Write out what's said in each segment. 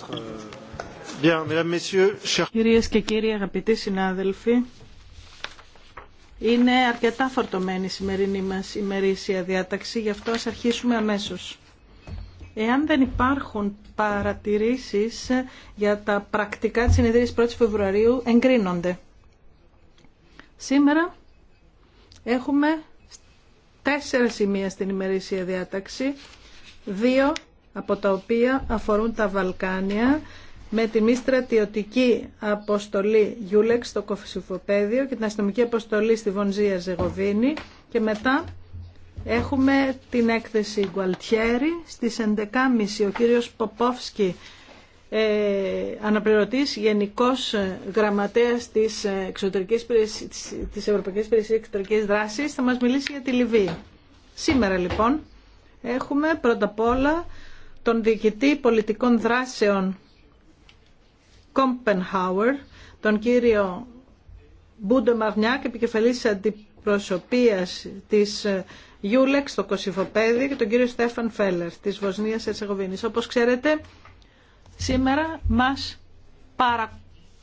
Euh, Κυρίες και κύριοι αγαπητοί συνάδελφοι, είναι αρκετά φορτωμένη η σημερινή μας ημερήσια διάταξη, γι' αυτό ας αρχίσουμε αμέσως. Εάν δεν υπάρχουν παρατηρήσεις για τα πρακτικά της συνεδρίας 1 Φεβρουαρίου, εγκρίνονται. Σήμερα έχουμε τέσσερα σημεία στην ημερήσια διάταξη, δύο από τα οποία αφορούν τα Βαλκάνια με τη μη στρατιωτική αποστολή Γιούλεξ στο Κοφισιφοπέδιο και την αστυνομική αποστολή στη Βονζία Ζεγοβίνη και μετά έχουμε την έκθεση Γκουαλτιέρη στις 11.30 ο κύριος Ποπόφσκι ε, αναπληρωτής γενικός γραμματέας της, ε, εξωτερικής, της Ευρωπαϊκής Εξωτερικής Δράσης θα μας μιλήσει για τη Λιβύη. Σήμερα λοιπόν έχουμε πρώτα απ' όλα τον διοικητή πολιτικών δράσεων Κόμπενχάουερ, τον κύριο Μπούντο Μαρνιάκ, επικεφαλής αντιπροσωπείας της ε, Γιούλεξ στο Κωσυφοπέδι και τον κύριο Στέφαν Φέλερ της Βοσνίας Ερσεγοβίνης. Όπως ξέρετε, σήμερα μας παρα...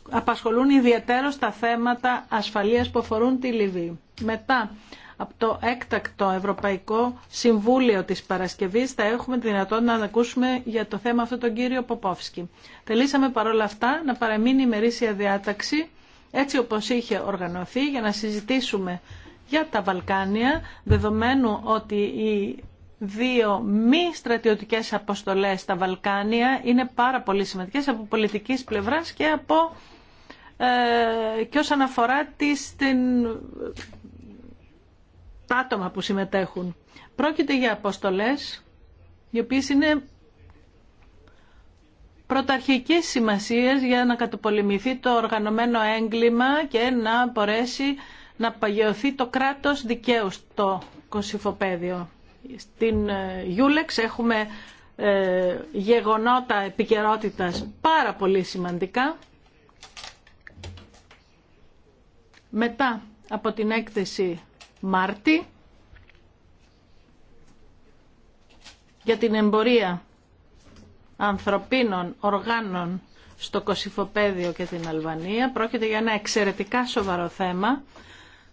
απασχολούν ιδιαίτερα τα θέματα ασφαλείας που αφορούν τη Λιβύη. Μετά από το έκτακτο Ευρωπαϊκό Συμβούλιο της Παρασκευής θα έχουμε τη δυνατότητα να ακούσουμε για το θέμα αυτό τον κύριο Ποπόφσκι. Θελήσαμε παρόλα αυτά να παραμείνει η μερίσια διάταξη έτσι όπως είχε οργανωθεί για να συζητήσουμε για τα Βαλκάνια, δεδομένου ότι οι δύο μη στρατιωτικές αποστολές στα Βαλκάνια είναι πάρα πολύ σημαντικές από πολιτικής πλευράς και από ε, όσον αφορά την άτομα που συμμετέχουν. Πρόκειται για αποστολές οι οποίες είναι πρωταρχικής σημασίας για να κατοπολεμηθεί το οργανωμένο έγκλημα και να μπορέσει να παγιωθεί το κράτος δικαίου στο κοσυφοπαίδιο. Στην ε, Γιούλεξ έχουμε ε, γεγονότα επικαιρότητα πάρα πολύ σημαντικά. Μετά από την έκθεση Μάρτη για την εμπορία ανθρωπίνων οργάνων στο Κωσυφοπαίδιο και την Αλβανία. Πρόκειται για ένα εξαιρετικά σοβαρό θέμα.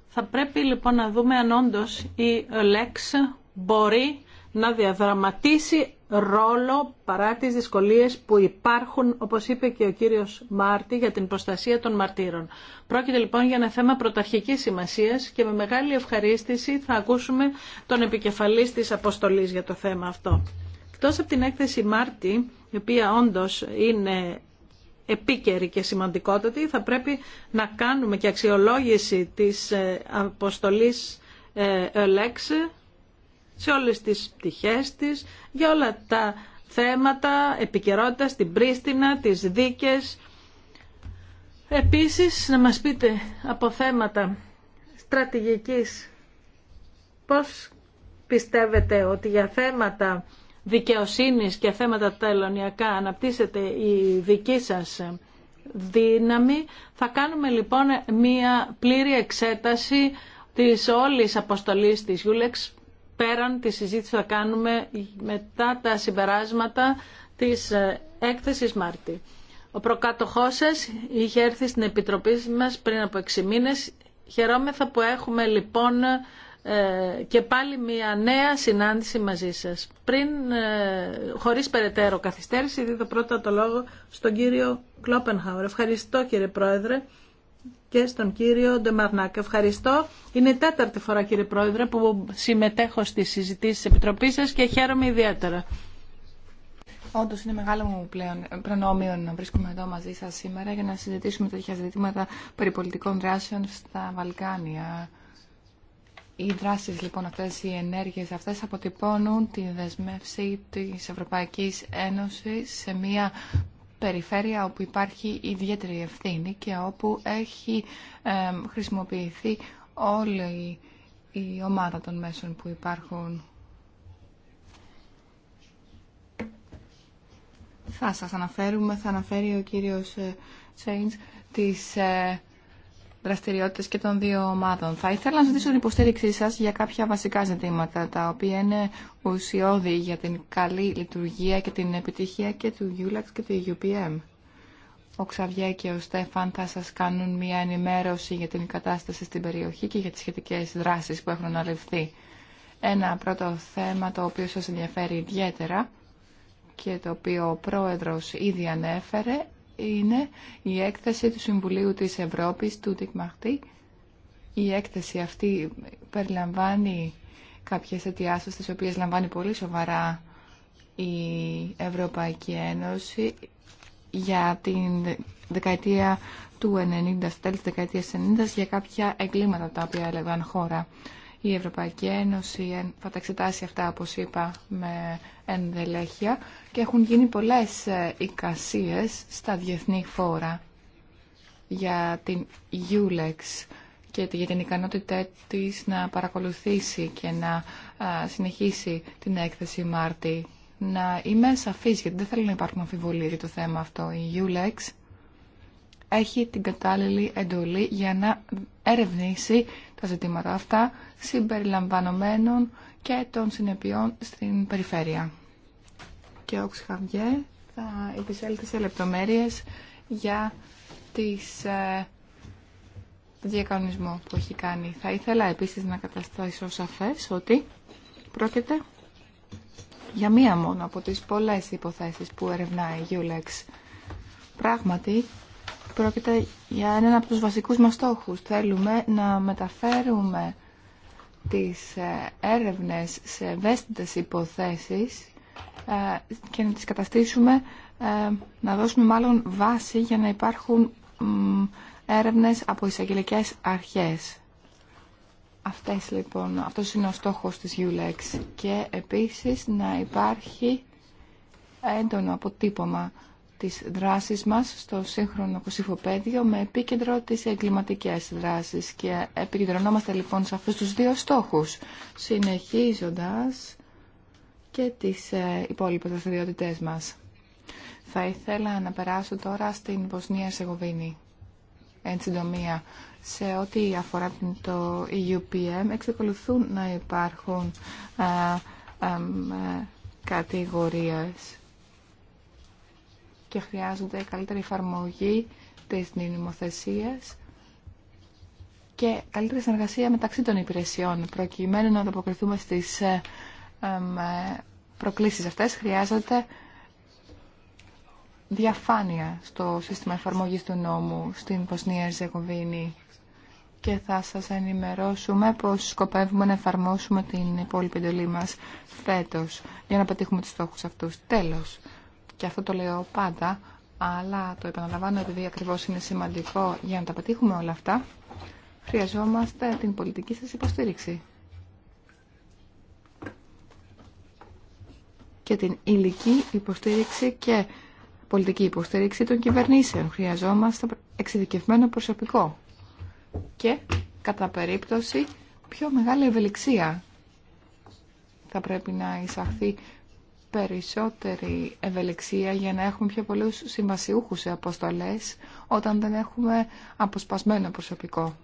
Θα πρέπει λοιπόν να δούμε αν όντως η ΛΕΞ μπορεί να διαδραματίσει ρόλο παρά τις δυσκολίες που υπάρχουν, όπως είπε και ο κύριος Μάρτη, για την προστασία των μαρτύρων. Πρόκειται λοιπόν για ένα θέμα πρωταρχικής σημασίας και με μεγάλη ευχαρίστηση θα ακούσουμε τον επικεφαλής της αποστολής για το θέμα αυτό. Εκτός από την έκθεση Μάρτη, η οποία όντως είναι επίκαιρη και σημαντικότατη, θα πρέπει να κάνουμε και αξιολόγηση της ε, αποστολής ΕΛΕΞΕ σε όλες τις πτυχές της, για όλα τα θέματα επικαιρότητα στην Πρίστινα, τις δίκες. Επίσης, να μας πείτε από θέματα στρατηγικής πώς πιστεύετε ότι για θέματα δικαιοσύνης και θέματα τελωνιακά αναπτύσσεται η δική σας δύναμη. Θα κάνουμε λοιπόν μία πλήρη εξέταση της όλης αποστολής της Γιούλεξ πέραν τη συζήτηση που θα κάνουμε μετά τα συμπεράσματα της ε, έκθεσης Μάρτη. Ο προκάτοχός σας είχε έρθει στην Επιτροπή μας πριν από 6 μήνες. Χαιρόμεθα που έχουμε λοιπόν ε, και πάλι μια νέα συνάντηση μαζί σας. Πριν, ε, χωρίς περαιτέρω καθυστέρηση, δίδω πρώτα το λόγο στον κύριο Κλόπενχαουρ. Ευχαριστώ κύριε Πρόεδρε και στον κύριο Ντεμαρνάκ. Ευχαριστώ. Είναι τέταρτη φορά κύριε Πρόεδρε που συμμετέχω στις συζητήσεις της Επιτροπής σας και χαίρομαι ιδιαίτερα. Όντω είναι μεγάλο μου πλέον προνόμιο να βρίσκομαι εδώ μαζί σα σήμερα για να συζητήσουμε τέτοια ζητήματα πολιτικών δράσεων στα Βαλκάνια. Οι δράσεις λοιπόν αυτές, οι ενέργειες αυτές αποτυπώνουν τη δεσμεύση της Ευρωπαϊκής Ένωσης σε μια περιφέρεια όπου υπάρχει ιδιαίτερη ευθύνη και όπου έχει χρησιμοποιηθεί όλη η ομάδα των μέσων που υπάρχουν. Θα σας αναφέρουμε, θα αναφέρει ο κύριος Τσέιντ ε, τις ε, δραστηριότητες και των δύο ομάδων. Θα ήθελα να ζητήσω την υποστήριξή σας για κάποια βασικά ζητήματα, τα οποία είναι ουσιώδη για την καλή λειτουργία και την επιτυχία και του ULAX και του e UPM. Ο Ξαβιέ και ο Στέφαν θα σας κάνουν μια ενημέρωση για την κατάσταση στην περιοχή και για τις σχετικές δράσεις που έχουν αναλυφθεί. Ένα πρώτο θέμα το οποίο σας ενδιαφέρει ιδιαίτερα και το οποίο ο Πρόεδρος ήδη ανέφερε είναι η έκθεση του Συμβουλίου της Ευρώπης, του Τικμαχτή. Η έκθεση αυτή περιλαμβάνει κάποιες αιτιάσεις τις οποίες λαμβάνει πολύ σοβαρά η Ευρωπαϊκή Ένωση για την δεκαετία του 90, τέλη της δεκαετίας 90 για κάποια εγκλήματα τα οποία έλεγαν χώρα η Ευρωπαϊκή Ένωση θα τα εξετάσει αυτά, όπως είπα, με ενδελέχεια και έχουν γίνει πολλές ε, εικασίες στα διεθνή φόρα για την Ιουλέξ και για την ικανότητά της να παρακολουθήσει και να συνεχίσει την έκθεση Μάρτη. Να είμαι σαφής, γιατί δεν θέλω να υπάρχουν αμφιβολίες για το θέμα αυτό. Η Ιουλέξ έχει την κατάλληλη εντολή για να ερευνήσει τα ζητήματα αυτά συμπεριλαμβανομένων και των συνεπειών στην περιφέρεια. Και ο Ξχαβιέ θα επισέλθει σε λεπτομέρειες για τις ε, διακανονισμό που έχει κάνει. Θα ήθελα επίσης να καταστάσω σαφές ότι πρόκειται για μία μόνο από τις πολλές υποθέσεις που ερευνάει η Γιούλεξ Πράγματι, Πρόκειται για έναν από τους βασικούς μας στόχους. Θέλουμε να μεταφέρουμε τις ε, έρευνες σε ευαίσθητες υποθέσεις ε, και να τις καταστήσουμε, ε, να δώσουμε μάλλον βάση για να υπάρχουν έρευνες από εισαγγελικέ αρχές. Αυτές λοιπόν, αυτός είναι ο στόχος της ULEX και επίσης να υπάρχει έντονο αποτύπωμα της δράσης μας στο σύγχρονο κοσυφοπαίδιο με επίκεντρο τις εγκληματικές δράσεις και επικεντρωνόμαστε λοιπόν σε αυτούς τους δύο στόχους συνεχίζοντας και τις ε, υπόλοιπες δραστηριότητε μας. Θα ήθελα να περάσω τώρα στην Βοσνία Σεγοβίνη εν συντομία σε ό,τι αφορά το EUPM εξακολουθούν να υπάρχουν α, ε, ε, κατηγορίες και χρειάζονται καλύτερη εφαρμογή της νομοθεσίας και καλύτερη συνεργασία μεταξύ των υπηρεσιών. Προκειμένου να ανταποκριθούμε στις ε, ε, προκλήσεις αυτές χρειάζεται διαφάνεια στο σύστημα εφαρμογής του νόμου στην Ποσνία Ζεγοβίνη και θα σας ενημερώσουμε πώς σκοπεύουμε να εφαρμόσουμε την υπόλοιπη εντολή μας φέτος για να πετύχουμε τους στόχους αυτούς. Τέλος, και αυτό το λέω πάντα, αλλά το επαναλαμβάνω επειδή ακριβώ είναι σημαντικό για να τα πετύχουμε όλα αυτά, χρειαζόμαστε την πολιτική σας υποστήριξη. Και την υλική υποστήριξη και πολιτική υποστήριξη των κυβερνήσεων. Χρειαζόμαστε εξειδικευμένο προσωπικό και, κατά περίπτωση, πιο μεγάλη ευελιξία. Θα πρέπει να εισαχθεί περισσότερη ευελιξία για να έχουμε πιο πολλούς συμβασιούχους σε αποστολές όταν δεν έχουμε αποσπασμένο προσωπικό.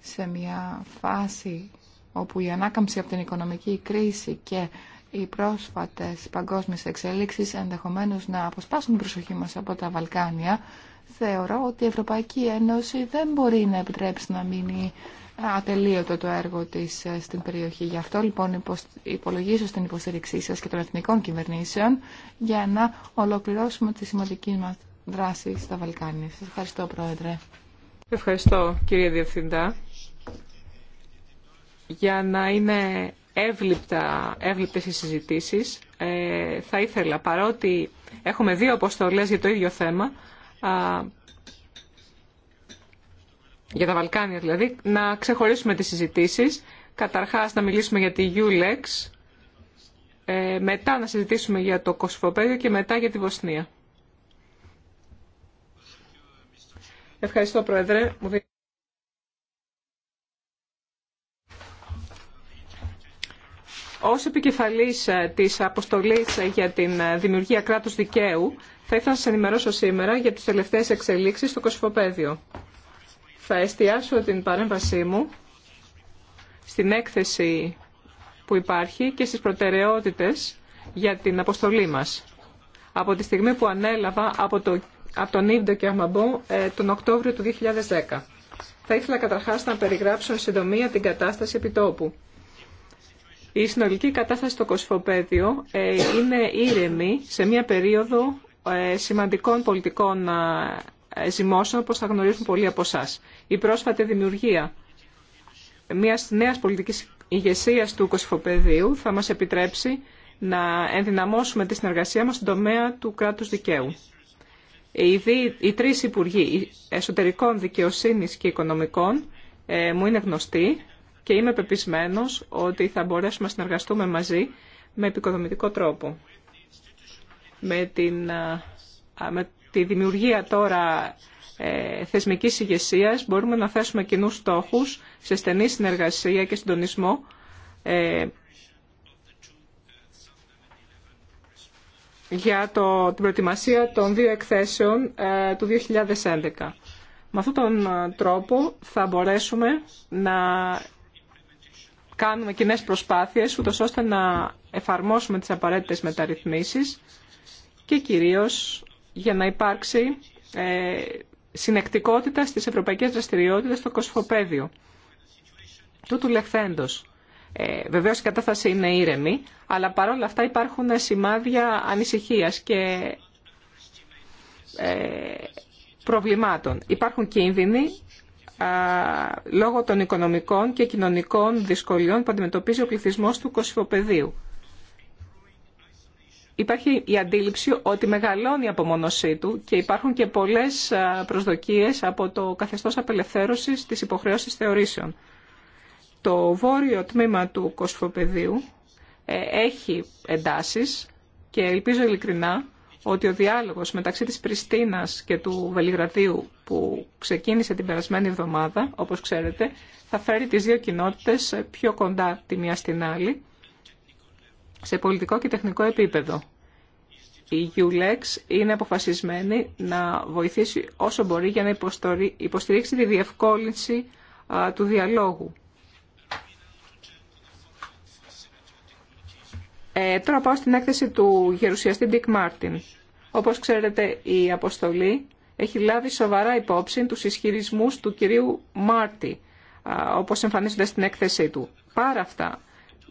Σε μια φάση όπου η ανάκαμψη από την οικονομική κρίση και οι πρόσφατες παγκόσμιες εξελίξεις ενδεχομένως να αποσπάσουν την προσοχή μας από τα Βαλκάνια, θεωρώ ότι η Ευρωπαϊκή Ένωση δεν μπορεί να επιτρέψει να μείνει ατελείωτο το έργο της ε, στην περιοχή. Γι' αυτό λοιπόν υπολογίζω στην υποστήριξή σας και των εθνικών κυβερνήσεων για να ολοκληρώσουμε τη σημαντική μας δράση στα Βαλκάνια. Σας ευχαριστώ Πρόεδρε. Ευχαριστώ κύριε Διευθυντά. Για να είναι εύληπτα, εύληπτες οι συζητήσεις, ε, θα ήθελα παρότι έχουμε δύο αποστολές για το ίδιο θέμα, για τα Βαλκάνια δηλαδή, να ξεχωρίσουμε τις συζητήσεις. Καταρχάς να μιλήσουμε για τη ULEX, ε, μετά να συζητήσουμε για το Κοσφοπέδιο και μετά για τη Βοσνία. Ευχαριστώ Πρόεδρε. Ως επικεφαλής ε, της αποστολής για την ε, δημιουργία κράτους δικαίου, θα ήθελα να σας ενημερώσω σήμερα για τις τελευταίες εξελίξεις στο Κοσφοπέδιο. Θα εστιάσω την παρέμβασή μου στην έκθεση που υπάρχει και στις προτεραιότητες για την αποστολή μας. Από τη στιγμή που ανέλαβα από, το, από τον Ιβντο και Αμαμπό τον Οκτώβριο του 2010. Θα ήθελα καταρχάς να περιγράψω συντομία την κατάσταση επιτόπου. Η συνολική κατάσταση στο Κοσφοπέδιο ε, είναι ήρεμη σε μια περίοδο ε, σημαντικών πολιτικών ε, ζυμώσεων, όπως θα γνωρίζουν πολλοί από εσά. Η πρόσφατη δημιουργία μιας νέας πολιτικής ηγεσία του Κωσυφοπεδίου θα μας επιτρέψει να ενδυναμώσουμε τη συνεργασία μας στον τομέα του κράτους δικαίου. Οι, τρει τρεις Υπουργοί Εσωτερικών Δικαιοσύνης και Οικονομικών ε, μου είναι γνωστοί και είμαι πεπισμένος ότι θα μπορέσουμε να συνεργαστούμε μαζί με επικοδομητικό τρόπο. Με, την, τη δημιουργία τώρα ε, θεσμικής ηγεσία μπορούμε να θέσουμε κοινού στόχους σε στενή συνεργασία και συντονισμό ε, για το, την προετοιμασία των δύο εκθέσεων ε, του 2011. Με αυτόν τον ε, τρόπο θα μπορέσουμε να κάνουμε κοινέ προσπάθειες ούτως ώστε να εφαρμόσουμε τις απαραίτητες μεταρρυθμίσεις και κυρίως για να υπάρξει ε, συνεκτικότητα στις ευρωπαϊκές δραστηριότητες στο κοσφοπέδιο. Τούτου λεχθέντος. Ε, Βεβαίω η κατάσταση είναι ήρεμη, αλλά παρόλα αυτά υπάρχουν σημάδια ανησυχίας και ε, προβλημάτων. Υπάρχουν κίνδυνοι α, λόγω των οικονομικών και κοινωνικών δυσκολιών που αντιμετωπίζει ο πληθυσμός του κοσφοπεδίου υπάρχει η αντίληψη ότι μεγαλώνει η απομονωσή του και υπάρχουν και πολλές προσδοκίες από το καθεστώς απελευθέρωσης της υποχρέωσης θεωρήσεων. Το βόρειο τμήμα του Κοσφοπεδίου ε, έχει εντάσεις και ελπίζω ειλικρινά ότι ο διάλογος μεταξύ της Πριστίνας και του Βελιγραδίου που ξεκίνησε την περασμένη εβδομάδα, όπως ξέρετε, θα φέρει τις δύο κοινότητες πιο κοντά τη μία στην άλλη σε πολιτικό και τεχνικό επίπεδο. Η ULEX είναι αποφασισμένη να βοηθήσει όσο μπορεί για να υποστηρίξει τη διευκόλυνση του διαλόγου. Ε, τώρα πάω στην έκθεση του γερουσιαστή Dick Martin. Όπως ξέρετε, η αποστολή έχει λάβει σοβαρά υπόψη τους ισχυρισμούς του κυρίου Μάρτι, όπως εμφανίζονται στην έκθεσή του. Πάρα αυτά,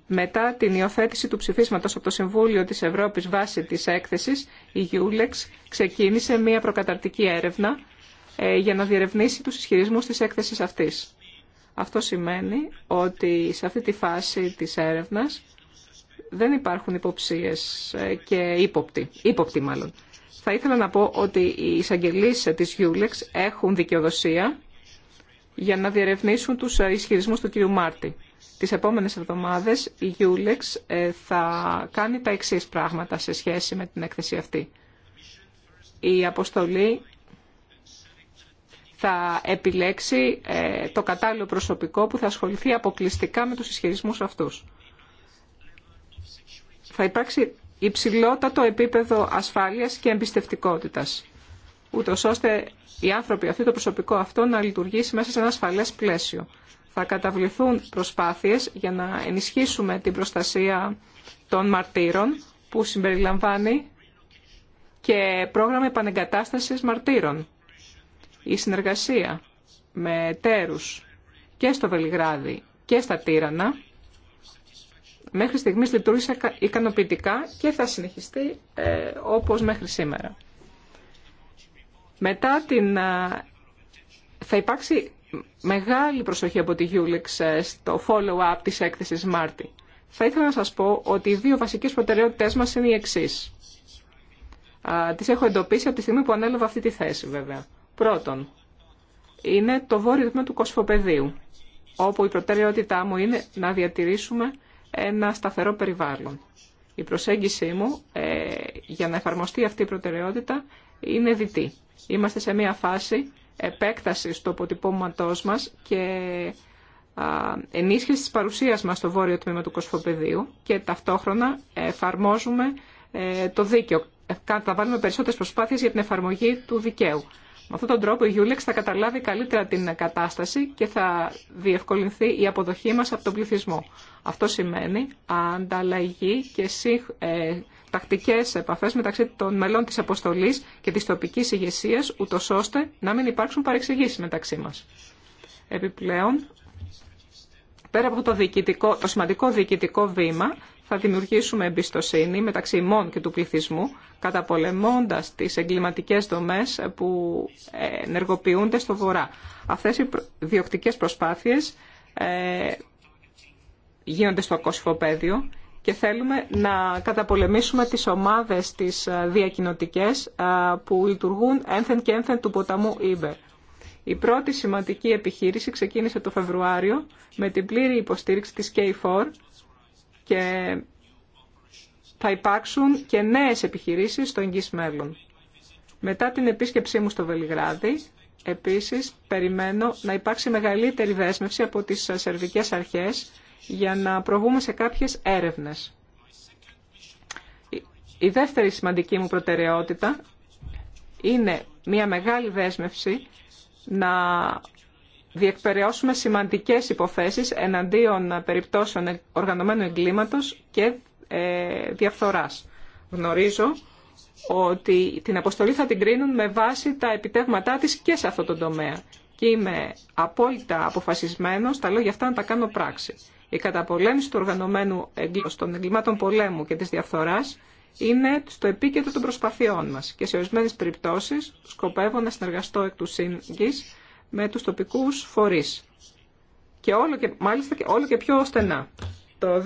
μετά την υιοθέτηση του ψηφίσματος από το Συμβούλιο της Ευρώπης βάσει της έκθεσης, η Γιούλεξ ξεκίνησε μία προκαταρτική έρευνα ε, για να διερευνήσει τους ισχυρισμούς της έκθεσης αυτής. Αυτό σημαίνει ότι σε αυτή τη φάση της έρευνας δεν υπάρχουν υποψίες ε, και ύποπτοι, ύποπτοι μάλλον. Θα ήθελα να πω ότι οι εισαγγελίες της Γιούλεξ έχουν δικαιοδοσία για να διερευνήσουν τους ε, ισχυρισμούς του κ. Μάρτη τις επόμενες εβδομάδες η Γιούλεξ ε, θα κάνει τα εξής πράγματα σε σχέση με την έκθεση αυτή. Η αποστολή θα επιλέξει ε, το κατάλληλο προσωπικό που θα ασχοληθεί αποκλειστικά με τους ισχυρισμούς αυτούς. Θα υπάρξει υψηλότατο επίπεδο ασφάλειας και εμπιστευτικότητας, ούτως ώστε οι άνθρωποι αυτοί, το προσωπικό αυτό, να λειτουργήσει μέσα σε ένα ασφαλές πλαίσιο θα καταβληθούν προσπάθειες για να ενισχύσουμε την προστασία των μαρτύρων που συμπεριλαμβάνει και πρόγραμμα επανεγκατάστασης μαρτύρων. Η συνεργασία με τέρους και στο Βελιγράδι και στα Τύρανα μέχρι στιγμής λειτουργήσε ικανοποιητικά και θα συνεχιστεί ε, όπως μέχρι σήμερα. Μετά την... Ε, θα υπάρξει μεγάλη προσοχή από τη Γιούλεξ ε, στο follow-up της έκθεσης Μάρτη. Θα ήθελα να σας πω ότι οι δύο βασικές προτεραιότητές μας είναι οι εξή. Τις έχω εντοπίσει από τη στιγμή που ανέλαβα αυτή τη θέση βέβαια. Πρώτον, είναι το βόρειο τμήμα του Κοσφοπεδίου, όπου η προτεραιότητά μου είναι να διατηρήσουμε ένα σταθερό περιβάλλον. Η προσέγγιση μου ε, για να εφαρμοστεί αυτή η προτεραιότητα είναι διτή. Είμαστε σε μια φάση επέκταση του αποτυπώματό μα και ενίσχυση της παρουσίας μας στο βόρειο τμήμα του Κοσφοπεδίου και ταυτόχρονα εφαρμόζουμε ε, το δίκαιο. Ε, καταβάλουμε περισσότερες προσπάθειες για την εφαρμογή του δικαίου. Με αυτόν τον τρόπο η Γιούλεξ θα καταλάβει καλύτερα την κατάσταση και θα διευκολυνθεί η αποδοχή μας από τον πληθυσμό. Αυτό σημαίνει ανταλλαγή και ε, τακτικές επαφές μεταξύ των μελών τη αποστολή και τη τοπική ηγεσία, ούτω ώστε να μην υπάρξουν παρεξηγήσει μεταξύ μα. Επιπλέον, πέρα από το, το σημαντικό διοικητικό βήμα, θα δημιουργήσουμε εμπιστοσύνη μεταξύ ημών και του πληθυσμού, καταπολεμώντας τις εγκληματικές δομές που ενεργοποιούνται στο βορρά. Αυτές οι διοκτικές προσπάθειες ε, γίνονται στο κοσφοπέδιο και θέλουμε να καταπολεμήσουμε τις ομάδες τις ε, διακοινωτικές ε, που λειτουργούν ένθεν και ένθεν του ποταμού Ήμπερ. Η πρώτη σημαντική επιχείρηση ξεκίνησε το Φεβρουάριο με την πλήρη υποστήριξη της K4 και θα υπάρξουν και νέες επιχειρήσεις στο εγγύς μέλλον. Μετά την επίσκεψή μου στο Βελιγράδι, επίσης περιμένω να υπάρξει μεγαλύτερη δέσμευση από τις ε, σερβικές αρχές για να προβούμε σε κάποιες έρευνες. Η δεύτερη σημαντική μου προτεραιότητα είναι μια μεγάλη δέσμευση να διεκπαιρεώσουμε σημαντικές υποθέσεις εναντίον περιπτώσεων οργανωμένου εγκλήματος και ε, διαφθοράς. Γνωρίζω ότι την αποστολή θα την κρίνουν με βάση τα επιτεύγματά της και σε αυτό το τομέα. Και είμαι απόλυτα αποφασισμένος τα λόγια αυτά να τα κάνω πράξη. Η καταπολέμηση του οργανωμένου εγκλήματος, των εγκλημάτων πολέμου και της διαφθοράς είναι στο επίκεντρο των προσπαθειών μας και σε ορισμένες περιπτώσεις σκοπεύω να συνεργαστώ εκ του σύγκης με τους τοπικούς φορείς και όλο και, μάλιστα και όλο και πιο στενά. Το 2010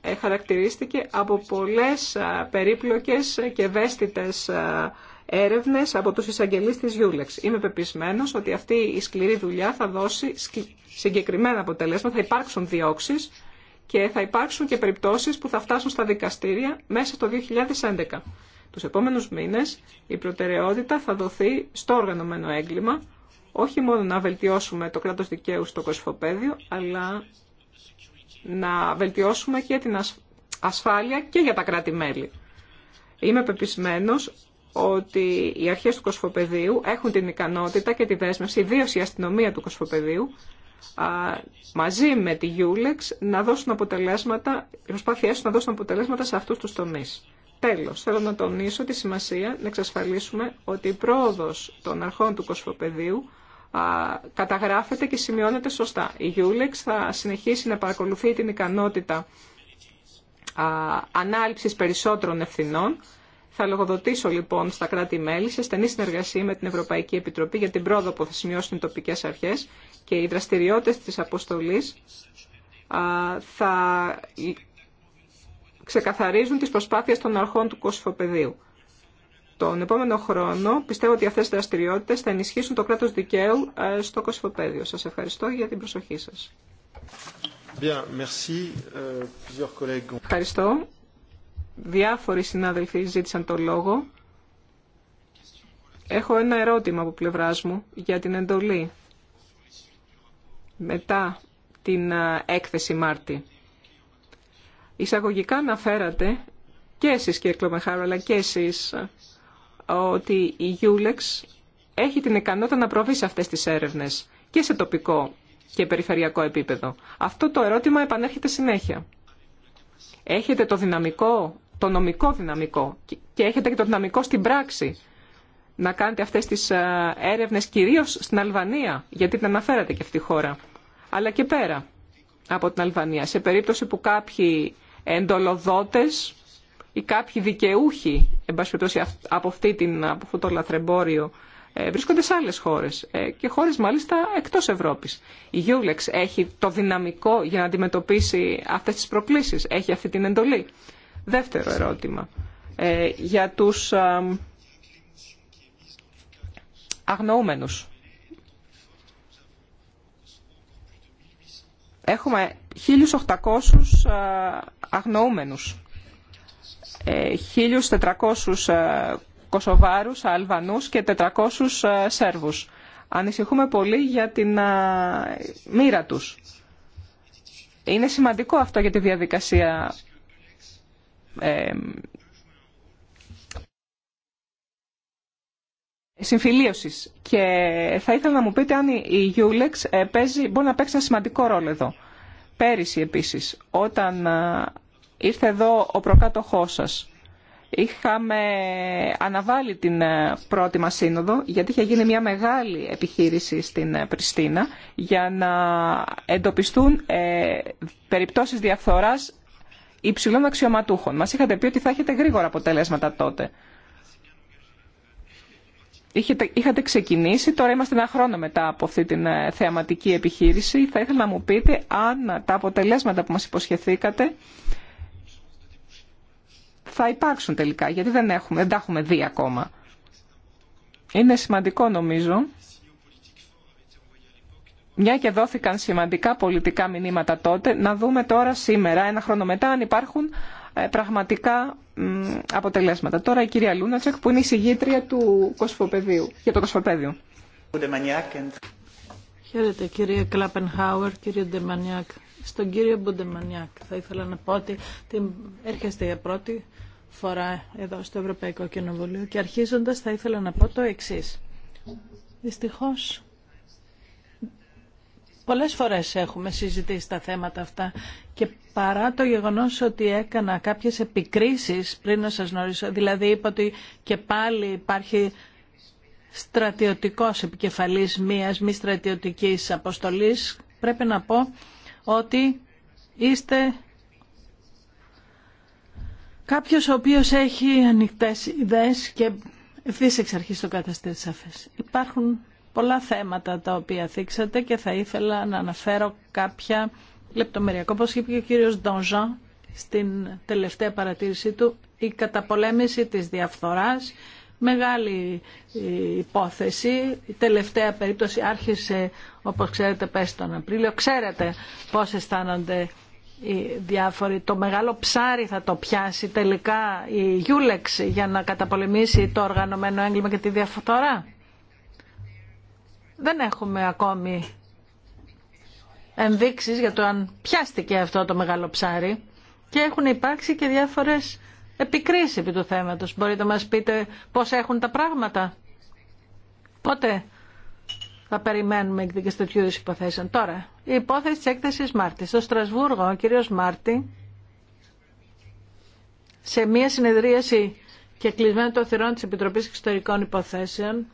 ε, χαρακτηρίστηκε από πολλές ε, περίπλοκες και ευαίσθητες ε, έρευνες από τους εισαγγελεί τη Γιούλεξ. Είμαι πεπισμένο ότι αυτή η σκληρή δουλειά θα δώσει συγκεκριμένα αποτελέσματα, θα υπάρξουν διώξει και θα υπάρξουν και περιπτώσει που θα φτάσουν στα δικαστήρια μέσα στο 2011. Τους επόμενους μήνες η προτεραιότητα θα δοθεί στο οργανωμένο έγκλημα, όχι μόνο να βελτιώσουμε το κράτο δικαίου στο κοσφοπέδιο, αλλά να βελτιώσουμε και την ασφάλεια και για τα κράτη-μέλη. Είμαι πεπισμένος ότι οι αρχέ του Κοσφοπεδίου έχουν την ικανότητα και τη δέσμευση, ιδίω η αστυνομία του Κοσφοπεδίου, μαζί με τη Γιούλεξ να δώσουν αποτελέσματα, οι προσπάθειέ να δώσουν αποτελέσματα σε αυτού του τομεί. Τέλο, θέλω να τονίσω τη σημασία να εξασφαλίσουμε ότι η πρόοδο των αρχών του Κοσφοπεδίου καταγράφεται και σημειώνεται σωστά. Η Γιούλεξ θα συνεχίσει να παρακολουθεί την ικανότητα ανάληψης περισσότερων ευθυνών θα λογοδοτήσω λοιπόν στα κράτη-μέλη σε στενή συνεργασία με την Ευρωπαϊκή Επιτροπή για την πρόοδο που θα σημειώσουν οι τοπικές αρχές και οι δραστηριότητε τη Αποστολή θα ξεκαθαρίζουν τις προσπάθειες των αρχών του Κωσυφοπεδίου. Τον επόμενο χρόνο πιστεύω ότι αυτές οι δραστηριότητες θα ενισχύσουν το κράτο δικαίου στο Κωσυφοπέδιο. Σα ευχαριστώ για την προσοχή σα. Euh, ευχαριστώ. Διάφοροι συνάδελφοι ζήτησαν το λόγο. Έχω ένα ερώτημα από πλευράς μου για την εντολή. Μετά την έκθεση Μάρτη. Εισαγωγικά αναφέρατε και εσείς κύριε Κλωμεχάρο, αλλά και εσείς ότι η Γιούλεξ έχει την ικανότητα να προβεί σε αυτές τις έρευνες και σε τοπικό και περιφερειακό επίπεδο. Αυτό το ερώτημα επανέρχεται συνέχεια. Έχετε το δυναμικό το νομικό δυναμικό και έχετε και το δυναμικό στην πράξη να κάνετε αυτές τις ε, έρευνες κυρίως στην Αλβανία, γιατί την αναφέρατε και αυτή η χώρα, αλλά και πέρα από την Αλβανία, σε περίπτωση που κάποιοι εντολοδότες ή κάποιοι δικαιούχοι από, αυτή την, από αυτό το λαθρεμπόριο ε, βρίσκονται σε άλλες χώρες ε, και χώρες μάλιστα εκτός Ευρώπης. Η Γιούλεξ έχει το δυναμικό για να αντιμετωπίσει αυτές τις προκλήσεις, έχει αυτή την εντολή. Δεύτερο ερώτημα. Ε, για τους α, ε, αγνοούμενους. Έχουμε 1.800 ε, αγνοούμενους, 1.400 Κωσοβάρους, Αλβανούς και 400 Σέρβους. Ανησυχούμε πολύ για την μοίρα τους. Είναι σημαντικό αυτό για τη διαδικασία συμφιλίωσης. Και θα ήθελα να μου πείτε αν η Ulex ε, παίζει, μπορεί να παίξει ένα σημαντικό ρόλο εδώ. Πέρυσι επίσης, όταν ε, ήρθε εδώ ο προκάτοχός σας, είχαμε αναβάλει την ε, πρώτη μας σύνοδο, γιατί είχε γίνει μια μεγάλη επιχείρηση στην Πριστίνα, για να εντοπιστούν περιπτώσεις διαφθοράς υψηλών αξιωματούχων. Μας είχατε πει ότι θα έχετε γρήγορα αποτελέσματα τότε. Είχατε, ξεκινήσει, τώρα είμαστε ένα χρόνο μετά από αυτή την ε, θεαματική επιχείρηση. Θα ήθελα να μου πείτε αν τα αποτελέσματα που μας υποσχεθήκατε θα υπάρξουν τελικά, γιατί δεν, έχουμε, δεν τα έχουμε δει ακόμα. Είναι σημαντικό νομίζω μια και δόθηκαν σημαντικά πολιτικά μηνύματα τότε, να δούμε τώρα σήμερα, ένα χρόνο μετά, αν υπάρχουν ε, πραγματικά αποτελέσματα. Τώρα η κυρία Λούνατσεκ που είναι η συγγήτρια του Κοσφοπεδίου, για το Κοσφοπέδιο. Χαίρετε κύριε Κλάπενχάουερ, κύριε Ντεμανιάκ. Στον κύριο Μποντεμανιάκ θα ήθελα να πω ότι την... έρχεστε για πρώτη φορά εδώ στο Ευρωπαϊκό Κοινοβουλίο και αρχίζοντας θα ήθελα να πω το εξής. Δυστυχώς Πολλές φορές έχουμε συζητήσει τα θέματα αυτά και παρά το γεγονός ότι έκανα κάποιες επικρίσεις πριν να σας γνωρίσω, δηλαδή είπα ότι και πάλι υπάρχει στρατιωτικός επικεφαλής μίας μη στρατιωτικής αποστολής, πρέπει να πω ότι είστε κάποιος ο οποίος έχει ανοιχτές ιδέες και ευθύς εξ αρχής το καταστηριό. Υπάρχουν πολλά θέματα τα οποία θίξατε και θα ήθελα να αναφέρω κάποια λεπτομεριακό. Όπως είπε και ο κύριος Ντόνζαν στην τελευταία παρατήρησή του, η καταπολέμηση της διαφθοράς, μεγάλη υπόθεση. Η τελευταία περίπτωση άρχισε, όπως ξέρετε, πέρσι τον Απρίλιο. Ξέρετε πώς αισθάνονται οι διάφοροι. Το μεγάλο ψάρι θα το πιάσει τελικά η Γιούλεξ για να καταπολεμήσει το οργανωμένο έγκλημα και τη διαφθορά δεν έχουμε ακόμη ενδείξεις για το αν πιάστηκε αυτό το μεγάλο ψάρι και έχουν υπάρξει και διάφορες επικρίσεις επί του θέματος. Μπορείτε να μας πείτε πώς έχουν τα πράγματα. Πότε θα περιμένουμε εκδίκες τέτοιου είδους υποθέσεων. Τώρα, η υπόθεση της έκθεσης Μάρτη. Στο Στρασβούργο, ο κύριος Μάρτη, σε μία συνεδρίαση και κλεισμένο το θηρόν της Επιτροπής Εξωτερικών Υποθέσεων,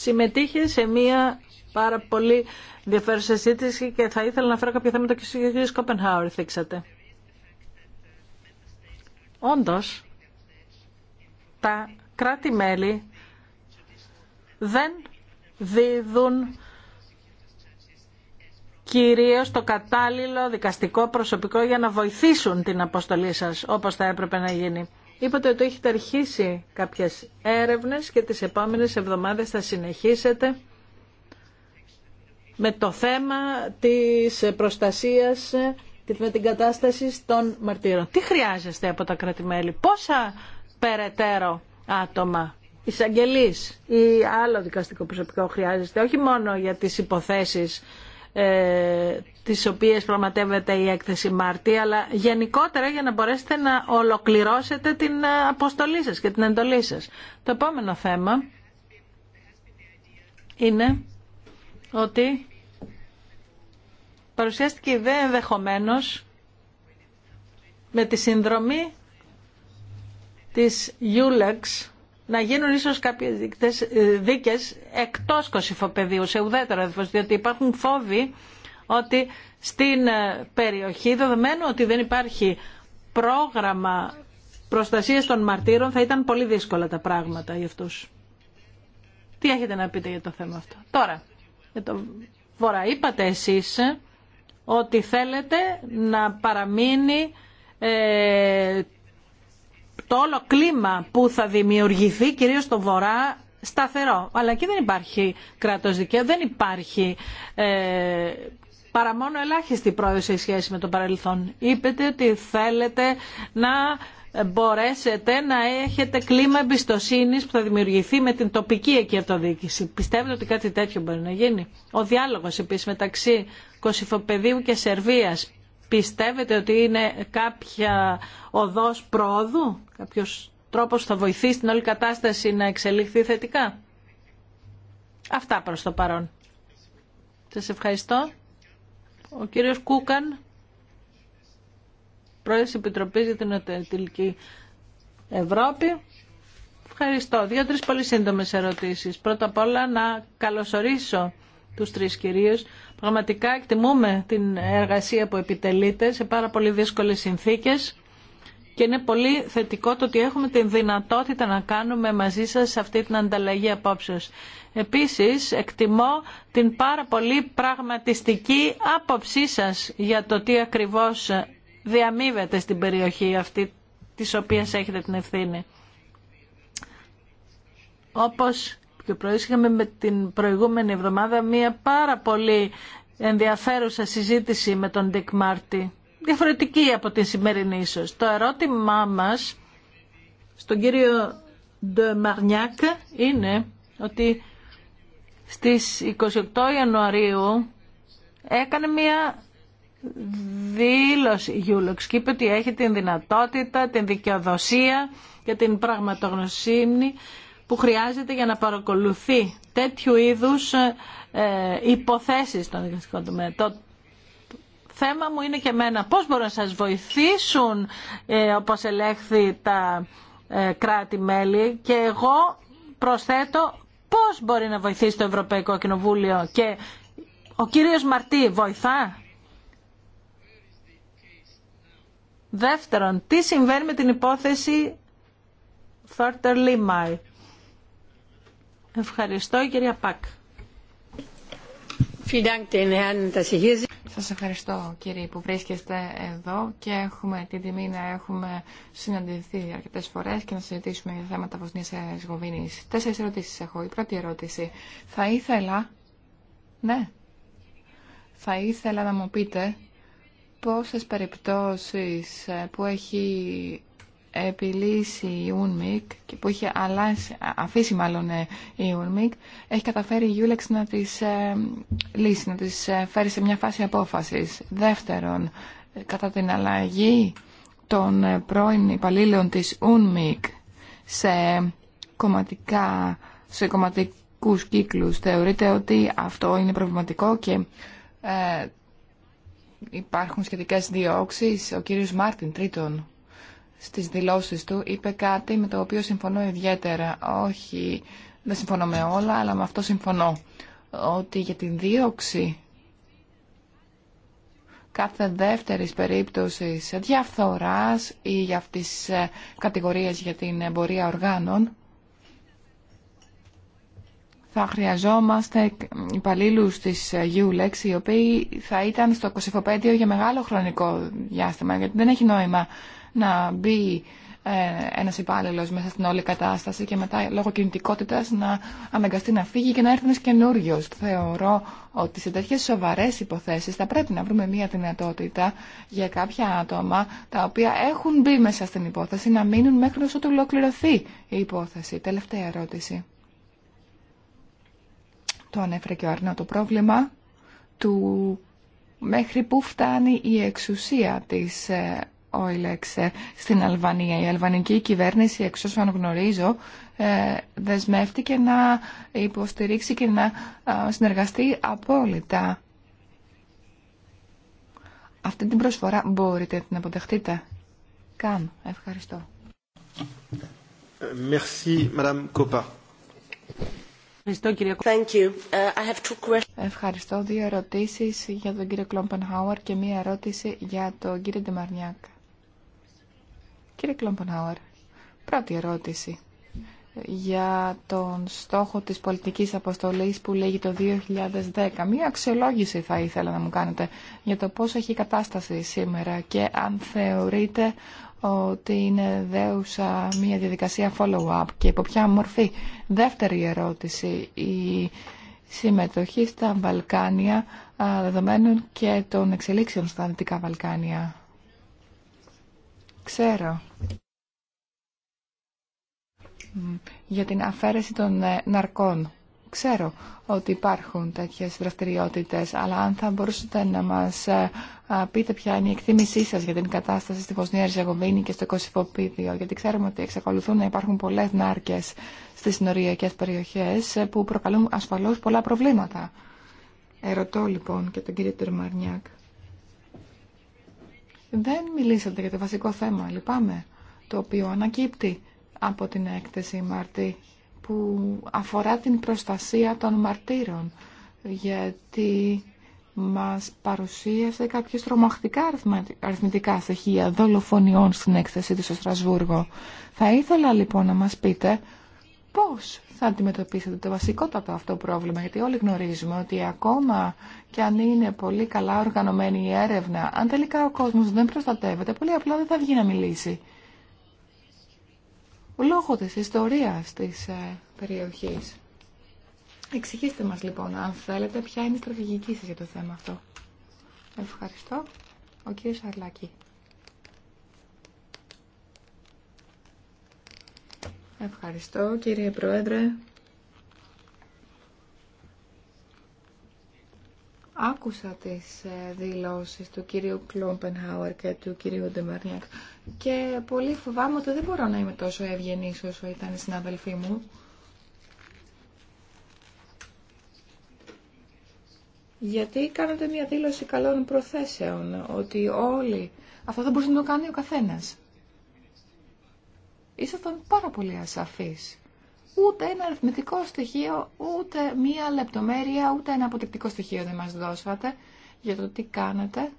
συμμετείχε σε μία πάρα πολύ ενδιαφέρουσα συζήτηση και θα ήθελα να φέρω κάποια θέματα και κ. κύριο Χάουρ, θίξατε. Όντως, τα κράτη-μέλη δεν δίδουν κυρίως το κατάλληλο δικαστικό προσωπικό για να βοηθήσουν την αποστολή σας όπως θα έπρεπε να γίνει. Είπατε ότι έχετε αρχίσει κάποιες έρευνες και τις επόμενες εβδομάδες θα συνεχίσετε με το θέμα της προστασίας με την κατάσταση των μαρτύρων. Τι χρειάζεστε από τα κρατημέλη, πόσα περαιτέρω άτομα, εισαγγελείς ή άλλο δικαστικό προσωπικό χρειάζεστε, όχι μόνο για τις υποθέσεις ε, τις οποίες πραγματεύεται η έκθεση Μάρτη, αλλά γενικότερα για να μπορέσετε να ολοκληρώσετε την αποστολή σας και την εντολή σας. Το επόμενο θέμα είναι ότι παρουσιάστηκε η ιδέα ενδεχομένω με τη συνδρομή της Ulex να γίνουν ίσω κάποιες δίκε δίκες εκτός κοσυφοπεδίου, σε ουδέτερο διότι υπάρχουν φόβοι ότι στην ε, περιοχή, δεδομένου ότι δεν υπάρχει πρόγραμμα προστασίας των μαρτύρων, θα ήταν πολύ δύσκολα τα πράγματα για αυτούς. Τι έχετε να πείτε για το θέμα αυτό. Τώρα, για το Βορρά, είπατε εσείς ε, ότι θέλετε να παραμείνει ε, το όλο κλίμα που θα δημιουργηθεί κυρίως στο βορρά σταθερό. Αλλά εκεί δεν υπάρχει κράτος δικαίου, δεν υπάρχει ε, παρά μόνο ελάχιστη πρόοδο σε σχέση με το παρελθόν. Είπετε ότι θέλετε να μπορέσετε να έχετε κλίμα εμπιστοσύνης που θα δημιουργηθεί με την τοπική εκεί αυτοδιοίκηση. Πιστεύετε ότι κάτι τέτοιο μπορεί να γίνει. Ο διάλογος επίσης μεταξύ Κωσυφοπεδίου και Σερβίας πιστεύετε ότι είναι κάποια οδός πρόοδου κάποιος τρόπος θα βοηθήσει την όλη κατάσταση να εξελιχθεί θετικά. Αυτά προς το παρόν. Σας ευχαριστώ. Ο κύριος Κούκαν, πρόεδρος Επιτροπής για την ατελική ευρωπη Ευρώπη. Ευχαριστώ. Δύο-τρεις πολύ σύντομες ερωτήσεις. Πρώτα απ' όλα να καλωσορίσω τους τρεις κυρίους. Πραγματικά εκτιμούμε την εργασία που επιτελείται σε πάρα πολύ δύσκολες συνθήκες και είναι πολύ θετικό το ότι έχουμε την δυνατότητα να κάνουμε μαζί σας αυτή την ανταλλαγή απόψεως. Επίσης, εκτιμώ την πάρα πολύ πραγματιστική άποψή σας για το τι ακριβώς διαμείβεται στην περιοχή αυτή της οποίας έχετε την ευθύνη. Όπως και προείσχαμε με την προηγούμενη εβδομάδα μία πάρα πολύ ενδιαφέρουσα συζήτηση με τον Ντικ Μάρτι διαφορετική από τη σημερινή ίσως. Το ερώτημά μας στον κύριο Ντε Μαρνιάκ είναι ότι στις 28 Ιανουαρίου έκανε μια δήλωση Γιούλοξ και είπε ότι έχει την δυνατότητα, την δικαιοδοσία και την πραγματογνωσύνη που χρειάζεται για να παρακολουθεί τέτοιου είδους ε, υποθέσεις στον δικαστικό τομέα θέμα μου είναι και εμένα πώς μπορούν να σας βοηθήσουν ε, όπως ελέγχθη τα ε, κράτη-μέλη και εγώ προσθέτω πώς μπορεί να βοηθήσει το Ευρωπαϊκό Κοινοβούλιο και ο κύριος Μαρτί βοηθά. Δεύτερον, τι συμβαίνει με την υπόθεση Θόρτερ Λίμαϊ. Ευχαριστώ κυρία Πακ. Σας ευχαριστώ κύριε που βρίσκεστε εδώ και έχουμε την τιμή να έχουμε συναντηθεί αρκετές φορές και να συζητήσουμε για θέματα Βοσνίας Ερζεγοβίνης. Τέσσερις ερωτήσεις έχω. Η πρώτη ερώτηση. Θα ήθελα... Ναι. Θα ήθελα να μου πείτε πόσες περιπτώσεις ε, που έχει επιλύσει η ούνμικ και που είχε αλλάσει, αφήσει μάλλον ε, η ουνμίκ έχει καταφέρει η Γιούλεξ να τις ε, λύσει, να τις ε, φέρει σε μια φάση απόφασης. Δεύτερον, κατά την αλλαγή των πρώην υπαλλήλων της ουνμίκ σε κομματικά, σε κομματικούς κύκλους, θεωρείται ότι αυτό είναι προβληματικό και υπάρχουν σχετικές διώξεις. Ο κύριος Μάρτιν, τρίτον, στις δηλώσεις του είπε κάτι με το οποίο συμφωνώ ιδιαίτερα. Όχι, δεν συμφωνώ με όλα, αλλά με αυτό συμφωνώ. Ότι για την δίωξη κάθε δεύτερης περίπτωσης διαφθοράς ή για αυτές τις ε, κατηγορίες για την εμπορία οργάνων θα χρειαζόμαστε υπαλλήλου τη ε, Ulex οι οποίοι θα ήταν στο Κωσυφοπέδιο για μεγάλο χρονικό διάστημα γιατί δεν έχει νόημα να μπει ε, ένα υπάλληλο μέσα στην όλη κατάσταση και μετά λόγω κινητικότητα να αναγκαστεί να φύγει και να έρθει ένα καινούριο. Θεωρώ ότι σε τέτοιες σοβαρές υποθέσεις θα πρέπει να βρούμε μια δυνατότητα για κάποια άτομα τα οποία έχουν μπει μέσα στην υπόθεση να μείνουν μέχρι ότου ολοκληρωθεί η υπόθεση. Τελευταία ερώτηση. Το ανέφερε και ο Αρνό το πρόβλημα του μέχρι πού φτάνει η εξουσία της ε, ε, στην Αλβανία. Η αλβανική κυβέρνηση, εξ όσων γνωρίζω, ε, δεσμεύτηκε να υποστηρίξει και να συνεργαστεί απόλυτα. Αυτή την προσφορά μπορείτε να την αποδεχτείτε. Καν. Ευχαριστώ. Merci, Madame Ευχαριστώ, Ευχαριστώ. Δύο ερωτήσεις για τον κύριο Κλόμπενχάουαρ και μία ερώτηση για τον κύριο Ντεμαρνιάκ. Κύριε Κλόμπονάουερ, πρώτη ερώτηση για τον στόχο της πολιτικής αποστολής που λέγει το 2010. Μία αξιολόγηση θα ήθελα να μου κάνετε για το πώς έχει η κατάσταση σήμερα και αν θεωρείτε ότι είναι δέουσα μία διαδικασία follow-up και υπό ποια μορφή. Δεύτερη ερώτηση, η συμμετοχή στα Βαλκάνια δεδομένων και των εξελίξεων στα Δυτικά Βαλκάνια. Ξέρω για την αφαίρεση των ε, ναρκών. Ξέρω ότι υπάρχουν τέτοιες δραστηριότητες, αλλά αν θα μπορούσατε να μας ε, πείτε ποια είναι η εκτίμησή σας για την κατάσταση στη Βοσνία Ριζαγοβίνη και στο Κωσυφοπίδιο, γιατί ξέρουμε ότι εξακολουθούν να υπάρχουν πολλές νάρκες στις νοριακές περιοχές ε, που προκαλούν ασφαλώς πολλά προβλήματα. Ερωτώ λοιπόν και τον κύριο Τερμαρνιάκ. Δεν μιλήσατε για το βασικό θέμα, λυπάμαι, το οποίο ανακύπτει από την έκθεση Μαρτή που αφορά την προστασία των μαρτύρων γιατί μας παρουσίασε κάποιες τρομακτικά αριθμητικά στοιχεία δολοφονιών στην έκθεση του Στρασβούργο. Θα ήθελα λοιπόν να μας πείτε πώς θα αντιμετωπίσετε το βασικότατο αυτό πρόβλημα, γιατί όλοι γνωρίζουμε ότι ακόμα και αν είναι πολύ καλά οργανωμένη η έρευνα, αν τελικά ο κόσμος δεν προστατεύεται, πολύ απλά δεν θα βγει να μιλήσει. Λόγω της ιστορίας της ε, περιοχής. Εξηγήστε μας λοιπόν, αν θέλετε, ποια είναι η στρατηγική σας για το θέμα αυτό. Ευχαριστώ. Ο κύριος Αρλάκη. Ευχαριστώ κύριε Πρόεδρε. Άκουσα τις ε, δηλώσεις του κυρίου Κλόμπενχάουερ και του κυρίου Ντεμαρνιακ και πολύ φοβάμαι ότι δεν μπορώ να είμαι τόσο ευγενής όσο ήταν οι συναδελφοί μου. Γιατί κάνατε μια δήλωση καλών προθέσεων ότι όλοι, αυτό δεν μπορούσε να το κάνει ο καθένας ήσασταν πάρα πολύ ασαφείς. Ούτε ένα αριθμητικό στοιχείο, ούτε μία λεπτομέρεια, ούτε ένα αποτεκτικό στοιχείο δεν μας δώσατε για το τι κάνετε,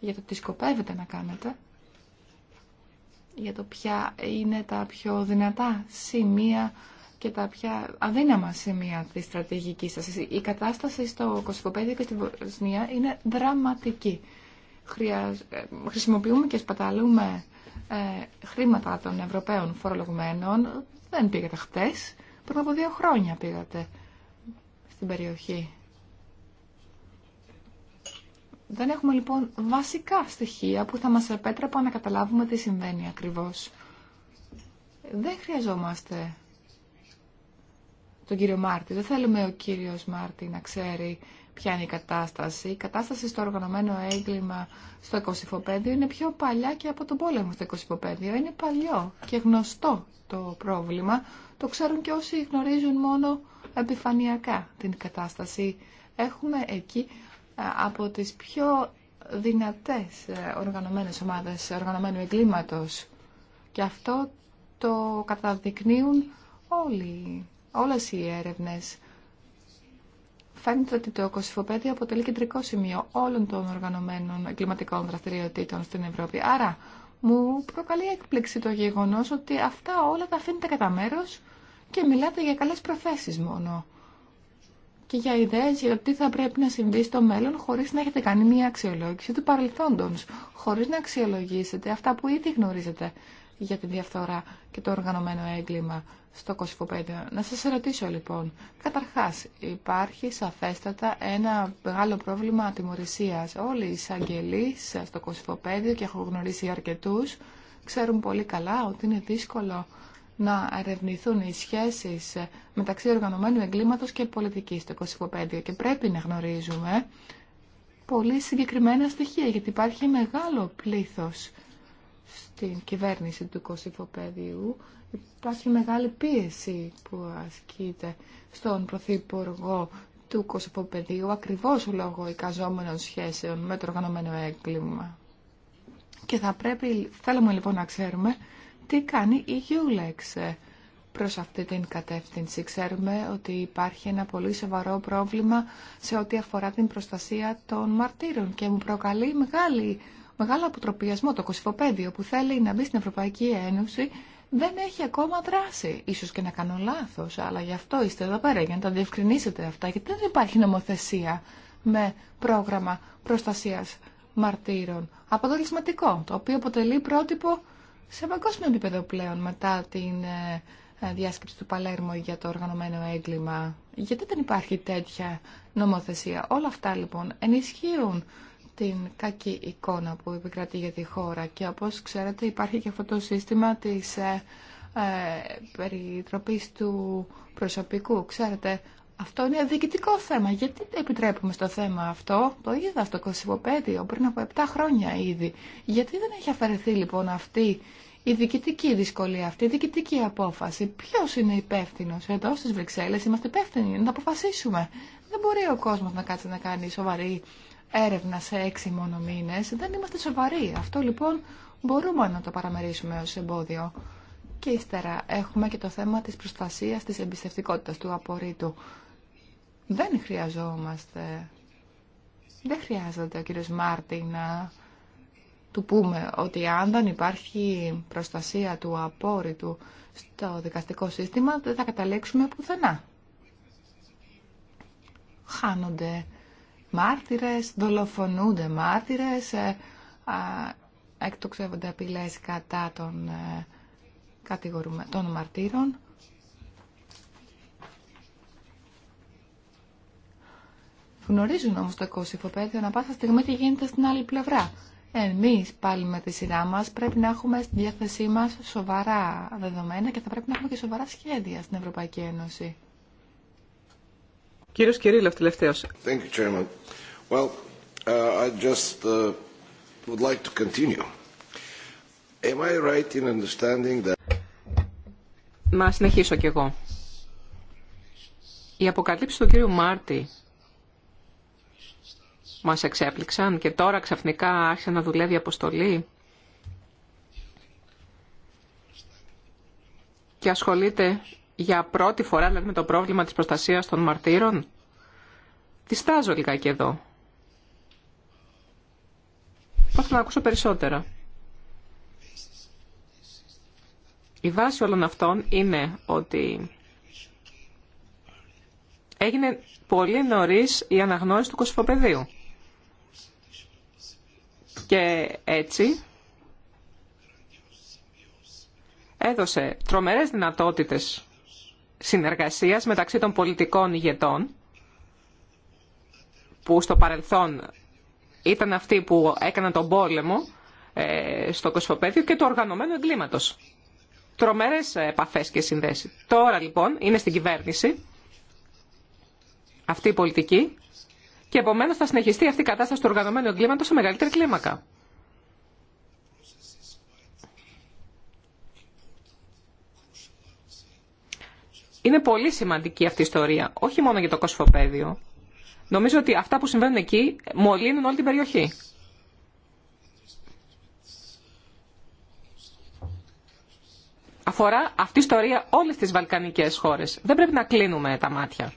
για το τι σκοπεύετε να κάνετε, για το ποια είναι τα πιο δυνατά σημεία και τα πια αδύναμα σημεία της στρατηγικής σας. Η κατάσταση στο Κωσικοπαίδιο και στη Βοσνία είναι δραματική. Ε, χρησιμοποιούμε και σπαταλούμε ε, χρήματα των Ευρωπαίων φορολογουμένων δεν πήγατε χτες, πριν από δύο χρόνια πήγατε στην περιοχή. Δεν έχουμε λοιπόν βασικά στοιχεία που θα μας επέτρεπαν να καταλάβουμε τι συμβαίνει ακριβώς. Δεν χρειαζόμαστε τον κύριο Μάρτι Δεν θέλουμε ο κύριος Μάρτι να ξέρει ποια είναι η κατάσταση. Η κατάσταση στο οργανωμένο έγκλημα στο Κωσυφοπέδιο είναι πιο παλιά και από τον πόλεμο στο Κωσυφοπέδιο. Είναι παλιό και γνωστό το πρόβλημα. Το ξέρουν και όσοι γνωρίζουν μόνο επιφανειακά την κατάσταση. Έχουμε εκεί από τις πιο δυνατές ε, οργανωμένες ομάδες οργανωμένου εγκλήματος. Και αυτό το καταδεικνύουν όλοι, όλες οι έρευνες φαίνεται ότι το κοσυφοπέδιο αποτελεί κεντρικό σημείο όλων των οργανωμένων εγκληματικών δραστηριοτήτων στην Ευρώπη. Άρα, μου προκαλεί έκπληξη το γεγονός ότι αυτά όλα τα αφήνετε κατά μέρο και μιλάτε για καλές προθέσεις μόνο και για ιδέες για το τι θα πρέπει να συμβεί στο μέλλον χωρίς να έχετε κάνει μια αξιολόγηση του παρελθόντο, χωρί να αξιολογήσετε αυτά που ήδη γνωρίζετε για τη διαφθορά και το οργανωμένο έγκλημα στο Κωσυφοπέδιο. Να σας ερωτήσω λοιπόν, καταρχάς υπάρχει σαφέστατα ένα μεγάλο πρόβλημα ατιμορρησίας. Όλοι οι εισαγγελείς στο Κωσυφοπέδιο και έχω γνωρίσει αρκετούς, ξέρουν πολύ καλά ότι είναι δύσκολο να ερευνηθούν οι σχέσεις μεταξύ οργανωμένου εγκλήματος και πολιτικής στο Κωσυφοπέδιο και πρέπει να γνωρίζουμε πολύ συγκεκριμένα στοιχεία γιατί υπάρχει μεγάλο πλήθος στην κυβέρνηση του Κωσυφοπέδιου υπάρχει μεγάλη πίεση που ασκείται στον Πρωθυπουργό του Κωσυφοπεδίου ακριβώς λόγω εικαζόμενων σχέσεων με το οργανωμένο έγκλημα. Και θα πρέπει, θέλουμε λοιπόν να ξέρουμε τι κάνει η Γιούλεξ προς αυτή την κατεύθυνση. Ξέρουμε ότι υπάρχει ένα πολύ σοβαρό πρόβλημα σε ό,τι αφορά την προστασία των μαρτύρων και μου προκαλεί μεγάλη μεγάλο αποτροπιασμό. Το κοσυφοπέδιο που θέλει να μπει στην Ευρωπαϊκή Ένωση δεν έχει ακόμα δράσει. Ίσως και να κάνω λάθος, αλλά γι' αυτό είστε εδώ πέρα για να τα διευκρινίσετε αυτά, γιατί δεν υπάρχει νομοθεσία με πρόγραμμα προστασίας μαρτύρων. Αποτελεσματικό, το οποίο αποτελεί πρότυπο σε παγκόσμιο επίπεδο πλέον μετά την ε, ε, διάσκεψη του Παλέρμο για το οργανωμένο έγκλημα. Γιατί δεν υπάρχει τέτοια νομοθεσία. Όλα αυτά λοιπόν ενισχύουν την κακή εικόνα που επικρατεί για τη χώρα και όπως ξέρετε υπάρχει και αυτό το σύστημα της ε, ε, περιτροπής του προσωπικού. Ξέρετε, αυτό είναι διοικητικό θέμα. Γιατί επιτρέπουμε στο θέμα αυτό, το είδα στο Κωσυποπέδιο πριν από 7 χρόνια ήδη. Γιατί δεν έχει αφαιρεθεί λοιπόν αυτή η διοικητική δυσκολία, αυτή η διοικητική απόφαση. Ποιο είναι υπεύθυνο εδώ στι Βρυξέλλε, είμαστε υπεύθυνοι να αποφασίσουμε. Δεν μπορεί ο κόσμο να κάτσει να κάνει σοβαρή έρευνα σε έξι μόνο μήνε. Δεν είμαστε σοβαροί. Αυτό λοιπόν μπορούμε να το παραμερίσουμε ω εμπόδιο. Και ύστερα έχουμε και το θέμα τη προστασία της εμπιστευτικότητα του απορρίτου. Δεν χρειαζόμαστε... Δεν χρειάζεται ο κύριος Μάρτιν να του πούμε ότι αν δεν υπάρχει προστασία του απόρριτου στο δικαστικό σύστημα δεν θα καταλήξουμε πουθενά. Χάνονται μάρτυρες, δολοφονούνται μάρτυρες, ε, εκτοξεύονται απειλές κατά των, ε, των μαρτύρων. Γνωρίζουν όμως το κόσυφοπέδιο να πάσα στιγμή τι γίνεται στην άλλη πλευρά. Εμείς πάλι με τη σειρά μας πρέπει να έχουμε στη διάθεσή μας σοβαρά δεδομένα και θα πρέπει να έχουμε και σοβαρά σχέδια στην Ευρωπαϊκή Ένωση. Κύριος Κυρίλοφ, τελευταίος. Thank you, Chairman. Well, uh, I just uh, would like to continue. Am I right in understanding that... Μα συνεχίσω κι εγώ. Η αποκαλύψη του κύριου Μάρτη μας εξέπληξαν και τώρα ξαφνικά άρχισε να δουλεύει η αποστολή και ασχολείται για πρώτη φορά δηλαδή με το πρόβλημα της προστασίας των μαρτύρων. Διστάζω λιγάκι εδώ. Θα να ακούσω περισσότερα. Η βάση όλων αυτών είναι ότι έγινε πολύ νωρίς η αναγνώριση του κοσφοπεδίου. Και έτσι έδωσε τρομερές δυνατότητες συνεργασίας μεταξύ των πολιτικών ηγετών που στο παρελθόν ήταν αυτοί που έκαναν τον πόλεμο ε, στο κοσμοπέδιο και του οργανωμένου εγκλήματος. Τρομερές επαφές και συνδέσεις. Τώρα λοιπόν είναι στην κυβέρνηση αυτή η πολιτική και επομένως θα συνεχιστεί αυτή η κατάσταση του οργανωμένου εγκλήματος σε μεγαλύτερη κλίμακα. Είναι πολύ σημαντική αυτή η ιστορία, όχι μόνο για το κοσφοπέδιο. Νομίζω ότι αυτά που συμβαίνουν εκεί μολύνουν όλη την περιοχή. Αφορά αυτή η ιστορία όλες τις βαλκανικές χώρες. Δεν πρέπει να κλείνουμε τα μάτια.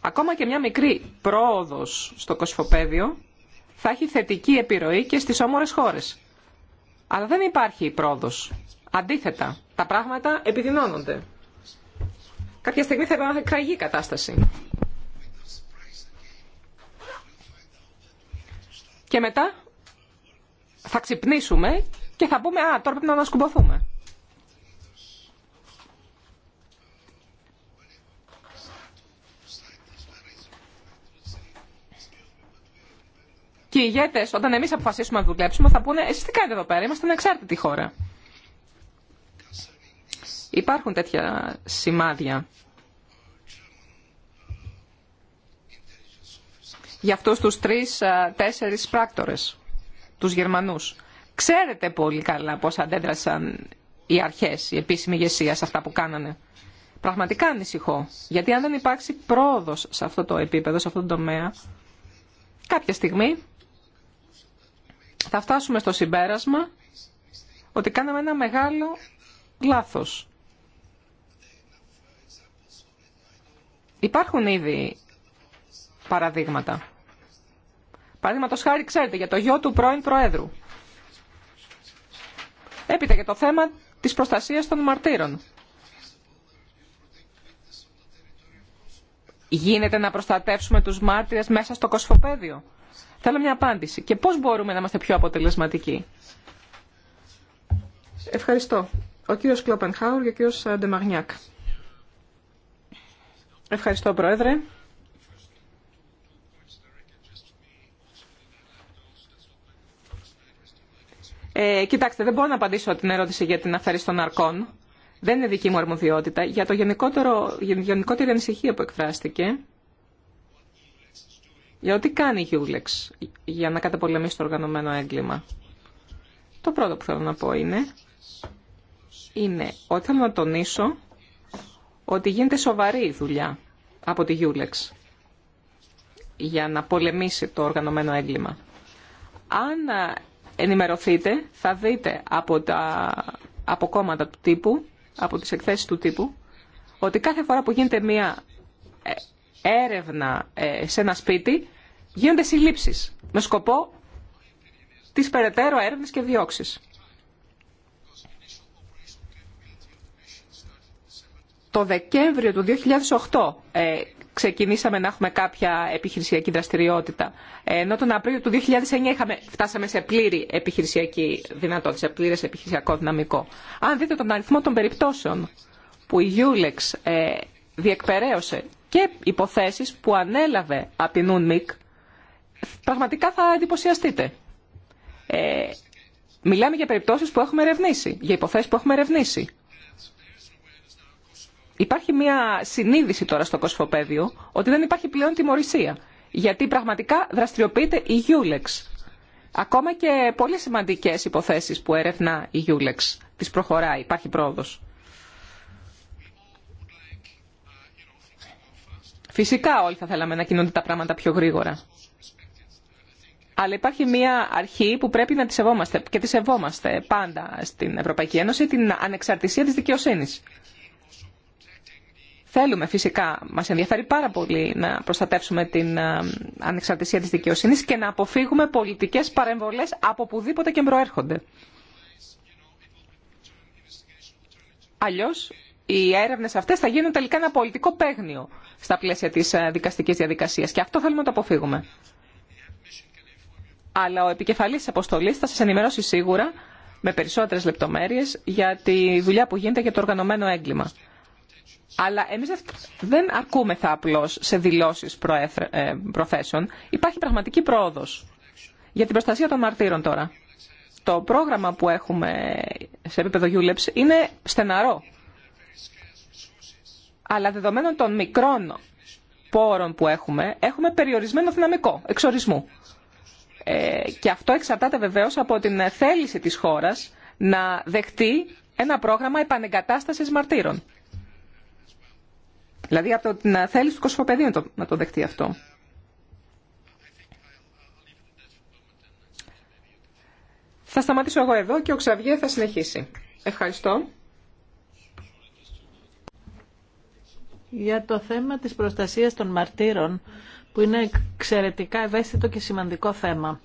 Ακόμα και μια μικρή πρόοδος στο κοσφοπέδιο θα έχει θετική επιρροή και στις όμορες χώρες. Αλλά δεν υπάρχει πρόοδος. Αντίθετα, τα πράγματα επιδεινώνονται. Κάποια στιγμή θα υπάρχει κραγή κατάσταση. Και μετά θα ξυπνήσουμε και θα πούμε «Α, τώρα πρέπει να ανασκουμποθούμε». Και οι ηγέτε, όταν εμεί αποφασίσουμε να δουλέψουμε, θα πούνε Εσεί τι κάνετε εδώ πέρα, είμαστε ανεξάρτητη χώρα. Υπάρχουν τέτοια σημάδια. Για αυτούς τους τρεις, τέσσερις πράκτορες, τους Γερμανούς. Ξέρετε πολύ καλά πώς αντέδρασαν οι αρχές, η επίσημη ηγεσία σε αυτά που κάνανε. Πραγματικά ανησυχώ. Γιατί αν δεν υπάρξει πρόοδος σε αυτό το επίπεδο, σε αυτό το τομέα, κάποια στιγμή θα φτάσουμε στο συμπέρασμα ότι κάναμε ένα μεγάλο λάθος. Υπάρχουν ήδη παραδείγματα. Παραδείγματος χάρη ξέρετε για το γιο του πρώην Προέδρου. Έπειτα για το θέμα της προστασίας των μαρτύρων. Γίνεται να προστατεύσουμε τους μάρτυρες μέσα στο κοσφοπέδιο. Θέλω μια απάντηση. Και πώς μπορούμε να είμαστε πιο αποτελεσματικοί. Ευχαριστώ. Ο κύριος Κλόπενχάουρ και ο κύριος Ντεμαγνιάκ. Ευχαριστώ, Πρόεδρε. Ε, κοιτάξτε, δεν μπορώ να απαντήσω την ερώτηση για την αφαίρεση των αρκών. Δεν είναι δική μου αρμοδιότητα. Για το γενικότερο, γενικότερη ανησυχία που εκφράστηκε, για ό,τι κάνει η Γιούλεξ για να καταπολεμήσει το οργανωμένο έγκλημα. Το πρώτο που θέλω να πω είναι, είναι ότι θέλω να τονίσω ότι γίνεται σοβαρή η δουλειά από τη Γιούλεξ για να πολεμήσει το οργανωμένο έγκλημα. Αν ενημερωθείτε, θα δείτε από, τα, από κόμματα του τύπου, από τις εκθέσεις του τύπου, ότι κάθε φορά που γίνεται μια ε, έρευνα ε, σε ένα σπίτι γίνονται συλλήψεις με σκοπό τη περαιτέρω έρευνας και διώξη. Το Δεκέμβριο του 2008 ε, ξεκινήσαμε να έχουμε κάποια επιχειρησιακή δραστηριότητα. Ενώ τον Απρίλιο του 2009 είχαμε, φτάσαμε σε πλήρη επιχειρησιακή δυνατότητα, σε πλήρες επιχειρησιακό δυναμικό. Αν δείτε τον αριθμό των περιπτώσεων που η Ulex ε, διεκπαιρέωσε και υποθέσεις που ανέλαβε από την UNMIC, πραγματικά θα εντυπωσιαστείτε. Ε, μιλάμε για περιπτώσεις που έχουμε ερευνήσει, για υποθέσεις που έχουμε ερευνήσει. Υπάρχει μια συνείδηση τώρα στο κοσφοπέδιο ότι δεν υπάρχει πλέον τιμωρησία, γιατί πραγματικά δραστηριοποιείται η Γιούλεξ. Ακόμα και πολύ σημαντικές υποθέσεις που ερευνά η Γιούλεξ, τις προχωράει, υπάρχει πρόοδος. Φυσικά όλοι θα θέλαμε να κινούνται τα πράγματα πιο γρήγορα. Αλλά υπάρχει μια αρχή που πρέπει να τη σεβόμαστε και τη σεβόμαστε πάντα στην Ευρωπαϊκή Ένωση, την ανεξαρτησία της δικαιοσύνης. Θέλουμε φυσικά, μας ενδιαφέρει πάρα πολύ να προστατεύσουμε την ε, ανεξαρτησία της δικαιοσύνης και να αποφύγουμε πολιτικές παρεμβολές από πουδήποτε και προέρχονται. Αλλιώς οι έρευνε αυτέ θα γίνουν τελικά ένα πολιτικό παίγνιο στα πλαίσια τη ε, δικαστική διαδικασία. Και αυτό θέλουμε να το αποφύγουμε. Αλλά ο επικεφαλή τη αποστολή θα σα ενημερώσει σίγουρα με περισσότερε λεπτομέρειε για τη δουλειά που γίνεται για το οργανωμένο έγκλημα. Αλλά εμεί δεν αρκούμεθα απλώ σε δηλώσει ε, προθέσεων. Υπάρχει πραγματική πρόοδο. Για την προστασία των μαρτύρων τώρα. Το πρόγραμμα που έχουμε σε επίπεδο ULEPS είναι στεναρό αλλά δεδομένων των μικρών πόρων που έχουμε, έχουμε περιορισμένο δυναμικό εξορισμού. Ε, και αυτό εξαρτάται βεβαίως από την θέληση της χώρας να δεχτεί ένα πρόγραμμα επανεγκατάστασης μαρτύρων. Δηλαδή από την θέληση του κοσμοπεδίου να το δεχτεί αυτό. Θα σταματήσω εγώ εδώ και ο Ξαβιέ θα συνεχίσει. Ευχαριστώ. για το θέμα της προστασίας των μαρτύρων που είναι εξαιρετικά ευαίσθητο και σημαντικό θέμα.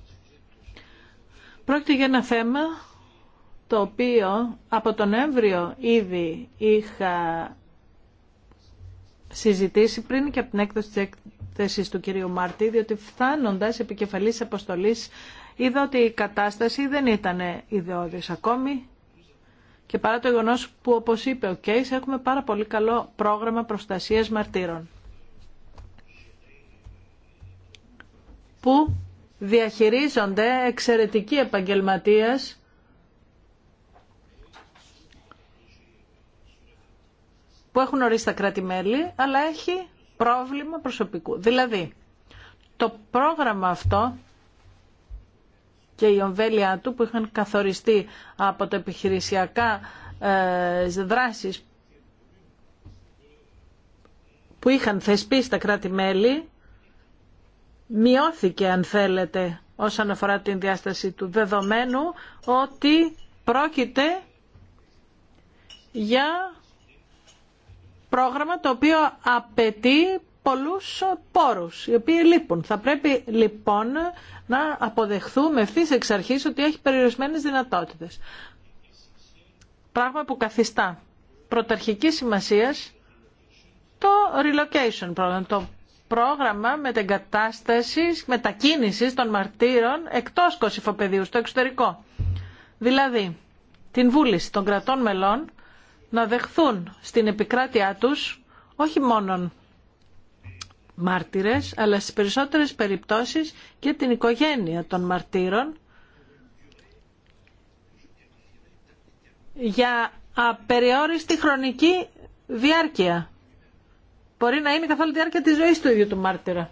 Πρόκειται για ένα θέμα το οποίο από τον Νοέμβριο ήδη είχα συζητήσει πριν και από την έκδοση της έκθεσης του κυρίου Μάρτη, διότι φτάνοντας επικεφαλής αποστολής είδα ότι η κατάσταση δεν ήταν ιδεώδης ακόμη και παρά το γεγονό που όπω είπε ο Κέις έχουμε πάρα πολύ καλό πρόγραμμα προστασίας μαρτύρων που διαχειρίζονται εξαιρετικοί επαγγελματίες που έχουν ορίσει τα κράτη-μέλη, αλλά έχει πρόβλημα προσωπικού. Δηλαδή, το πρόγραμμα αυτό και η ομβέλειά του που είχαν καθοριστεί από τα επιχειρησιακά ε, δράσεις που είχαν θεσπίσει στα κράτη-μέλη μειώθηκε αν θέλετε όσον αφορά την διάσταση του δεδομένου ότι πρόκειται για πρόγραμμα το οποίο απαιτεί πολλούς πόρους, οι οποίοι λείπουν. Θα πρέπει λοιπόν να αποδεχθούμε ευθύ εξ αρχής ότι έχει περιορισμένες δυνατότητες. Πράγμα που καθιστά πρωταρχική σημασίας το relocation πρόγραμμα, το πρόγραμμα μετεγκατάστασης, μετακίνησης των μαρτύρων εκτός κοσυφοπεδίου, στο εξωτερικό. Δηλαδή, την βούληση των κρατών μελών να δεχθούν στην επικράτειά τους όχι μόνον μάρτυρες, αλλά στις περισσότερες περιπτώσεις και την οικογένεια των μαρτύρων για απεριόριστη χρονική διάρκεια. Μπορεί να είναι καθόλου όλη τη διάρκεια της ζωής του ίδιου του μάρτυρα.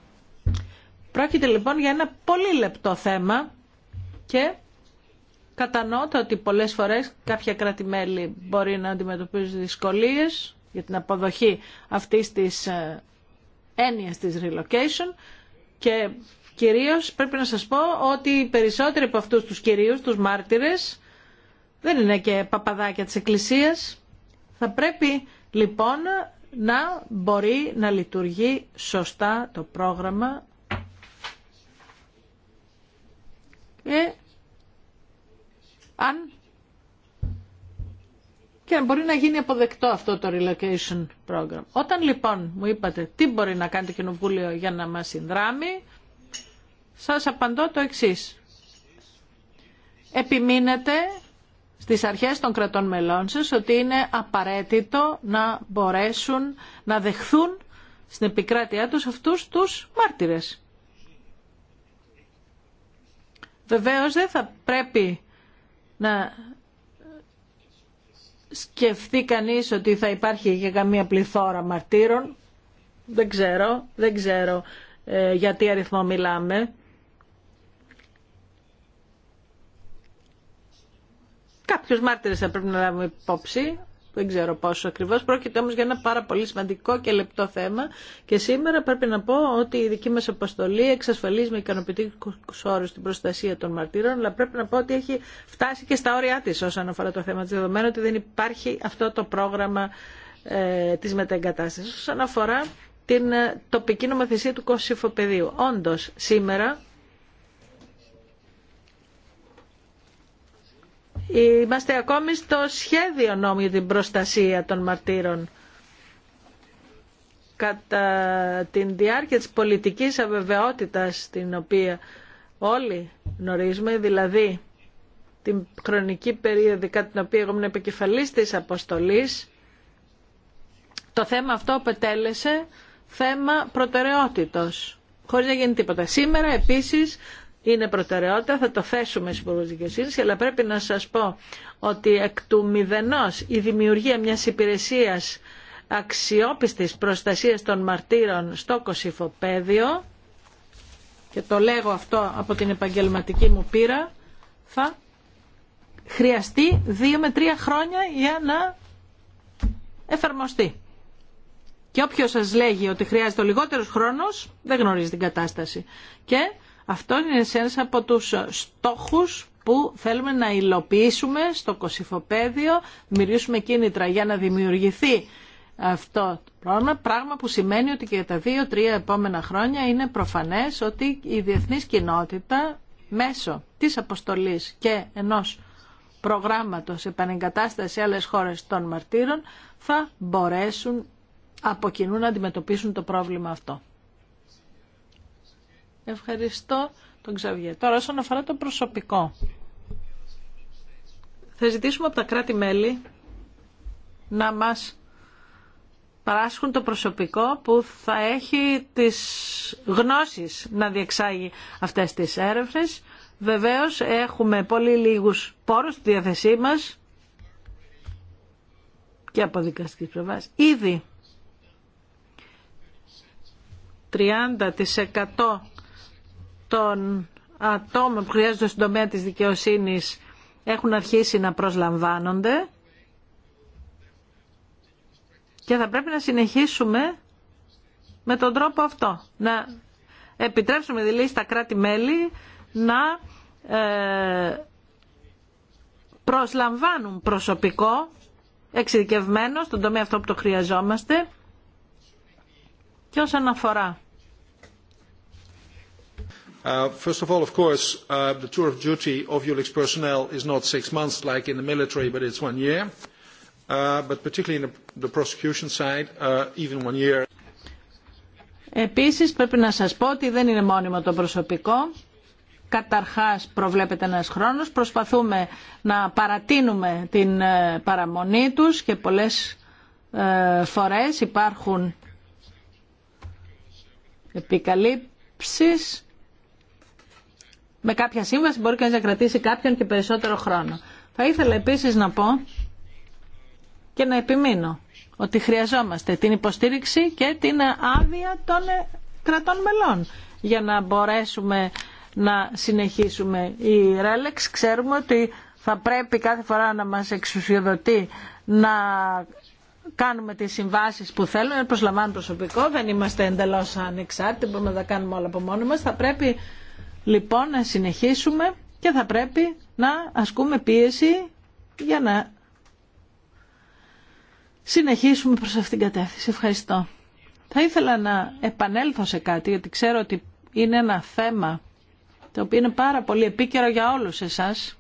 Πρόκειται λοιπόν για ένα πολύ λεπτό θέμα και κατανοώ ότι πολλές φορές κάποια κράτη-μέλη μπορεί να αντιμετωπίζουν δυσκολίες για την αποδοχή αυτής της ε, έννοια της relocation και κυρίως πρέπει να σας πω ότι οι περισσότεροι από αυτούς τους κυρίους, τους μάρτυρες, δεν είναι και παπαδάκια της Εκκλησίας. Θα πρέπει λοιπόν να μπορεί να λειτουργεί σωστά το πρόγραμμα και αν και μπορεί να γίνει αποδεκτό αυτό το relocation program. Όταν λοιπόν μου είπατε τι μπορεί να κάνει το Κοινοβούλιο για να μας συνδράμει, σας απαντώ το εξής. Επιμείνετε στις αρχές των κρατών μελών σας ότι είναι απαραίτητο να μπορέσουν να δεχθούν στην επικράτειά τους αυτούς τους μάρτυρες. Βεβαίως δεν θα πρέπει να σκεφτεί κανείς ότι θα υπάρχει και καμία πληθώρα μαρτύρων. Δεν ξέρω, δεν ξέρω ε, για τι αριθμό μιλάμε. Κάποιος μάρτυρες θα πρέπει να λάβουμε υπόψη, δεν ξέρω πόσο ακριβώ, Πρόκειται όμω για ένα πάρα πολύ σημαντικό και λεπτό θέμα και σήμερα πρέπει να πω ότι η δική μας αποστολή εξασφαλίζει με ικανοποιητικού όρου την προστασία των μαρτύρων, αλλά πρέπει να πω ότι έχει φτάσει και στα όρια τη όσον αφορά το θέμα τη δεδομένου ότι δεν υπάρχει αυτό το πρόγραμμα ε, της Όσον αφορά την ε, τοπική νομοθεσία του κοσυφοπεδίου. Όντω σήμερα Είμαστε ακόμη στο σχέδιο νόμου για την προστασία των μαρτύρων. Κατά την διάρκεια της πολιτικής αβεβαιότητας την οποία όλοι γνωρίζουμε, δηλαδή την χρονική περίοδο κατά την οποία εγώ ήμουν επικεφαλής της αποστολής, το θέμα αυτό αποτέλεσε θέμα προτεραιότητος, χωρίς να γίνει τίποτα. Σήμερα επίσης είναι προτεραιότητα, θα το θέσουμε στην Δικαιοσύνης, αλλά πρέπει να σας πω ότι εκ του μηδενός η δημιουργία μιας υπηρεσίας αξιόπιστης προστασίας των μαρτύρων στο κοσυφοπαίδιο και το λέγω αυτό από την επαγγελματική μου πείρα θα χρειαστεί δύο με τρία χρόνια για να εφαρμοστεί. Και όποιος σας λέγει ότι χρειάζεται ο λιγότερος χρόνος δεν γνωρίζει την κατάσταση. Και αυτό είναι ένας από τους στόχους που θέλουμε να υλοποιήσουμε στο κοσυφοπέδιο, δημιουργήσουμε κίνητρα για να δημιουργηθεί αυτό το πρόγραμμα, πράγμα που σημαίνει ότι και τα δύο-τρία επόμενα χρόνια είναι προφανές ότι η διεθνής κοινότητα μέσω της αποστολής και ενός προγράμματος επανεγκατάσταση σε άλλες χώρες των μαρτύρων θα μπορέσουν από κοινού να αντιμετωπίσουν το πρόβλημα αυτό. Ευχαριστώ τον Ξαβιέ. Τώρα όσον αφορά το προσωπικό. Θα ζητήσουμε από τα κράτη-μέλη να μας παράσχουν το προσωπικό που θα έχει τις γνώσεις να διεξάγει αυτές τις έρευνες. Βεβαίως έχουμε πολύ λίγους πόρους στη διάθεσή μας και από δικαστικής πλευράς. Ήδη 30% των ατόμων που χρειάζονται στον τομέα της δικαιοσύνης έχουν αρχίσει να προσλαμβάνονται και θα πρέπει να συνεχίσουμε με τον τρόπο αυτό. Να επιτρέψουμε δηλαδή στα κράτη-μέλη να ε, προσλαμβάνουν προσωπικό εξειδικευμένο στον τομέα αυτό που το χρειαζόμαστε και όσον αφορά Uh, first of all, of course, uh, the tour of duty of Eulex personnel is not six months like in the military, but it's one year. Uh, but particularly in the prosecution side, even one year. Επίσης πρέπει να σας πω ότι δεν είναι μόνιμο το προσωπικό. Καταρχάς προβλέπεται ένας χρόνος. Προσπαθούμε να παρατείνουμε την ε, παραμονή τους και πολλές ε, φορές υπάρχουν επικαλύψεις με κάποια σύμβαση μπορεί και να κρατήσει κάποιον και περισσότερο χρόνο. Θα ήθελα επίσης να πω και να επιμείνω ότι χρειαζόμαστε την υποστήριξη και την άδεια των ε, κρατών μελών για να μπορέσουμε να συνεχίσουμε. Η Ρέλεξ ξέρουμε ότι θα πρέπει κάθε φορά να μας εξουσιοδοτεί να κάνουμε τις συμβάσεις που θέλουμε, να προσλαμβάνουμε προσωπικό, δεν είμαστε εντελώς ανεξάρτητοι, μπορούμε να τα κάνουμε όλα από μόνοι μας, θα πρέπει λοιπόν να συνεχίσουμε και θα πρέπει να ασκούμε πίεση για να συνεχίσουμε προς αυτήν την κατεύθυνση. Ευχαριστώ. Θα ήθελα να επανέλθω σε κάτι, γιατί ξέρω ότι είναι ένα θέμα το οποίο είναι πάρα πολύ επίκαιρο για όλους εσάς.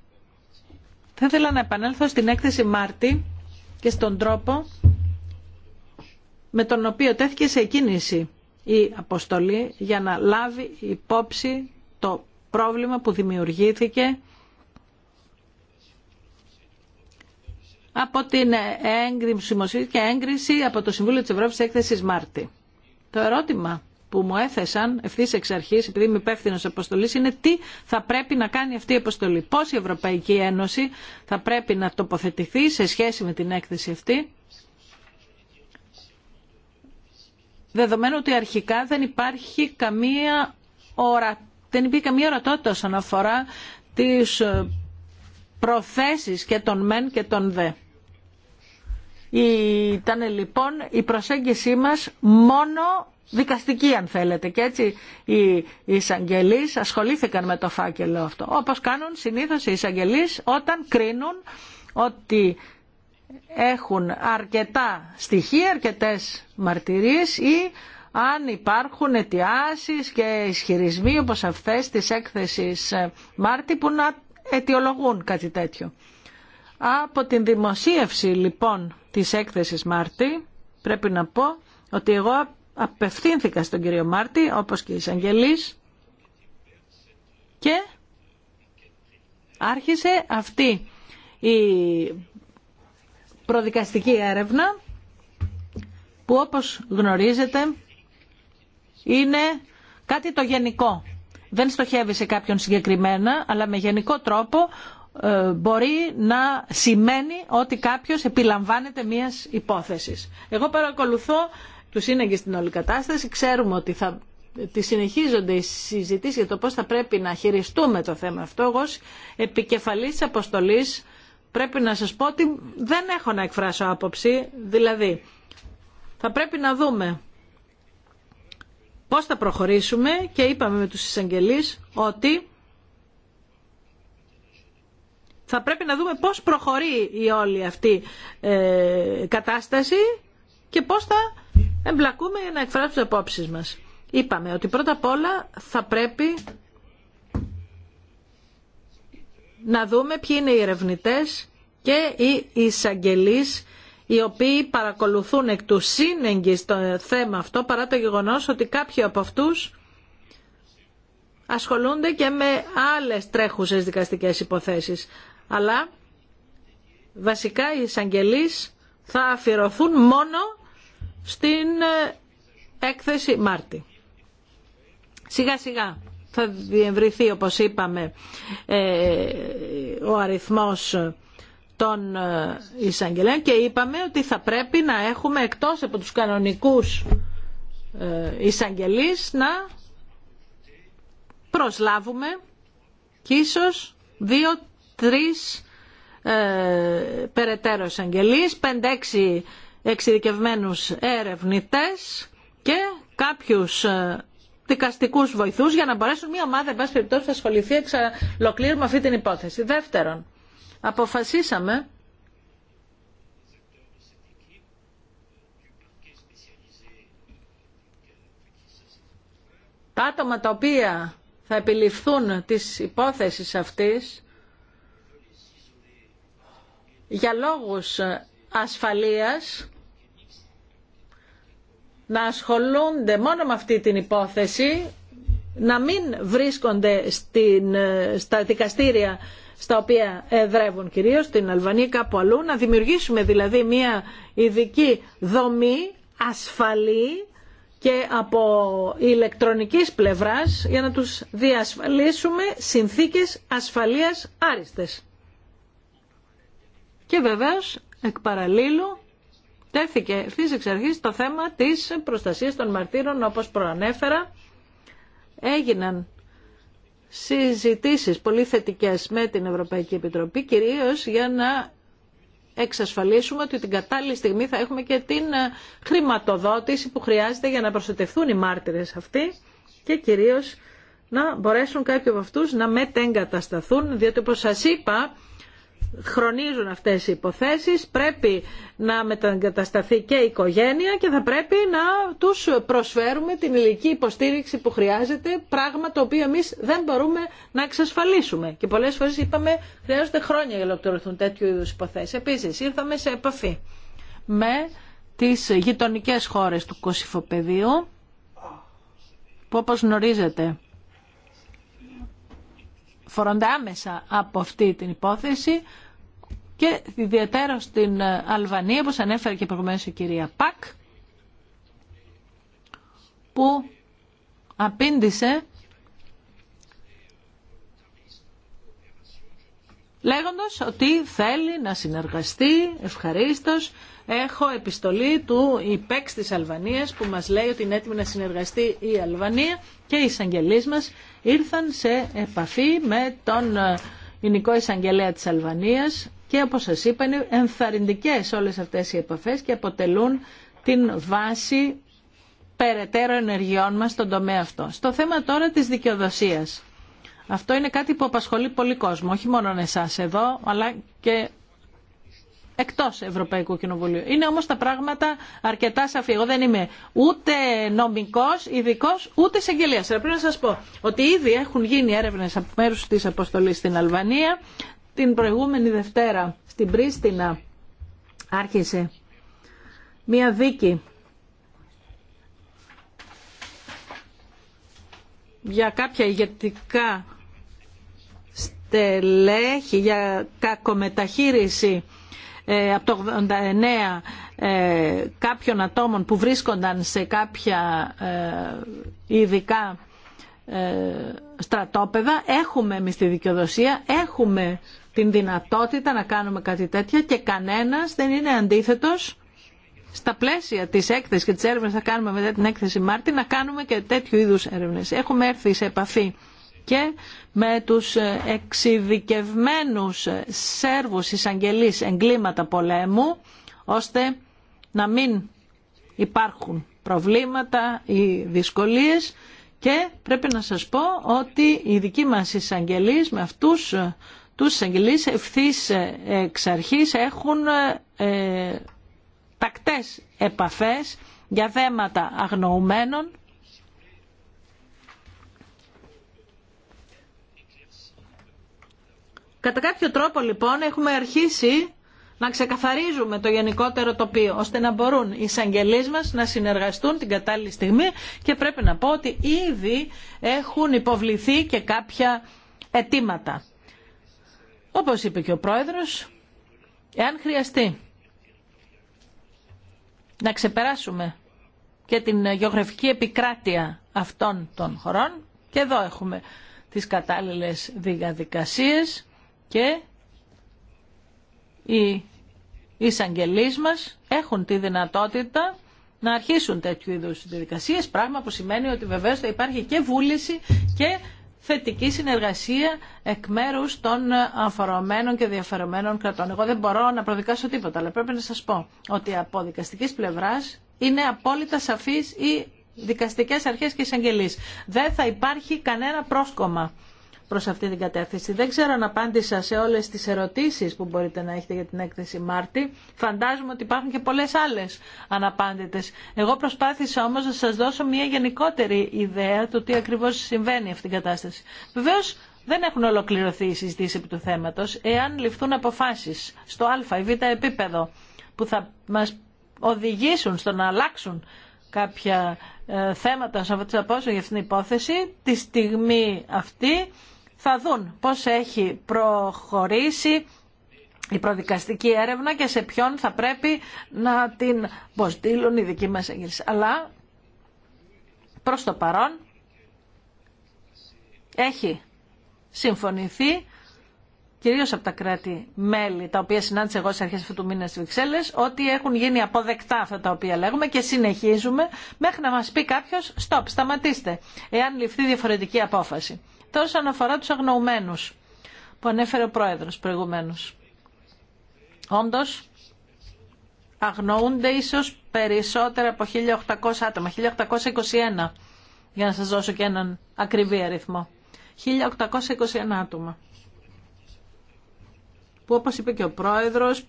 Θα ήθελα να επανέλθω στην έκθεση Μάρτη και στον τρόπο με τον οποίο τέθηκε σε κίνηση η αποστολή για να λάβει υπόψη το πρόβλημα που δημιουργήθηκε από την έγκριση και έγκριση από το Συμβούλιο της Ευρώπης έκθεση Μάρτη. Το ερώτημα που μου έθεσαν ευθύ εξ αρχή, επειδή είμαι υπεύθυνο αποστολή, είναι τι θα πρέπει να κάνει αυτή η αποστολή. Πώ η Ευρωπαϊκή Ένωση θα πρέπει να τοποθετηθεί σε σχέση με την έκθεση αυτή, δεδομένου ότι αρχικά δεν υπάρχει καμία ορατή δεν υπήρχε καμία ορατότητα όσον αφορά τις ε, προθέσεις και των μεν και των δε. Ήταν λοιπόν η προσέγγιση μας μόνο δικαστική αν θέλετε και έτσι οι εισαγγελείς ασχολήθηκαν με το φάκελο αυτό όπως κάνουν συνήθως οι εισαγγελείς όταν κρίνουν ότι έχουν αρκετά στοιχεία, αρκετές μαρτυρίες ή αν υπάρχουν αιτιάσεις και ισχυρισμοί όπως αυτές της έκθεσης ε, Μάρτη που να αιτιολογούν κάτι τέτοιο. Από την δημοσίευση λοιπόν της έκθεσης Μάρτη πρέπει να πω ότι εγώ απευθύνθηκα στον κύριο Μάρτη όπως και η Εισαγγελής και άρχισε αυτή η προδικαστική έρευνα που όπως γνωρίζετε είναι κάτι το γενικό. Δεν στοχεύει σε κάποιον συγκεκριμένα, αλλά με γενικό τρόπο ε, μπορεί να σημαίνει ότι κάποιος επιλαμβάνεται μίας υπόθεσης. Εγώ παρακολουθώ τους σύνεγγες στην όλη κατάσταση. Ξέρουμε ότι θα τη συνεχίζονται οι συζητήσεις για το πώς θα πρέπει να χειριστούμε το θέμα αυτό. Εγώ ως επικεφαλής της αποστολής πρέπει να σας πω ότι δεν έχω να εκφράσω άποψη. Δηλαδή, θα πρέπει να δούμε πώς θα προχωρήσουμε και είπαμε με τους εισαγγελείς ότι θα πρέπει να δούμε πώς προχωρεί η όλη αυτή ε, κατάσταση και πώς θα εμπλακούμε να εκφράσουμε τις απόψεις μας. Είπαμε ότι πρώτα απ' όλα θα πρέπει να δούμε ποιοι είναι οι ερευνητές και οι εισαγγελείς οι οποίοι παρακολουθούν εκ του σύνεγγυ το θέμα αυτό παρά το γεγονός ότι κάποιοι από αυτούς ασχολούνται και με άλλες τρέχουσες δικαστικές υποθέσεις. Αλλά βασικά οι εισαγγελείς θα αφιερωθούν μόνο στην ε, έκθεση Μάρτη. Σιγά σιγά θα διευρυθεί όπως είπαμε ε, ο αριθμός των ε, εισαγγελέων και είπαμε ότι θα πρέπει να έχουμε εκτός από τους κανονικούς ε, εισαγγελείς να προσλάβουμε και ίσως δύο-τρεις ε, περαιτέρω εισαγγελείς, πέντε-έξι εξειδικευμένους ερευνητές και κάποιους ε, δικαστικού βοηθούς για να μπορέσουν μια ομάδα, εν πάση περιπτώσει, να ασχοληθεί εξ αυτή την υπόθεση. Δεύτερον, αποφασίσαμε τα άτομα τα οποία θα επιληφθούν της υπόθεσης αυτής για λόγους ασφαλείας να ασχολούνται μόνο με αυτή την υπόθεση, να μην βρίσκονται στην, στα δικαστήρια στα οποία εδρεύουν κυρίως στην Αλβανία κάπου αλλού, να δημιουργήσουμε δηλαδή μια ειδική δομή ασφαλή και από ηλεκτρονικής πλευράς για να τους διασφαλίσουμε συνθήκες ασφαλείας άριστες. Και βεβαίως εκ παραλίλου τέθηκε ευθύς εξ αρχής το θέμα της προστασίας των μαρτύρων όπως προανέφερα έγιναν συζητήσεις πολύ θετικές με την Ευρωπαϊκή Επιτροπή, κυρίως για να εξασφαλίσουμε ότι την κατάλληλη στιγμή θα έχουμε και την ε, χρηματοδότηση που χρειάζεται για να προστατευθούν οι μάρτυρες αυτοί και κυρίως να μπορέσουν κάποιοι από αυτούς να μετεγκατασταθούν, διότι όπως σας είπα χρονίζουν αυτές οι υποθέσεις, πρέπει να μεταγκατασταθεί και η οικογένεια και θα πρέπει να τους προσφέρουμε την ηλική υποστήριξη που χρειάζεται, πράγμα το οποίο εμείς δεν μπορούμε να εξασφαλίσουμε. Και πολλές φορές είπαμε χρειάζονται χρόνια για να ολοκληρωθούν τέτοιου είδους υποθέσεις. Επίσης ήρθαμε σε επαφή με τις γειτονικές χώρες του Κωσυφοπεδίου που όπως γνωρίζετε φορώνται άμεσα από αυτή την υπόθεση και ιδιαίτερα στην Αλβανία, όπως ανέφερε και προηγουμένως η κυρία Πακ, που απήντησε λέγοντας ότι θέλει να συνεργαστεί ευχαρίστως. Έχω επιστολή του υπέξ της Αλβανίας που μας λέει ότι είναι έτοιμη να συνεργαστεί η Αλβανία και οι εισαγγελείς μας ήρθαν σε επαφή με τον ε, Γενικό Εισαγγελέα της Αλβανίας και όπως σας είπα είναι ενθαρρυντικές όλες αυτές οι επαφές και αποτελούν την βάση περαιτέρω ενεργειών μας στον τομέα αυτό. Στο θέμα τώρα της δικαιοδοσίας. Αυτό είναι κάτι που απασχολεί πολύ κόσμο, όχι μόνο εσά εδώ, αλλά και εκτός Ευρωπαϊκού Κοινοβουλίου. Είναι όμως τα πράγματα αρκετά σαφή. Εγώ δεν είμαι ούτε νομικός, ειδικό, ούτε Αλλά Πρέπει να σας πω ότι ήδη έχουν γίνει έρευνες από μέρους της αποστολή στην Αλβανία. Την προηγούμενη Δευτέρα στην Πρίστινα άρχισε μία δίκη για κάποια ηγετικά στελέχη για κακομεταχείριση ε, από το 89 ε, κάποιων ατόμων που βρίσκονταν σε κάποια ε, ειδικά στρατόπεδα. Έχουμε εμείς τη δικαιοδοσία, έχουμε την δυνατότητα να κάνουμε κάτι τέτοιο και κανένας δεν είναι αντίθετος στα πλαίσια της έκθεσης και της έρευνας θα κάνουμε μετά την έκθεση Μάρτη να κάνουμε και τέτοιου είδους έρευνες. Έχουμε έρθει σε επαφή και με τους εξειδικευμένους Σέρβους εισαγγελείς εγκλήματα πολέμου, ώστε να μην υπάρχουν προβλήματα ή δυσκολίες και πρέπει να σας πω ότι οι δικοί μας εισαγγελείς με αυτούς τους εισαγγελείς ευθύς ε, εξ αρχής έχουν ε, τακτές επαφές για θέματα αγνοουμένων Κατά κάποιο τρόπο λοιπόν έχουμε αρχίσει να ξεκαθαρίζουμε το γενικότερο τοπίο, ώστε να μπορούν οι εισαγγελείς μας να συνεργαστούν την κατάλληλη στιγμή και πρέπει να πω ότι ήδη έχουν υποβληθεί και κάποια αιτήματα. Όπως είπε και ο Πρόεδρος, εάν χρειαστεί να ξεπεράσουμε και την γεωγραφική επικράτεια αυτών των χωρών, και εδώ έχουμε τις κατάλληλες διαδικασίες, και οι εισαγγελείς μας έχουν τη δυνατότητα να αρχίσουν τέτοιου είδους διαδικασίες, πράγμα που σημαίνει ότι βεβαίως θα υπάρχει και βούληση και θετική συνεργασία εκ μέρου των αφορομένων και διαφερομένων κρατών. Εγώ δεν μπορώ να προδικάσω τίποτα, αλλά πρέπει να σας πω ότι από δικαστική πλευράς είναι απόλυτα σαφής οι δικαστικές αρχές και εισαγγελεί. Δεν θα υπάρχει κανένα πρόσκομα προς αυτή την κατεύθυνση. Δεν ξέρω αν απάντησα σε όλες τις ερωτήσεις που μπορείτε να έχετε για την έκθεση Μάρτη. Φαντάζομαι ότι υπάρχουν και πολλές άλλες αναπάντητες. Εγώ προσπάθησα όμως να σας δώσω μια γενικότερη ιδέα του τι ακριβώς συμβαίνει αυτή την κατάσταση. Βεβαίως δεν έχουν ολοκληρωθεί οι συζητήσεις του θέματος εάν ληφθούν αποφάσεις στο α ή β επίπεδο που θα μας οδηγήσουν στο να αλλάξουν κάποια ε, θέματα σε αυτή την υπόθεση, τη στιγμή αυτή θα δουν πώς έχει προχωρήσει η προδικαστική έρευνα και σε ποιον θα πρέπει να την αποστείλουν οι δικοί μας Αλλά προς το παρόν έχει συμφωνηθεί κυρίως από τα κράτη-μέλη, τα οποία συνάντησα εγώ σε αρχές αυτού του μήνα στις Βιξέλλες ότι έχουν γίνει αποδεκτά αυτά τα οποία λέγουμε και συνεχίζουμε μέχρι να μας πει κάποιος «Στοπ, σταματήστε», εάν ληφθεί διαφορετική απόφαση τόσο αναφορά τους αγνοουμένους που ανέφερε ο Πρόεδρος προηγουμένως. Όντως, αγνοούνται ίσως περισσότερα από 1.800 άτομα, 1.821, για να σας δώσω και έναν ακριβή αριθμό. 1.821 άτομα, που όπως είπε και ο Πρόεδρος,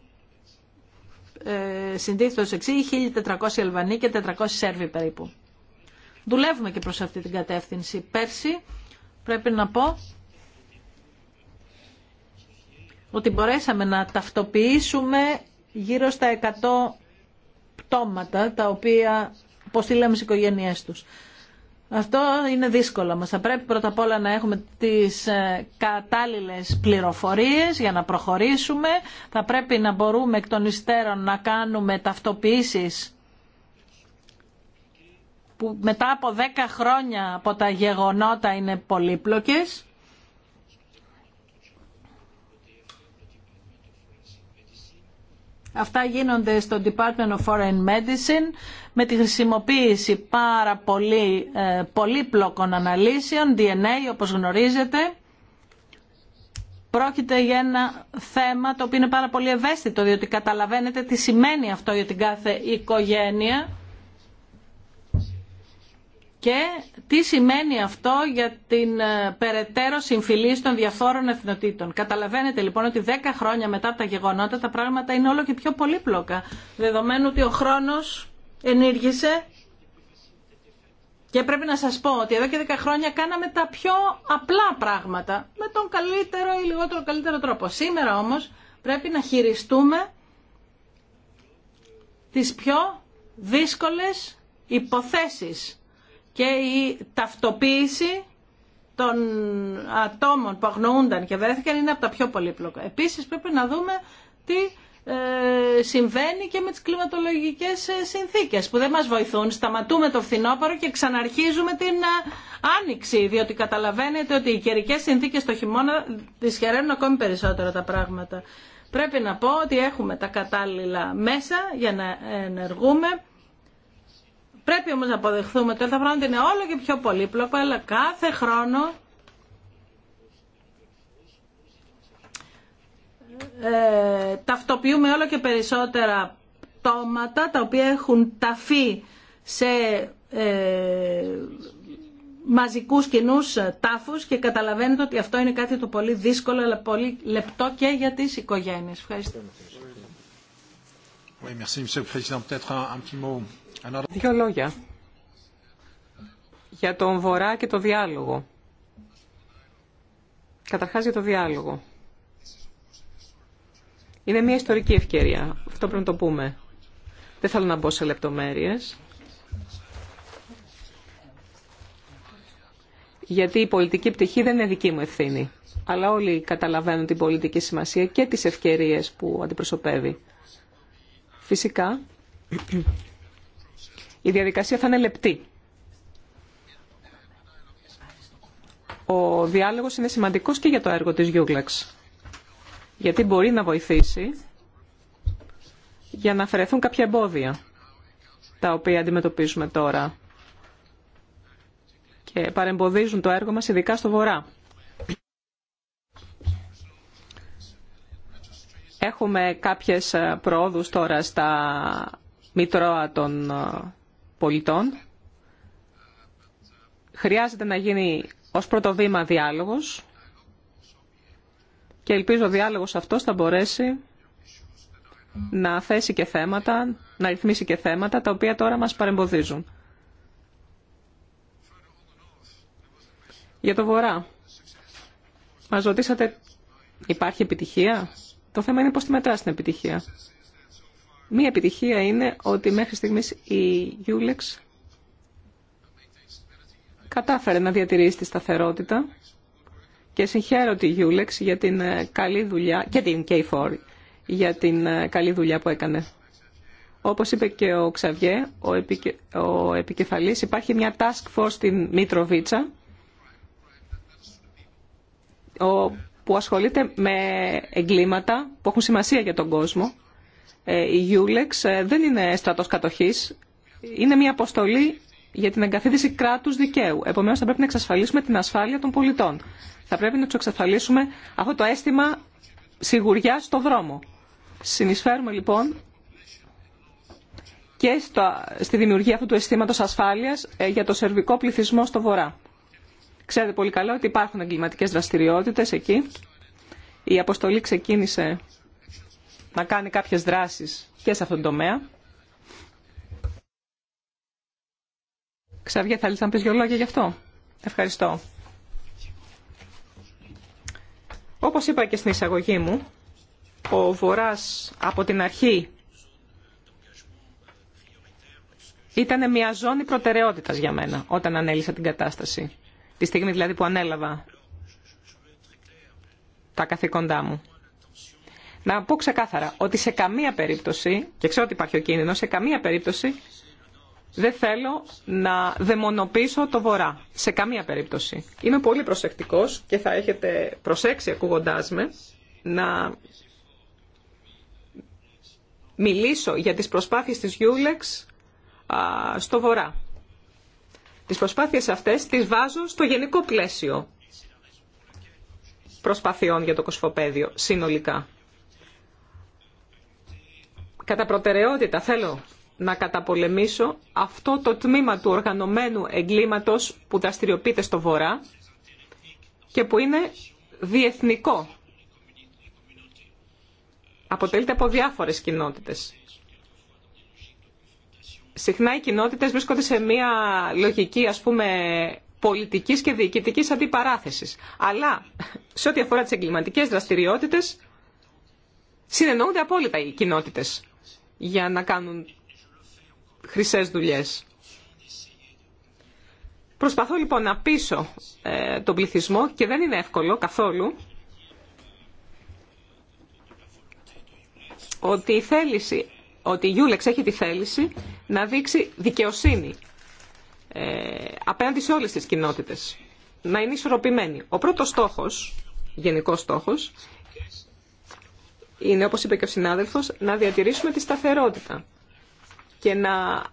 ε, εξή, 1.400 Αλβανοί και 400 Σέρβοι περίπου. Δουλεύουμε και προς αυτή την κατεύθυνση. Πέρσι πρέπει να πω ότι μπορέσαμε να ταυτοποιήσουμε γύρω στα 100 πτώματα τα οποία αποστήλαμε στις οικογένειές τους. Αυτό είναι δύσκολο μας. Θα πρέπει πρώτα απ' όλα να έχουμε τις ε, κατάλληλες πληροφορίες για να προχωρήσουμε. Θα πρέπει να μπορούμε εκ των υστέρων να κάνουμε ταυτοποιήσεις που μετά από 10 χρόνια από τα γεγονότα είναι πολύπλοκες. Αυτά γίνονται στο Department of Foreign Medicine με τη χρησιμοποίηση πάρα πολύ ε, πολύπλοκων αναλύσεων, DNA όπως γνωρίζετε. Πρόκειται για ένα θέμα το οποίο είναι πάρα πολύ ευαίσθητο διότι καταλαβαίνετε τι σημαίνει αυτό για την κάθε οικογένεια και τι σημαίνει αυτό για την ε, περαιτέρω συμφιλή των διαφόρων εθνοτήτων. Καταλαβαίνετε λοιπόν ότι 10 χρόνια μετά τα γεγονότα τα πράγματα είναι όλο και πιο πολύπλοκα, δεδομένου ότι ο χρόνος ενήργησε και πρέπει να σας πω ότι εδώ και 10 χρόνια κάναμε τα πιο απλά πράγματα με τον καλύτερο ή λιγότερο καλύτερο τρόπο. Σήμερα όμως πρέπει να χειριστούμε τις πιο δύσκολες υποθέσεις και η ταυτοποίηση των ατόμων που αγνοούνταν και βρέθηκαν είναι από τα πιο πολύπλοκα. Επίσης πρέπει να δούμε τι ε, συμβαίνει και με τις κλιματολογικές ε, συνθήκες που δεν μας βοηθούν. Σταματούμε το φθινόπωρο και ξαναρχίζουμε την ε, άνοιξη διότι καταλαβαίνετε ότι οι καιρικέ συνθήκες το χειμώνα δυσχεραίνουν ακόμη περισσότερο τα πράγματα. Πρέπει να πω ότι έχουμε τα κατάλληλα μέσα για να ενεργούμε Πρέπει όμως να αποδεχθούμε ότι τα πράγματα είναι όλο και πιο πολύπλοκα, αλλά κάθε χρόνο ε, ταυτοποιούμε όλο και περισσότερα πτώματα τα οποία έχουν ταφεί σε ε, μαζικούς κοινού τάφους και καταλαβαίνετε ότι αυτό είναι κάτι το πολύ δύσκολο αλλά πολύ λεπτό και για τις οικογένειες. Ευχαριστώ. Δύο λόγια για τον Βορρά και το διάλογο. Καταρχάς για το διάλογο. Είναι μια ιστορική ευκαιρία. Αυτό πρέπει να το πούμε. Δεν θέλω να μπω σε λεπτομέρειες. Γιατί η πολιτική πτυχή δεν είναι δική μου ευθύνη. Αλλά όλοι καταλαβαίνουν την πολιτική σημασία και τις ευκαιρίες που αντιπροσωπεύει. Φυσικά, η διαδικασία θα είναι λεπτή. Ο διάλογος είναι σημαντικός και για το έργο της Γιούγκλαξ, γιατί μπορεί να βοηθήσει για να αφαιρεθούν κάποια εμπόδια τα οποία αντιμετωπίζουμε τώρα και παρεμποδίζουν το έργο μας ειδικά στο Βορρά. Έχουμε κάποιες ε, πρόοδους τώρα στα Μητρώα των ε, Πολιτών. Χρειάζεται να γίνει ως πρώτο βήμα διάλογος και ελπίζω ο διάλογος αυτός θα μπορέσει να θέσει και θέματα, να ρυθμίσει και θέματα τα οποία τώρα μας παρεμποδίζουν. Για το Βορρά, μας ρωτήσατε υπάρχει επιτυχία. Το θέμα είναι πώς τη μετράς την επιτυχία. Μία επιτυχία είναι ότι μέχρι στιγμής η Γιούλεξ κατάφερε να διατηρήσει τη σταθερότητα και συγχαίρω τη Γιούλεξ για την ε, καλή δουλειά και την K4 για την ε, καλή δουλειά που έκανε. Όπως είπε και ο Ξαβιέ, ο, επικε... ο επικεφαλής, υπάρχει μια task force στην Μήτροβίτσα. Ο που ασχολείται με εγκλήματα που έχουν σημασία για τον κόσμο. Ε, η EULEX ε, δεν είναι στρατός κατοχής, είναι μια αποστολή για την εγκαθίδρυση κράτους δικαίου. Επομένως θα πρέπει να εξασφαλίσουμε την ασφάλεια των πολιτών. Θα πρέπει να του εξασφαλίσουμε αυτό το αίσθημα σιγουριά στο δρόμο. Συνεισφέρουμε λοιπόν και στη δημιουργία αυτού του αισθήματο ασφάλεια ε, για το σερβικό πληθυσμό στο βορρά. Ξέρετε πολύ καλά ότι υπάρχουν εγκληματικέ δραστηριότητε εκεί. Η αποστολή ξεκίνησε να κάνει κάποιε δράσει και σε αυτόν τον τομέα. Ξαβιέ, θα ήθελα να πει δύο λόγια γι' αυτό. Ευχαριστώ. Όπως είπα και στην εισαγωγή μου, ο Βοράς από την αρχή ήταν μια ζώνη προτεραιότητας για μένα όταν ανέλησα την κατάσταση τη στιγμή δηλαδή που ανέλαβα τα καθήκοντά μου. Να πω ξεκάθαρα ότι σε καμία περίπτωση, και ξέρω ότι υπάρχει ο κίνδυνο, σε καμία περίπτωση δεν θέλω να δαιμονοποιήσω το βορρά. Σε καμία περίπτωση. Είμαι πολύ προσεκτικός και θα έχετε προσέξει ακούγοντά με να μιλήσω για τις προσπάθειες της Γιούλεξ στο βορρά τις προσπάθειες αυτές τις βάζω στο γενικό πλαίσιο προσπαθειών για το κοσφοπέδιο συνολικά. Κατά προτεραιότητα θέλω να καταπολεμήσω αυτό το τμήμα του οργανωμένου εγκλήματος που δραστηριοποιείται στο Βορρά και που είναι διεθνικό. Αποτελείται από διάφορες κοινότητες συχνά οι κοινότητε βρίσκονται σε μια λογική ας πούμε πολιτικής και διοικητικής αντιπαράθεση. Αλλά σε ό,τι αφορά τις εγκληματικέ δραστηριότητες συνεννοούνται απόλυτα οι κοινότητε για να κάνουν χρυσές δουλειές. Προσπαθώ λοιπόν να πείσω ε, τον πληθυσμό και δεν είναι εύκολο καθόλου ότι η θέληση, ότι η Γιούλεξ έχει τη θέληση να δείξει δικαιοσύνη ε, απέναντι σε όλες τις κοινότητες. Να είναι ισορροπημένη. Ο πρώτος στόχος, γενικός στόχος, είναι, όπως είπε και ο συνάδελφος, να διατηρήσουμε τη σταθερότητα και να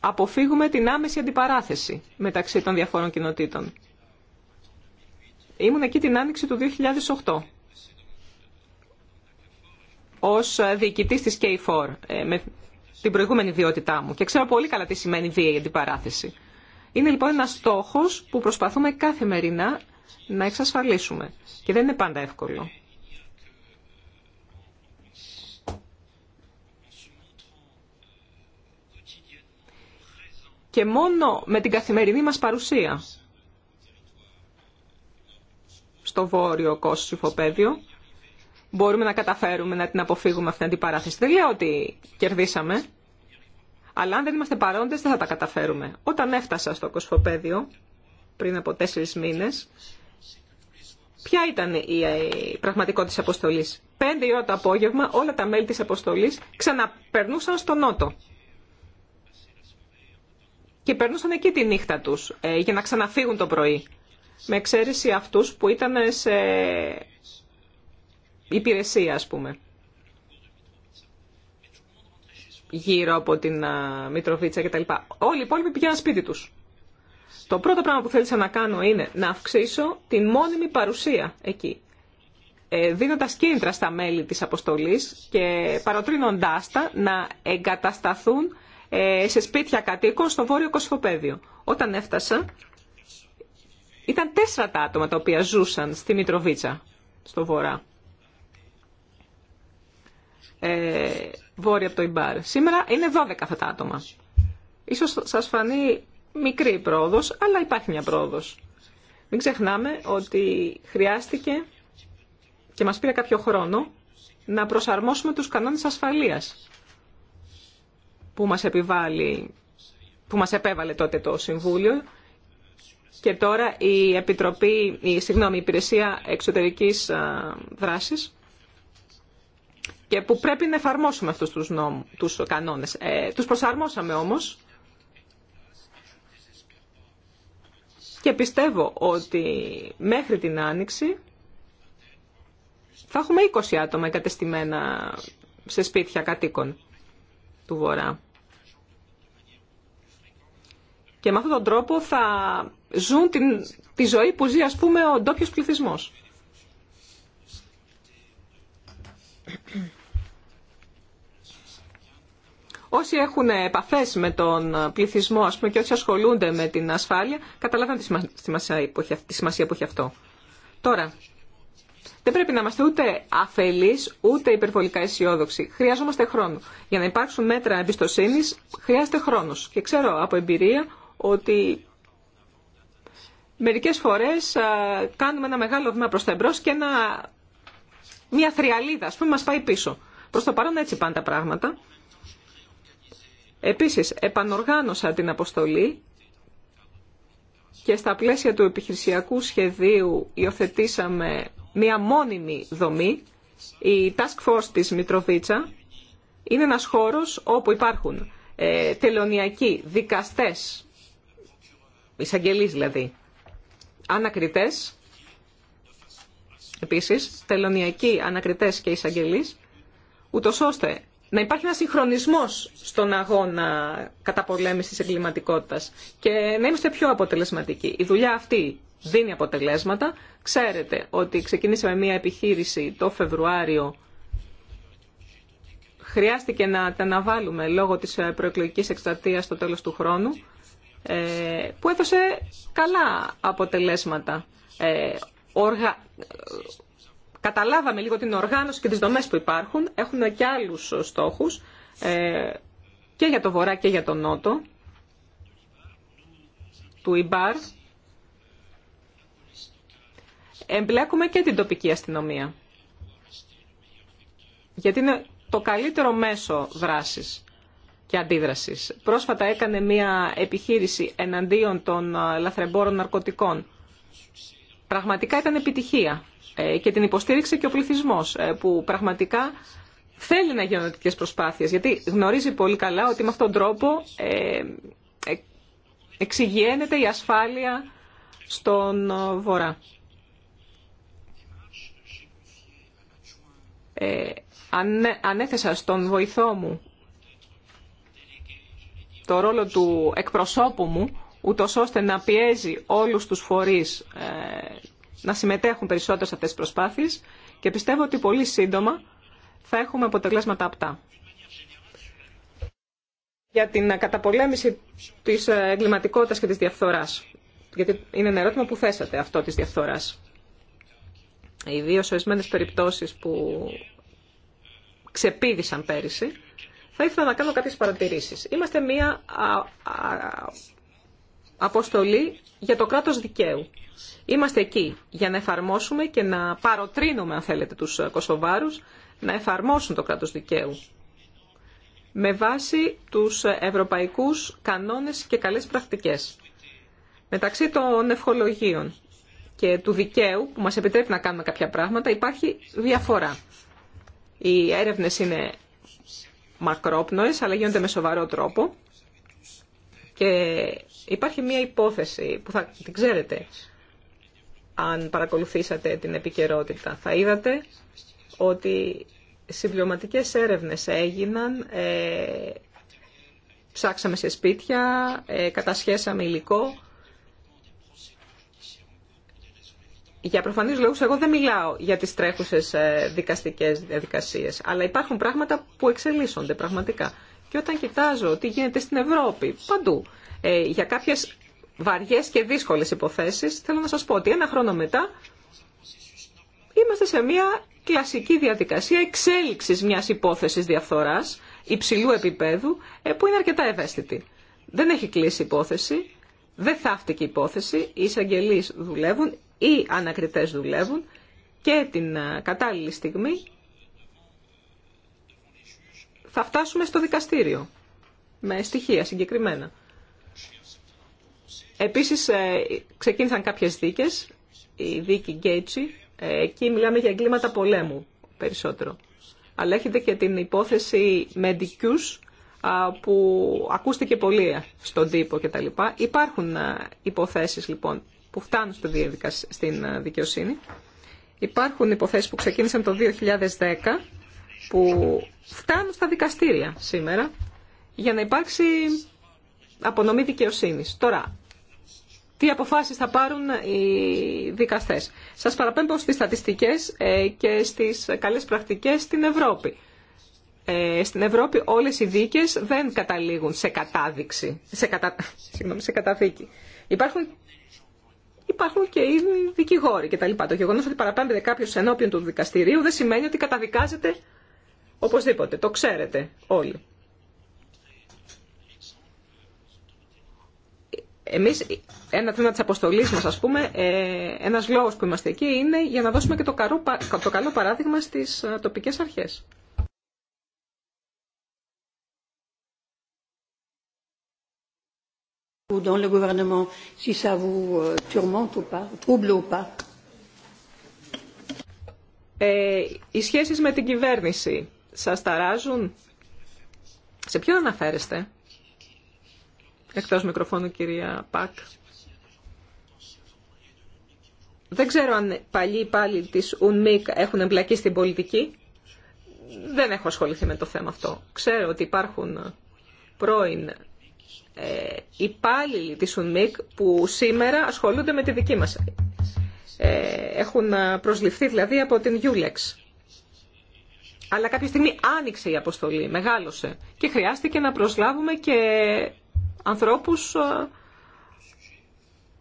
αποφύγουμε την άμεση αντιπαράθεση μεταξύ των διαφόρων κοινοτήτων. Ήμουν εκεί την άνοιξη του 2008 ως διοικητής της K4, την προηγούμενη ιδιότητά μου και ξέρω πολύ καλά τι σημαίνει βία την αντιπαράθεση. Είναι λοιπόν ένας στόχος που προσπαθούμε καθημερινά να εξασφαλίσουμε και δεν είναι πάντα εύκολο. Και μόνο με την καθημερινή μας παρουσία στο βόρειο κόσμο υφοπαίδιο μπορούμε να καταφέρουμε να την αποφύγουμε αυτή την αντιπαράθεση. Δεν λέω ότι κερδίσαμε. Αλλά αν δεν είμαστε παρόντες δεν θα τα καταφέρουμε. Όταν έφτασα στο κοσφοπέδιο πριν από τέσσερις μήνες, ποια ήταν η ε, πραγματικότητα της αποστολής. Πέντε ώρα το απόγευμα όλα τα μέλη της αποστολής ξαναπερνούσαν στο νότο. Και περνούσαν εκεί τη νύχτα τους ε, για να ξαναφύγουν το πρωί. Με εξαίρεση αυτούς που ήταν σε υπηρεσία, ας πούμε γύρω από την Μητροβίτσα κτλ. Όλοι οι υπόλοιποι πηγαίναν σπίτι τους. Το πρώτο πράγμα που θέλησα να κάνω είναι να αυξήσω την μόνιμη παρουσία εκεί. Ε, δίνοντας κίνητρα στα μέλη της αποστολής και παροτρύνοντά τα να εγκατασταθούν ε, σε σπίτια κατοίκων στο βόρειο Κοσφοπέδιο. Όταν έφτασα, ήταν τέσσερα τα άτομα τα οποία ζούσαν στη Μητροβίτσα, στο βορρά. Ε, βόρεια από το Ιμπάρ. Σήμερα είναι 12 αυτά άτομα. Ίσως σας φανεί μικρή η πρόοδος, αλλά υπάρχει μια πρόοδος. Μην ξεχνάμε ότι χρειάστηκε και μας πήρε κάποιο χρόνο να προσαρμόσουμε τους κανόνες ασφαλείας που μας, επιβάλλει, που μας επέβαλε τότε το Συμβούλιο και τώρα η Επιτροπή, η, συγγνώμη, η Υπηρεσία Εξωτερικής Δράσης και που πρέπει να εφαρμόσουμε αυτούς τους, νόμ, τους κανόνες. Ε, τους προσαρμόσαμε όμως και πιστεύω ότι μέχρι την Άνοιξη θα έχουμε 20 άτομα εγκατεστημένα σε σπίτια κατοίκων του Βορρά. Και με αυτόν τον τρόπο θα ζουν την, τη ζωή που ζει ας πούμε ο ντόπιο πληθυσμός. Όσοι έχουν επαφέ με τον πληθυσμό ας πούμε, και όσοι ασχολούνται με την ασφάλεια, καταλαβαίνουν τη σημασία που έχει αυτό. Τώρα, δεν πρέπει να είμαστε ούτε αφελεί ούτε υπερβολικά αισιόδοξοι. Χρειαζόμαστε χρόνο. Για να υπάρξουν μέτρα εμπιστοσύνη χρειάζεται χρόνο. Και ξέρω από εμπειρία ότι μερικέ φορέ κάνουμε ένα μεγάλο βήμα προ τα εμπρό και ένα, μια θριαλίδα, α πούμε, μα πάει πίσω. Προ το παρόν έτσι πάνε τα πράγματα. Επίσης, επανοργάνωσα την αποστολή και στα πλαίσια του επιχειρησιακού σχεδίου υιοθετήσαμε μία μόνιμη δομή. Η Task Force της Μητροβίτσα είναι ένας χώρος όπου υπάρχουν ε, τελωνιακοί δικαστές, εισαγγελείς δηλαδή, ανακριτές, επίσης τελωνιακοί ανακριτές και εισαγγελείς, ούτως ώστε να υπάρχει ένα συγχρονισμός στον αγώνα κατά της εγκληματικότητας και να είμαστε πιο αποτελεσματικοί. Η δουλειά αυτή δίνει αποτελέσματα. Ξέρετε ότι ξεκινήσαμε μια επιχείρηση το Φεβρουάριο χρειάστηκε να τα αναβάλουμε λόγω της ε, προεκλογικής εκστρατείας στο τέλος του χρόνου, ε, που έδωσε καλά αποτελέσματα. Ε, οργα καταλάβαμε λίγο την οργάνωση και τις δομές που υπάρχουν. Έχουν και άλλους στόχους ε, και για το βορρά και για τον νότο του ΙΜΠΑΡ. Εμπλέκουμε και την τοπική αστυνομία. Γιατί είναι το καλύτερο μέσο δράσης και αντίδρασης. Πρόσφατα έκανε μία επιχείρηση εναντίον των ε, λαθρεμπόρων ναρκωτικών. Πραγματικά ήταν επιτυχία. Ε, και την υποστήριξε και ο πληθυσμό ε, που πραγματικά θέλει να γίνουν τέτοιε προσπάθειε γιατί γνωρίζει πολύ καλά ότι με αυτόν τον τρόπο ε, εξηγιένεται η ασφάλεια στον Βορρά. Ε, ανέθεσα στον βοηθό μου το ρόλο του εκπροσώπου μου, ούτως ώστε να πιέζει όλους τους φορείς να συμμετέχουν περισσότερο σε αυτές τις προσπάθειες και πιστεύω ότι πολύ σύντομα θα έχουμε αποτελέσματα απτά. Για την καταπολέμηση της εγκληματικότητας και της διαφθοράς. Γιατί είναι ένα ερώτημα που θέσατε αυτό της διαφθοράς. Ιδίω ορισμένε περιπτώσεις που ξεπίδησαν πέρυσι, θα ήθελα να κάνω κάποιες παρατηρήσεις. Είμαστε μια αποστολή για το κράτος δικαίου. Είμαστε εκεί για να εφαρμόσουμε και να παροτρύνουμε, αν θέλετε, τους Κωσοβάρους να εφαρμόσουν το κράτος δικαίου με βάση τους ευρωπαϊκούς κανόνες και καλές πρακτικές. Μεταξύ των ευχολογίων και του δικαίου που μας επιτρέπει να κάνουμε κάποια πράγματα υπάρχει διαφορά. Οι έρευνες είναι μακρόπνοες αλλά γίνονται με σοβαρό τρόπο και Υπάρχει μια υπόθεση που θα την ξέρετε αν παρακολουθήσατε την επικαιρότητα. Θα είδατε ότι συμπληρωματικές έρευνες έγιναν, ε, ψάξαμε σε σπίτια, ε, κατασχέσαμε υλικό. Για προφανείς λόγους εγώ δεν μιλάω για τις τρέχουσες ε, δικαστικές διαδικασίες, αλλά υπάρχουν πράγματα που εξελίσσονται πραγματικά. Και όταν κοιτάζω τι γίνεται στην Ευρώπη, παντού, ε, για κάποιες βαριές και δύσκολες υποθέσεις, θέλω να σας πω ότι ένα χρόνο μετά είμαστε σε μια κλασική διαδικασία εξέλιξης μιας υπόθεσης διαφθοράς υψηλού επίπεδου ε, που είναι αρκετά ευαίσθητη. Δεν έχει κλείσει υπόθεση, δεν θαύτηκε η υπόθεση, οι εισαγγελείς δουλεύουν, οι ανακριτές δουλεύουν και την ε, κατάλληλη στιγμή θα φτάσουμε στο δικαστήριο με στοιχεία συγκεκριμένα. Επίσης ε, ξεκίνησαν κάποιες δίκες, η δίκη Γκέιτσι, ε, εκεί μιλάμε για εγκλήματα πολέμου περισσότερο. Αλλά έχετε και την υπόθεση μεντικιούς που ακούστηκε πολύ ε, στον τύπο κτλ. Υπάρχουν υποθέσεις λοιπόν που φτάνουν στην δικαιοσύνη. Υπάρχουν υποθέσεις που ξεκίνησαν το 2010 που φτάνουν στα δικαστήρια σήμερα για να υπάρξει απονομή δικαιοσύνης. Τώρα, τι αποφάσεις θα πάρουν οι δικαστές. Σας παραπέμπω στις στατιστικές ε, και στις καλές πρακτικές στην Ευρώπη. Ε, στην Ευρώπη όλες οι δίκες δεν καταλήγουν σε κατάδειξη, σε, κατα... Συγγνώμη, σε καταδίκη. Υπάρχουν υπάρχουν και οι δικηγόροι κτλ. Το γεγονό ότι παραπέμπεται κάποιο ενώπιον του δικαστηρίου δεν σημαίνει ότι καταδικάζεται οπωσδήποτε. Το ξέρετε όλοι. εμείς ένα τμήμα τη αποστολής μας, ας πούμε, ε, ένας λόγο που είμαστε εκεί είναι για να δώσουμε και το, καλό παράδειγμα στις ε, τοπικές αρχές. οι σχέσεις με την κυβέρνηση σας ταράζουν. Σε ποιον αναφέρεστε. Εκτός μικροφώνου, κυρία Πακ. Δεν ξέρω αν παλιοί υπάλληλοι της ΟΝΜΙΚ έχουν εμπλακεί στην πολιτική. Δεν έχω ασχοληθεί με το θέμα αυτό. Ξέρω ότι υπάρχουν πρώην ε, υπάλληλοι της ΟΝΜΙΚ που σήμερα ασχολούνται με τη δική μας. Ε, έχουν προσληφθεί δηλαδή από την Ulex. Αλλά κάποια στιγμή άνοιξε η αποστολή, μεγάλωσε και χρειάστηκε να προσλάβουμε και ανθρώπους ε,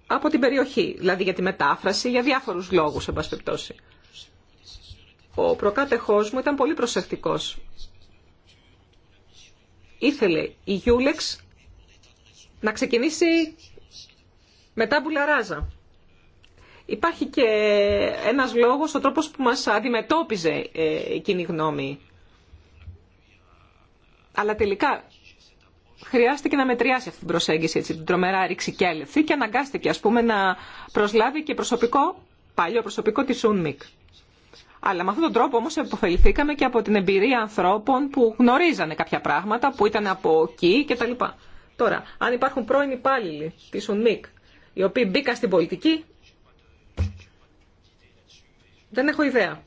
από την περιοχή, δηλαδή για τη μετάφραση, για διάφορους λόγους, εν Ο προκάτεχός μου ήταν πολύ προσεκτικός. Ήθελε η Γιούλεξ να ξεκινήσει μετά μπουλαράζα. Υπάρχει και ένας λόγος, ο τρόπος που μας αντιμετώπιζε εκείνη η κοινή γνώμη. Αλλά τελικά χρειάστηκε να μετριάσει αυτή την προσέγγιση, έτσι, την τρομερά ρήξη και και αναγκάστηκε ας πούμε να προσλάβει και προσωπικό, παλιό προσωπικό της UNMIC. Αλλά με αυτόν τον τρόπο όμως επωφεληθήκαμε και από την εμπειρία ανθρώπων που γνωρίζανε κάποια πράγματα, που ήταν από εκεί κτλ. Τώρα, αν υπάρχουν πρώην υπάλληλοι τη UNMIC, οι οποίοι μπήκαν στην πολιτική, δεν έχω ιδέα.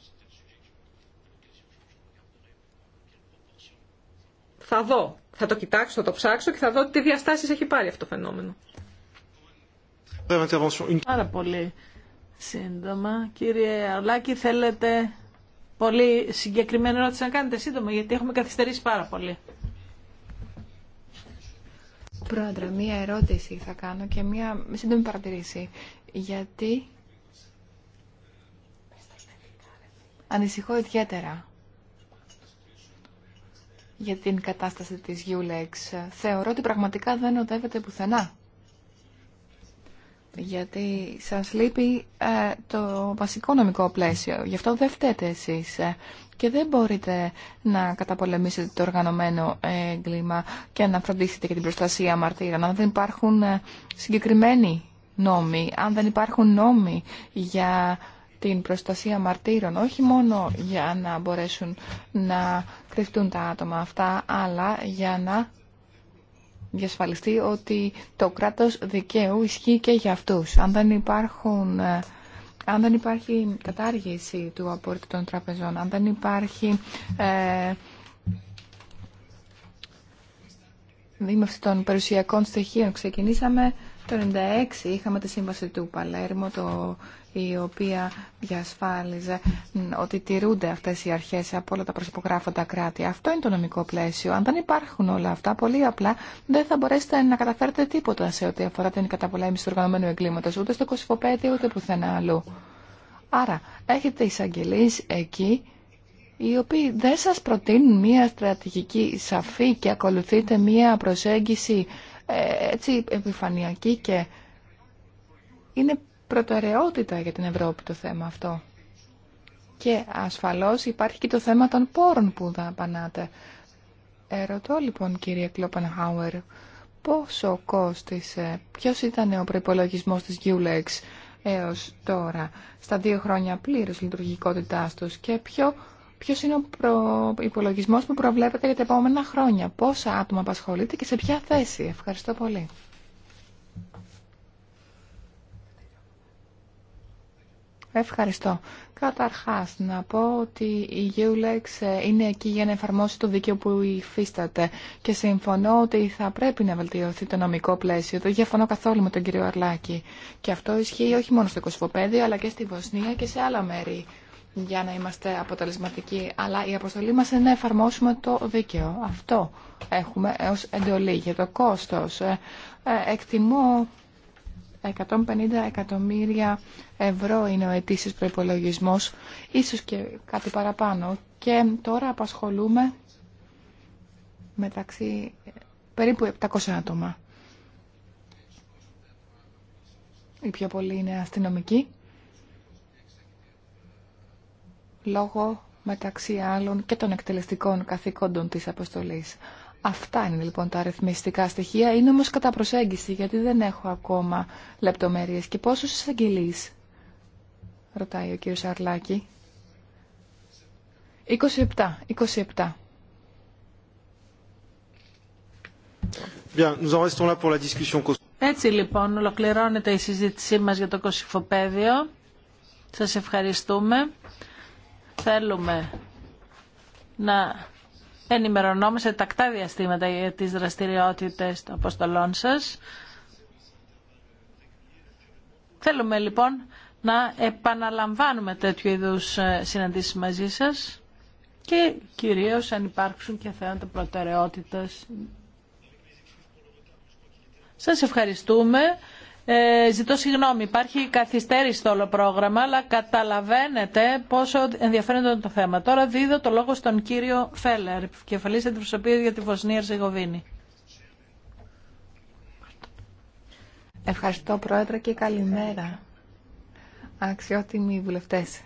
Θα δω θα το κοιτάξω, θα το ψάξω και θα δω τι διαστάσεις έχει πάρει αυτό το φαινόμενο. Πάρα πολύ σύντομα. Κύριε Αουλάκη, θέλετε πολύ συγκεκριμένη ερώτηση να κάνετε σύντομα, γιατί έχουμε καθυστερήσει πάρα πολύ. Πρόεδρε, μία ερώτηση θα κάνω και μία σύντομη παρατηρήση. Γιατί ανησυχώ ιδιαίτερα για την κατάσταση της Γιούλεξ. Θεωρώ ότι πραγματικά δεν οδεύεται πουθενά. Γιατί σας λείπει ε, το βασικό νομικό πλαίσιο. Γι' αυτό δεν φταίτε εσείς. Ε, και δεν μπορείτε να καταπολεμήσετε το οργανωμένο έγκλημα και να φροντίσετε και την προστασία μαρτύρων. Αν δεν υπάρχουν ε, συγκεκριμένοι νόμοι, αν δεν υπάρχουν νόμοι για την προστασία μαρτύρων, όχι μόνο για να μπορέσουν να κρυφτούν τα άτομα αυτά, αλλά για να διασφαλιστεί ότι το κράτος δικαίου ισχύει και για αυτούς. Αν δεν, υπάρχουν, ε, αν δεν υπάρχει κατάργηση του απορρίτου των τραπεζών, αν δεν υπάρχει ε, των περιουσιακών στοιχείων, ξεκινήσαμε το 1996 είχαμε τη σύμβαση του Παλέρμο, το, η οποία διασφάλιζε ότι τηρούνται αυτές οι αρχές από όλα τα προσωπογράφοντα κράτη. Αυτό είναι το νομικό πλαίσιο. Αν δεν υπάρχουν όλα αυτά, πολύ απλά δεν θα μπορέσετε να καταφέρετε τίποτα σε ό,τι αφορά την καταπολέμηση του οργανωμένου εγκλήματος, ούτε στο Κωσυφοπέδιο, ούτε πουθενά αλλού. Άρα, έχετε εισαγγελεί εκεί, οι οποίοι δεν σας προτείνουν μία στρατηγική σαφή και ακολουθείτε μία προσέγγιση έτσι επιφανειακή και είναι προτεραιότητα για την Ευρώπη το θέμα αυτό. Και ασφαλώς υπάρχει και το θέμα των πόρων που δαπανάτε. Ερωτώ λοιπόν κύριε Κλόπενχάουερ, πόσο κόστησε, ποιος ήταν ο προϋπολογισμός της Γιούλεξ έως τώρα, στα δύο χρόνια πλήρους λειτουργικότητάς τους και ποιο Ποιο είναι ο προ... υπολογισμό που προβλέπετε για τα επόμενα χρόνια, πόσα άτομα απασχολείτε και σε ποια θέση. Ευχαριστώ πολύ. Ευχαριστώ. Καταρχάς, να πω ότι η EULAX ε, είναι εκεί για να εφαρμόσει το δίκαιο που υφίσταται και συμφωνώ ότι θα πρέπει να βελτιωθεί το νομικό πλαίσιο. Δεν διαφωνώ καθόλου με τον κύριο Αρλάκη. Και αυτό ισχύει όχι μόνο στο Κοσμοπέδιο, αλλά και στη Βοσνία και σε άλλα μέρη για να είμαστε αποτελεσματικοί, αλλά η αποστολή μας είναι να εφαρμόσουμε το δίκαιο. Αυτό έχουμε ως εντολή για το κόστος. Ε, ε, εκτιμώ 150 εκατομμύρια ευρώ είναι ο ετήσιος προϋπολογισμός, ίσως και κάτι παραπάνω. Και τώρα απασχολούμε μεταξύ ε, περίπου 700 άτομα. Οι πιο πολλοί είναι αστυνομικοί λόγω μεταξύ άλλων και των εκτελεστικών καθήκοντων της αποστολής. Αυτά είναι λοιπόν τα αριθμιστικά στοιχεία. Είναι όμως κατά προσέγγιση γιατί δεν έχω ακόμα λεπτομέρειες. Και πόσους εισαγγελείς, ρωτάει ο κύριος Αρλάκη. 27, 27. Έτσι λοιπόν ολοκληρώνεται η συζήτησή μας για το κοσυφοπέδιο. Σας ευχαριστούμε θέλουμε να ενημερωνόμαστε τακτά διαστήματα για τις δραστηριότητες των αποστολών σας. Θέλουμε λοιπόν να επαναλαμβάνουμε τέτοιου είδους ε, συναντήσεις μαζί σας και κυρίως αν υπάρξουν και θέματα προτεραιότητας. Σας ευχαριστούμε. Ε, ζητώ συγγνώμη, υπάρχει καθυστέρηση στο όλο πρόγραμμα, αλλά καταλαβαίνετε πόσο ενδιαφέρον το θέμα. Τώρα δίδω το λόγο στον κύριο Φέλλερ, κεφαλής αντιπροσωπείου για τη Βοσνία Ερζεγοβίνη. Ευχαριστώ Πρόεδρε και καλημέρα. Αξιότιμοι βουλευτές.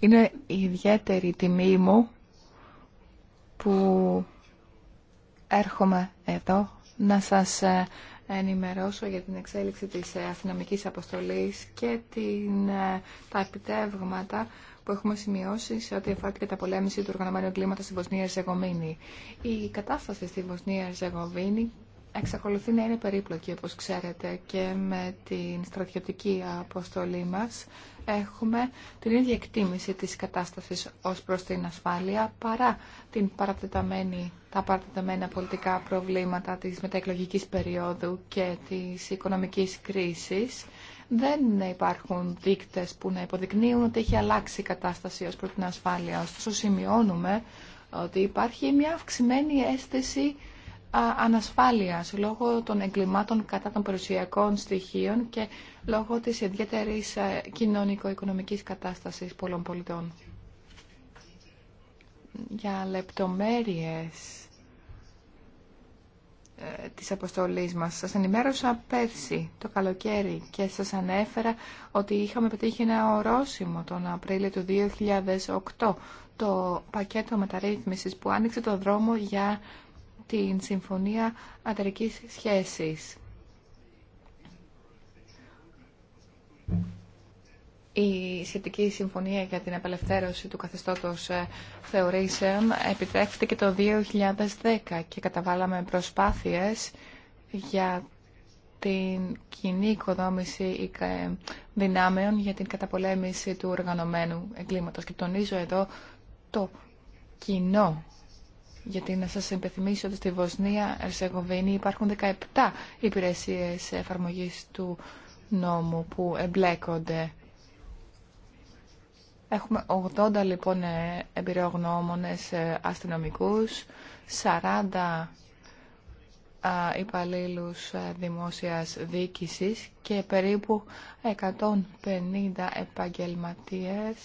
Είναι ιδιαίτερη τιμή μου που έρχομαι εδώ να σας ε, ενημερώσω για την εξέλιξη της ε, αστυνομικής αποστολής και την, ε, τα επιτεύγματα που έχουμε σημειώσει σε ό,τι αφορά την καταπολέμηση του οργανωμένου κλίματος στη Βοσνία Ζεγοβίνη. Η κατάσταση στη Βοσνία Ζεγοβίνη εξακολουθεί να είναι περίπλοκη, όπως ξέρετε, και με την στρατιωτική αποστολή μας έχουμε την ίδια εκτίμηση της κατάστασης ως προς την ασφάλεια παρά την παρατεταμένη, τα παρατεταμένα πολιτικά προβλήματα της μεταεκλογικής περίοδου και της οικονομικής κρίσης. Δεν υπάρχουν δείκτες που να υποδεικνύουν ότι έχει αλλάξει η κατάσταση ως προς την ασφάλεια. Ωστόσο σημειώνουμε ότι υπάρχει μια αυξημένη αίσθηση ανασφάλειας λόγω των εγκλημάτων κατά των περιουσιακών στοιχείων και λόγω της ιδιαίτερης ε, κοινωνικο-οικονομικής κατάστασης πολλών πολιτών. Για λεπτομέρειες ε, της αποστολής μας. Σας ενημέρωσα πέρσι το καλοκαίρι και σας ανέφερα ότι είχαμε πετύχει ένα ορόσημο τον Απρίλιο του 2008 το πακέτο μεταρρύθμισης που άνοιξε το δρόμο για την Συμφωνία ατερική Σχέσης. Η σχετική συμφωνία για την απελευθέρωση του καθεστώτος ε, θεωρήσεων και το 2010 και καταβάλαμε προσπάθειες για την κοινή οικοδόμηση ε, δυνάμεων για την καταπολέμηση του οργανωμένου εγκλήματος. Και τονίζω εδώ το κοινό γιατί να σας υπενθυμίσω ότι στη Βοσνία Ερσεγοβίνη υπάρχουν 17 υπηρεσίες εφαρμογής του νόμου που εμπλέκονται. Έχουμε 80 λοιπόν ε, εμπειρογνώμονες ε, αστυνομικούς, 40 υπαλλήλους ε, δημόσιας διοίκησης και περίπου 150 επαγγελματίες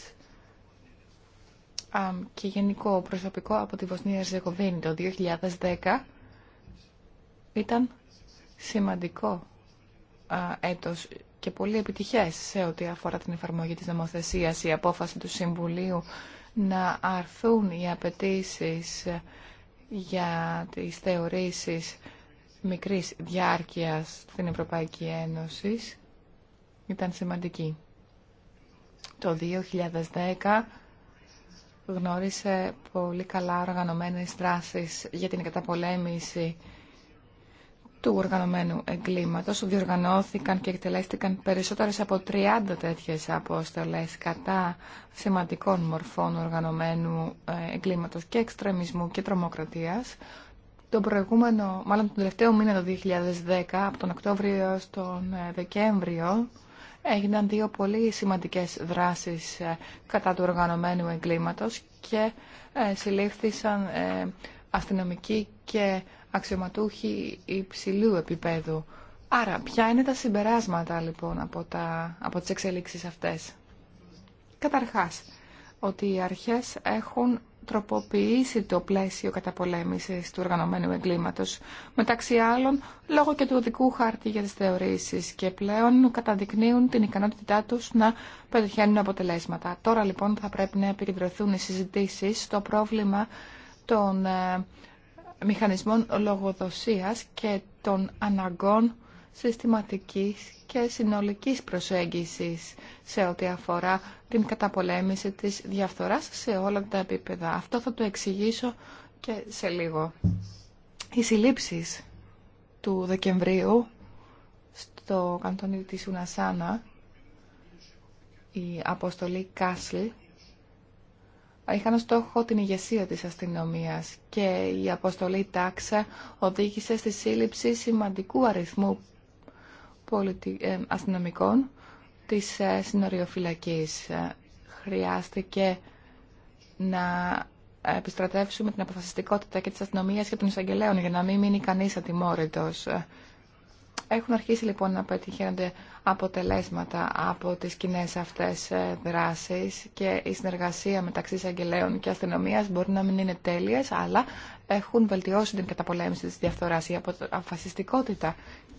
και γενικό προσωπικό από τη Βοσνία Ριζεκοβίνη το 2010 ήταν σημαντικό έτος και πολύ επιτυχές σε ό,τι αφορά την εφαρμογή της νομοθεσίας η απόφαση του Συμβουλίου να αρθούν οι απαιτήσει για τις θεωρήσεις μικρής διάρκειας στην Ευρωπαϊκή Ένωση ήταν σημαντική. Το 2010 γνώρισε πολύ καλά οργανωμένες δράσεις για την καταπολέμηση του οργανωμένου εγκλήματος. Διοργανώθηκαν και εκτελέστηκαν περισσότερες από 30 τέτοιες απόστολες κατά σημαντικών μορφών οργανωμένου ε, εγκλήματος και εξτρεμισμού και τρομοκρατίας. Τον προηγούμενο, μάλλον τον τελευταίο μήνα το 2010, από τον Οκτώβριο στον ε, Δεκέμβριο, έγιναν δύο πολύ σημαντικές δράσεις ε, κατά του οργανωμένου εγκλήματος και ε, συλλήφθησαν ε, αστυνομικοί και αξιωματούχοι υψηλού επίπεδου. Άρα, ποια είναι τα συμπεράσματα λοιπόν από, τα, από τις εξελίξεις αυτές. Καταρχάς, ότι οι αρχές έχουν τροποποιήσει το πλαίσιο καταπολέμησης του οργανωμένου εγκλήματος, μεταξύ άλλων λόγω και του οδικού χάρτη για τις θεωρήσεις και πλέον καταδεικνύουν την ικανότητά τους να πετυχαίνουν αποτελέσματα. Τώρα λοιπόν θα πρέπει να επικεντρωθούν οι συζητήσεις στο πρόβλημα των ε, μηχανισμών λογοδοσίας και των αναγκών συστηματικής και συνολικής προσέγγισης σε ό,τι αφορά την καταπολέμηση της διαφθοράς σε όλα τα επίπεδα. Αυτό θα το εξηγήσω και σε λίγο. Οι συλλήψεις του Δεκεμβρίου στο καντόνι της Ουνασάνα, η αποστολή Κάσλ, είχαν στόχο την ηγεσία της αστυνομίας και η αποστολή τάξα οδήγησε στη σύλληψη σημαντικού αριθμού πολιτι... Ε, αστυνομικών της ε, συνοριοφυλακής. Ε, χρειάστηκε να επιστρατεύσουμε την αποφασιστικότητα και της αστυνομίας και των εισαγγελέων για να μην μείνει κανείς ατιμόρυτος. Έχουν αρχίσει λοιπόν να πετυχαίνονται αποτελέσματα από τις κοινέ αυτές δράσεις και η συνεργασία μεταξύ εισαγγελέων και αστυνομίας μπορεί να μην είναι τέλειες, αλλά έχουν βελτιώσει την καταπολέμηση της διαφθοράς. Η αποφασιστικότητα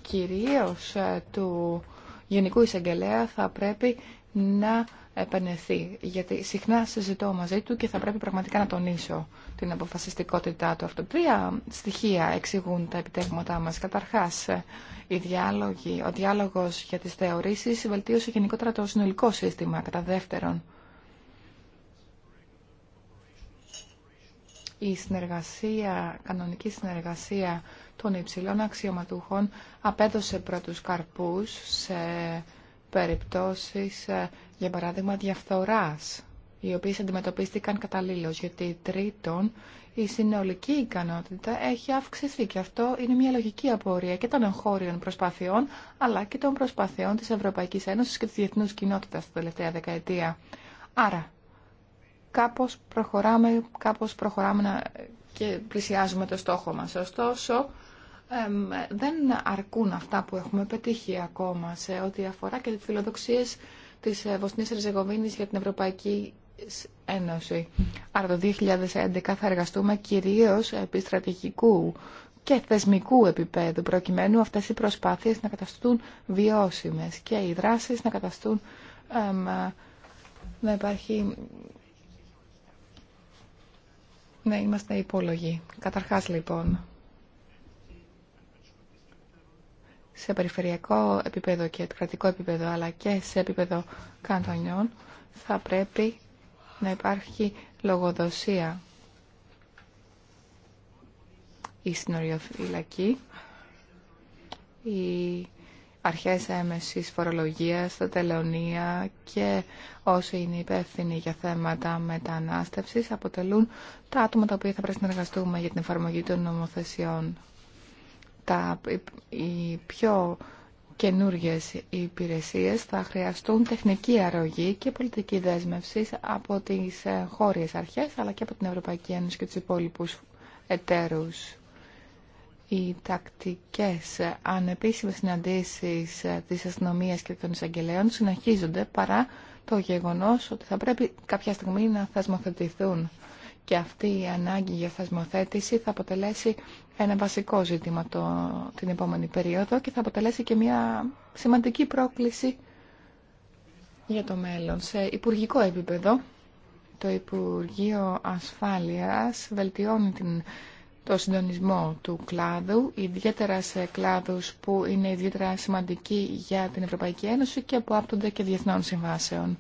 κυρίως ε, του Γενικού Εισαγγελέα θα πρέπει να επενεθεί. Γιατί συχνά συζητώ μαζί του και θα πρέπει πραγματικά να τονίσω την αποφασιστικότητά του. Αυτό τρία στοιχεία εξηγούν τα επιτεύγματά μας. Καταρχάς, ε, διάλογοι, ο διάλογος για τις θεωρήσεις βελτίωσε γενικότερα το συνολικό σύστημα. Κατά δεύτερον, η συνεργασία, κανονική συνεργασία των υψηλών αξιωματούχων απέδωσε πρώτους καρπούς σε περιπτώσεις, ε, για παράδειγμα, διαφθοράς, οι οποίες αντιμετωπίστηκαν καταλήλως, γιατί τρίτον, η συνολική ικανότητα έχει αυξηθεί και αυτό είναι μια λογική απορία και των εγχώριων προσπαθειών, αλλά και των προσπαθειών της Ευρωπαϊκής Ένωσης και της διεθνούς κοινότητας τα τελευταία δεκαετία. Άρα, κάπως προχωράμε, κάπως προχωράμε και πλησιάζουμε το στόχο μας. Ωστόσο, δεν αρκούν αυτά που έχουμε πετύχει ακόμα σε ό,τι αφορά και τις φιλοδοξίες της ε, Βοσνίας Ριζεγοβίνης για την Ευρωπαϊκή Ένωση. Άρα το 2011 θα εργαστούμε κυρίως επί στρατηγικού και θεσμικού επίπεδου προκειμένου αυτές οι προσπάθειες να καταστούν βιώσιμες και οι δράσεις να καταστούν ε, να υπάρχει να είμαστε υπόλογοι. Καταρχάς λοιπόν σε περιφερειακό επίπεδο και κρατικό επίπεδο αλλά και σε επίπεδο καντονιών θα πρέπει να υπάρχει λογοδοσία. Η συνοριοφυλακή, οι αρχές έμεσης φορολογίας, τα τελωνία και όσοι είναι υπεύθυνοι για θέματα μετανάστευσης αποτελούν τα άτομα τα οποία θα πρέπει να εργαστούμε για την εφαρμογή των νομοθεσιών τα, οι πιο καινούργιες υπηρεσίες θα χρειαστούν τεχνική αρρωγή και πολιτική δέσμευση από τις ε, χώριες αρχές αλλά και από την Ευρωπαϊκή Ένωση και τους υπόλοιπους εταίρους. Οι τακτικές ανεπίσημες συναντήσεις ε, της αστυνομίας και των εισαγγελέων συνεχίζονται παρά το γεγονός ότι θα πρέπει κάποια στιγμή να θεσμοθετηθούν και αυτή η ανάγκη για θεσμοθέτηση θα αποτελέσει ένα βασικό ζήτημα το, την επόμενη περίοδο και θα αποτελέσει και μια σημαντική πρόκληση για το μέλλον. Σε υπουργικό επίπεδο, το Υπουργείο Ασφάλειας βελτιώνει την, το συντονισμό του κλάδου, ιδιαίτερα σε κλάδους που είναι ιδιαίτερα σημαντικοί για την Ευρωπαϊκή Ένωση και που άπτονται και διεθνών συμβάσεων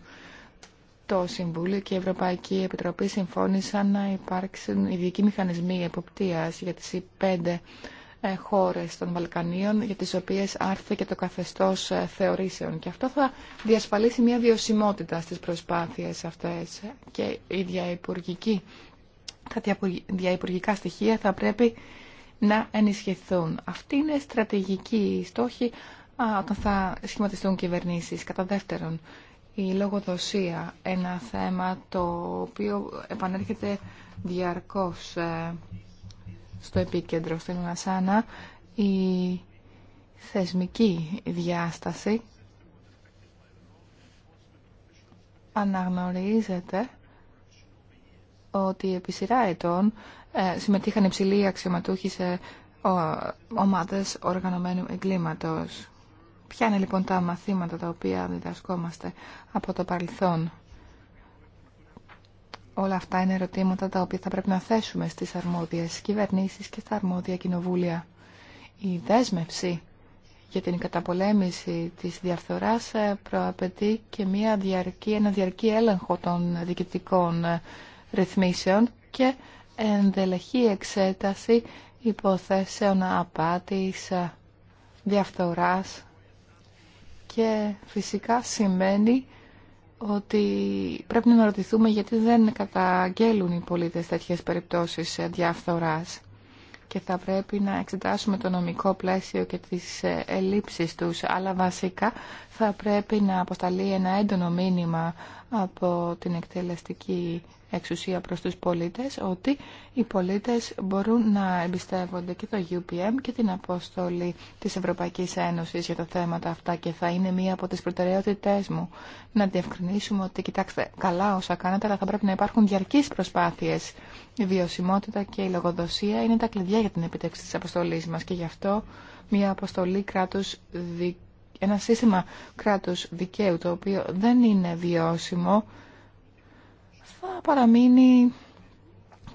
το Συμβούλιο και η Ευρωπαϊκή Επιτροπή συμφώνησαν να υπάρξουν ειδικοί μηχανισμοί εποπτείας για τις πέντε ε, χώρες των Βαλκανίων για τις οποίες και το καθεστώς ε, θεωρήσεων. Και αυτό θα διασφαλίσει μια βιωσιμότητα στις προσπάθειες αυτές και η διαϋπουργική, τα διαϋπουργικά στοιχεία θα πρέπει να ενισχυθούν. Αυτή είναι στρατηγική στόχη όταν θα σχηματιστούν κυβερνήσεις. Κατά δεύτερον, η λογοδοσία, ένα θέμα το οποίο επανέρχεται διαρκώς ε, στο επίκεντρο στην ασάνα η θεσμική διάσταση αναγνωρίζεται ότι επί σειρά ετών ε, συμμετείχαν υψηλοί αξιωματούχοι σε ομάδες οργανωμένου εγκλήματος. Ποια είναι λοιπόν τα μαθήματα τα οποία διδασκόμαστε από το παρελθόν. Όλα αυτά είναι ερωτήματα τα οποία θα πρέπει να θέσουμε στις αρμόδιες κυβερνήσεις και στα αρμόδια κοινοβούλια. Η δέσμευση για την καταπολέμηση της διαφθοράς ε, προαπαιτεί και μια διαρκή, ένα διαρκή έλεγχο των διοικητικών ε, ρυθμίσεων και ενδελεχή εξέταση υποθέσεων απάτης, ε, διαφθοράς και φυσικά σημαίνει ότι πρέπει να ρωτηθούμε γιατί δεν καταγγέλουν οι πολίτες τέτοιες περιπτώσεις διαφθοράς και θα πρέπει να εξετάσουμε το νομικό πλαίσιο και τις ε, ελλείψεις τους αλλά βασικά θα πρέπει να αποσταλεί ένα έντονο μήνυμα από την εκτελεστική εξουσία προς τους πολίτες ότι οι πολίτες μπορούν να εμπιστεύονται και το UPM και την απόστολη της Ευρωπαϊκής Ένωσης για τα θέματα αυτά και θα είναι μία από τις προτεραιότητές μου να διευκρινίσουμε ότι κοιτάξτε καλά όσα κάνετε αλλά θα πρέπει να υπάρχουν διαρκείς προσπάθειες. Η βιωσιμότητα και η λογοδοσία είναι τα κλειδιά για την επιτέξη της αποστολής μας και γι' αυτό μία αποστολή κράτους ένα σύστημα κράτους δικαίου το οποίο δεν είναι βιώσιμο θα παραμείνει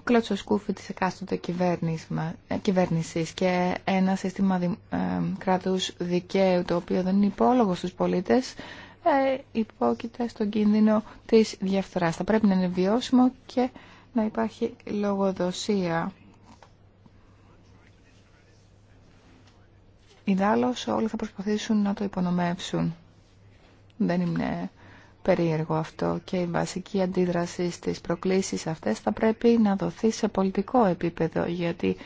κλώτσο σκούφι της εκάστοτε ε, κυβέρνησης και ένα σύστημα δι, ε, κράτους δικαίου το οποίο δεν είναι υπόλογο στους πολίτες ε, υπόκειται στον κίνδυνο της διαφθοράς. Θα πρέπει να είναι βιώσιμο και να υπάρχει λογοδοσία. Ιδάλλως όλοι θα προσπαθήσουν να το υπονομεύσουν. Δεν είναι περίεργο αυτό και η βασική αντίδραση στις προκλήσεις αυτές θα πρέπει να δοθεί σε πολιτικό επίπεδο γιατί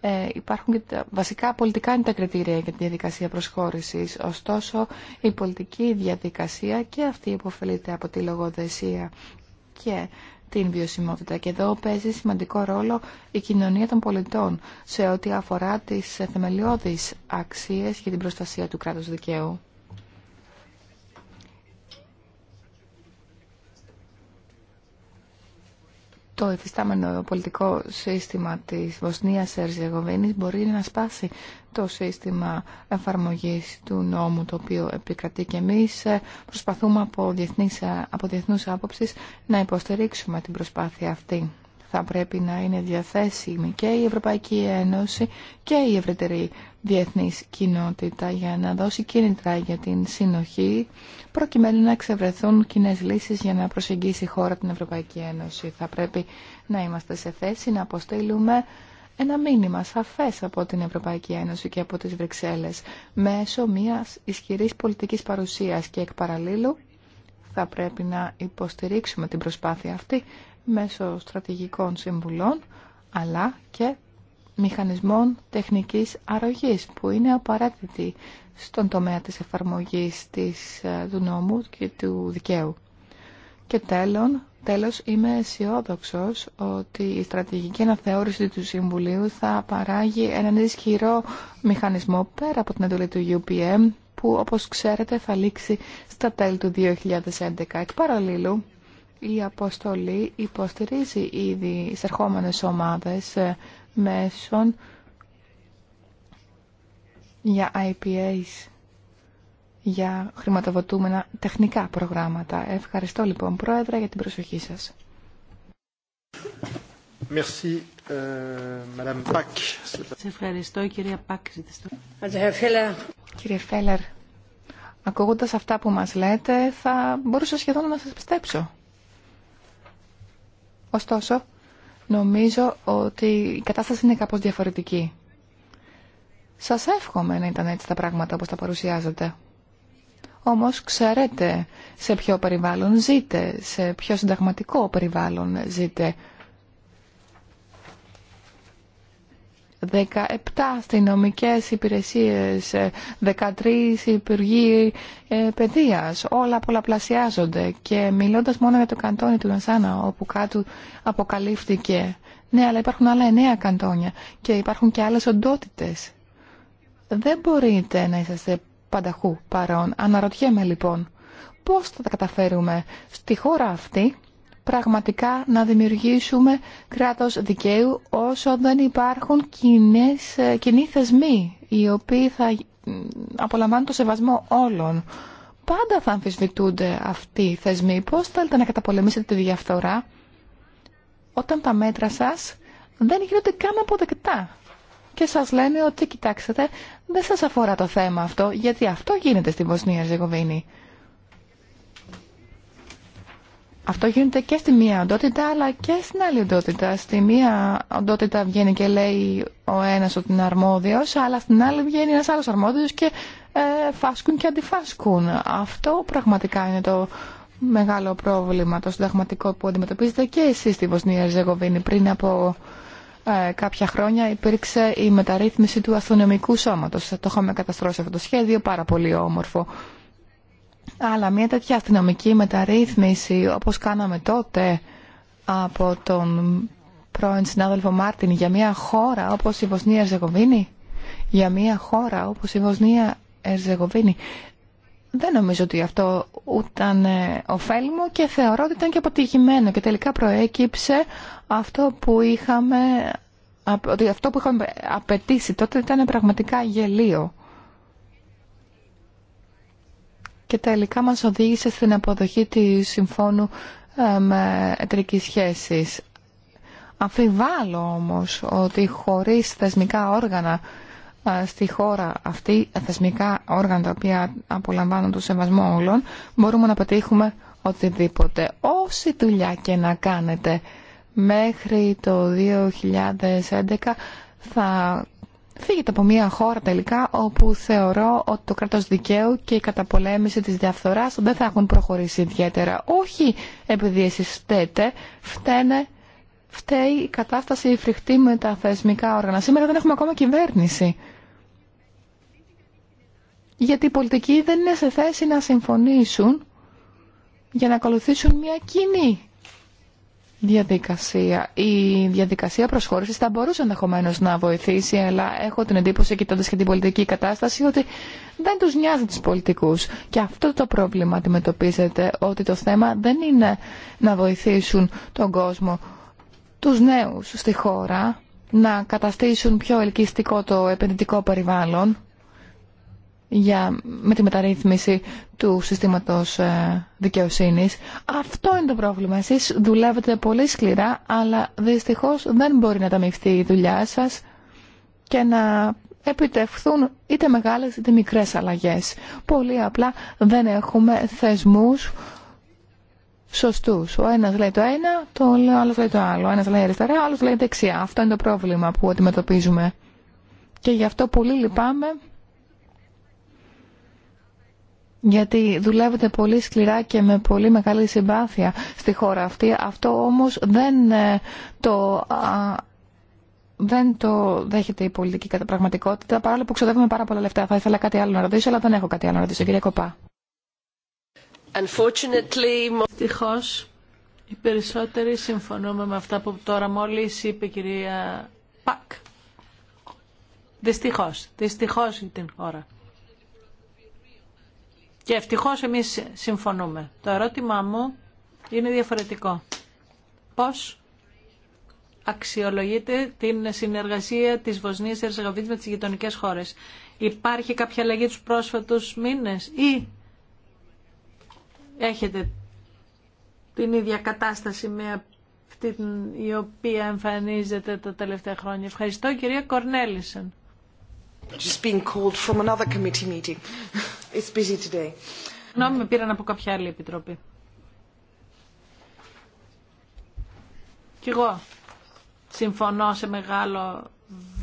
ε, υπάρχουν βασικά πολιτικά είναι τα κριτήρια για τη διαδικασία προσχώρησης. Ωστόσο, η πολιτική διαδικασία και αυτή υποφελείται από τη λογοδεσία και την βιωσιμότητα. Και εδώ παίζει σημαντικό ρόλο η κοινωνία των πολιτών σε ό,τι αφορά τις θεμελιώδεις αξίες για την προστασία του κράτους δικαίου. το εφιστάμενο πολιτικό σύστημα της Βοσνίας Ερζεγοβίνης μπορεί να σπάσει το σύστημα εφαρμογής του νόμου το οποίο επικρατεί και εμείς ε, προσπαθούμε από, διεθνής, ε, από διεθνούς άποψης να υποστηρίξουμε την προσπάθεια αυτή θα πρέπει να είναι διαθέσιμη και η Ευρωπαϊκή Ένωση και η ευρύτερη διεθνής κοινότητα για να δώσει κίνητρα για την συνοχή προκειμένου να εξευρεθούν κοινέ λύσεις για να προσεγγίσει η χώρα την Ευρωπαϊκή Ένωση. Θα πρέπει να είμαστε σε θέση να αποστείλουμε ένα μήνυμα σαφές από την Ευρωπαϊκή Ένωση και από τις Βρυξέλλες μέσω μιας ισχυρής πολιτικής παρουσίας και εκ παραλίλου θα πρέπει να υποστηρίξουμε την προσπάθεια αυτή μέσω στρατηγικών συμβουλών αλλά και μηχανισμών τεχνικής αρρωγής που είναι απαραίτητη στον τομέα της εφαρμογής της, ε, του νόμου και του δικαίου. Και τέλος, τέλος είμαι αισιόδοξο ότι η στρατηγική αναθεώρηση του Συμβουλίου θα παράγει έναν ισχυρό μηχανισμό πέρα από την εντολή του UPM που όπως ξέρετε θα λήξει στα τέλη του 2011. Εκ παραλλήλου, η αποστολή υποστηρίζει ήδη εισερχόμενες ομάδες ε, μέσων για IPAs, για χρηματοδοτούμενα τεχνικά προγράμματα. Ευχαριστώ λοιπόν Πρόεδρε για την προσοχή σας. Merci, ε, euh, Σε ευχαριστώ κυρία Πάκ. Κύριε Φέλλερ, ακούγοντας αυτά που μας λέτε θα μπορούσα σχεδόν να σας πιστέψω. Ωστόσο, νομίζω ότι η κατάσταση είναι κάπως διαφορετική. Σας εύχομαι να ήταν έτσι τα πράγματα όπως τα παρουσιάζετε. Όμως ξέρετε σε ποιο περιβάλλον ζείτε, σε ποιο συνταγματικό περιβάλλον ζείτε. 17 αστυνομικέ υπηρεσίες, 13 ε, υπουργοί ε, Όλα πολλαπλασιάζονται και μιλώντας μόνο για το καντόνι του Νασάνα όπου κάτω αποκαλύφθηκε. Ναι, αλλά υπάρχουν άλλα 9 καντόνια και υπάρχουν και άλλες οντότητε. Δεν μπορείτε να είσαστε πανταχού παρόν. Αναρωτιέμαι λοιπόν πώς θα τα καταφέρουμε στη χώρα αυτή πραγματικά να δημιουργήσουμε κράτος δικαίου όσο δεν υπάρχουν κοινές, ε, κοινοί θεσμοί οι οποίοι θα απολαμβάνουν το σεβασμό όλων. Πάντα θα αμφισβητούνται αυτοί οι θεσμοί. Πώς θέλετε να καταπολεμήσετε τη διαφθορά όταν τα μέτρα σας δεν γίνονται καν αποδεκτά. Και σας λένε ότι κοιτάξτε δεν σας αφορά το θέμα αυτό γιατί αυτό γίνεται στη Βοσνία Ζεγοβίνη. Αυτό γίνεται και στη μία οντότητα αλλά και στην άλλη οντότητα. Στη μία οντότητα βγαίνει και λέει ο ένας ότι είναι αρμόδιος, αλλά στην άλλη βγαίνει ένας άλλος αρμόδιος και ε, φάσκουν και αντιφάσκουν. Αυτό πραγματικά είναι το μεγάλο πρόβλημα, το συνταγματικό που αντιμετωπίζετε και εσείς στη Βοσνία Ζεγοβίνη. Πριν από ε, κάποια χρόνια υπήρξε η μεταρρύθμιση του αστυνομικού σώματος. Το είχαμε καταστρώσει αυτό το σχέδιο, πάρα πολύ όμορφο αλλά μια τέτοια αστυνομική μεταρρύθμιση όπως κάναμε τότε από τον πρώην συνάδελφο Μάρτιν για μια χώρα όπως η Βοσνία Ερζεγοβίνη για μια χώρα όπως η Βοσνία Ερζεγοβίνη δεν νομίζω ότι αυτό ήταν ε, ωφέλιμο και θεωρώ ότι ήταν και αποτυχημένο και τελικά προέκυψε αυτό που είχαμε ότι αυτό που είχαμε απαιτήσει τότε ήταν πραγματικά γελίο. και τελικά μας οδήγησε στην αποδοχή της συμφώνου ε, με εταιρικής σχέσης. Αμφιβάλλω όμως ότι χωρίς θεσμικά όργανα ε, στη χώρα αυτή, ε, θεσμικά όργανα τα οποία απολαμβάνουν το σεβασμό όλων, μπορούμε να πετύχουμε οτιδήποτε. Όση δουλειά και να κάνετε μέχρι το 2011 θα φύγετε από μια χώρα τελικά όπου θεωρώ ότι το κράτος δικαίου και η καταπολέμηση της διαφθοράς δεν θα έχουν προχωρήσει ιδιαίτερα. Όχι επειδή εσείς φταίτε, φταίει η κατάσταση φρικτή με τα θεσμικά όργανα. Σήμερα δεν έχουμε ακόμα κυβέρνηση. Γιατί οι πολιτικοί δεν είναι σε θέση να συμφωνήσουν για να ακολουθήσουν μια κοινή διαδικασία. Η διαδικασία προσχώρηση θα μπορούσε ενδεχομένω να βοηθήσει, αλλά έχω την εντύπωση, κοιτώντα και την πολιτική κατάσταση, ότι δεν του νοιάζει του πολιτικού. Και αυτό το πρόβλημα αντιμετωπίζεται, ότι το θέμα δεν είναι να βοηθήσουν τον κόσμο, του νέου στη χώρα, να καταστήσουν πιο ελκυστικό το επενδυτικό περιβάλλον, για, με τη μεταρρύθμιση του συστήματος ε, δικαιοσύνης. Αυτό είναι το πρόβλημα. Εσείς δουλεύετε πολύ σκληρά, αλλά δυστυχώς δεν μπορεί να ταμιευτεί η δουλειά σας και να επιτευχθούν είτε μεγάλες είτε μικρές αλλαγές. Πολύ απλά δεν έχουμε θεσμούς σωστούς. Ο ένας λέει το ένα, το άλλο λέει το άλλο. Ο ένας λέει αριστερά, ο άλλος λέει δεξιά. Αυτό είναι το πρόβλημα που αντιμετωπίζουμε. Και γι' αυτό πολύ λυπάμαι γιατί δουλεύετε πολύ σκληρά και με πολύ μεγάλη συμπάθεια στη χώρα αυτή. Αυτό όμως δεν ε, το, δεν το δέχεται η πολιτική κατά πραγματικότητα, παρόλο που ξοδεύουμε πάρα πολλά λεφτά. Θα ήθελα κάτι άλλο να ρωτήσω, αλλά δεν έχω κάτι άλλο να ρωτήσω. Κυρία Κοπά. Δυστυχώ, οι περισσότεροι συμφωνούμε με αυτά που τώρα μόλι είπε η κυρία Πακ. Δυστυχώ, δυστυχώ την χώρα. Και ευτυχώς εμείς συμφωνούμε. Το ερώτημά μου είναι διαφορετικό. Πώς αξιολογείται την συνεργασία της Βοσνίας Ερσεγαβίτης με τις γειτονικές χώρες. Υπάρχει κάποια αλλαγή τους πρόσφατους μήνες ή έχετε την ίδια κατάσταση με αυτή η οποία εμφανίζεται τα τελευταία χρόνια. Ευχαριστώ κυρία Κορνέλισεν. Just being called from another committee meeting. It's busy today. με πήραν από κάποια άλλη επιτροπή. Κι εγώ συμφωνώ σε μεγάλο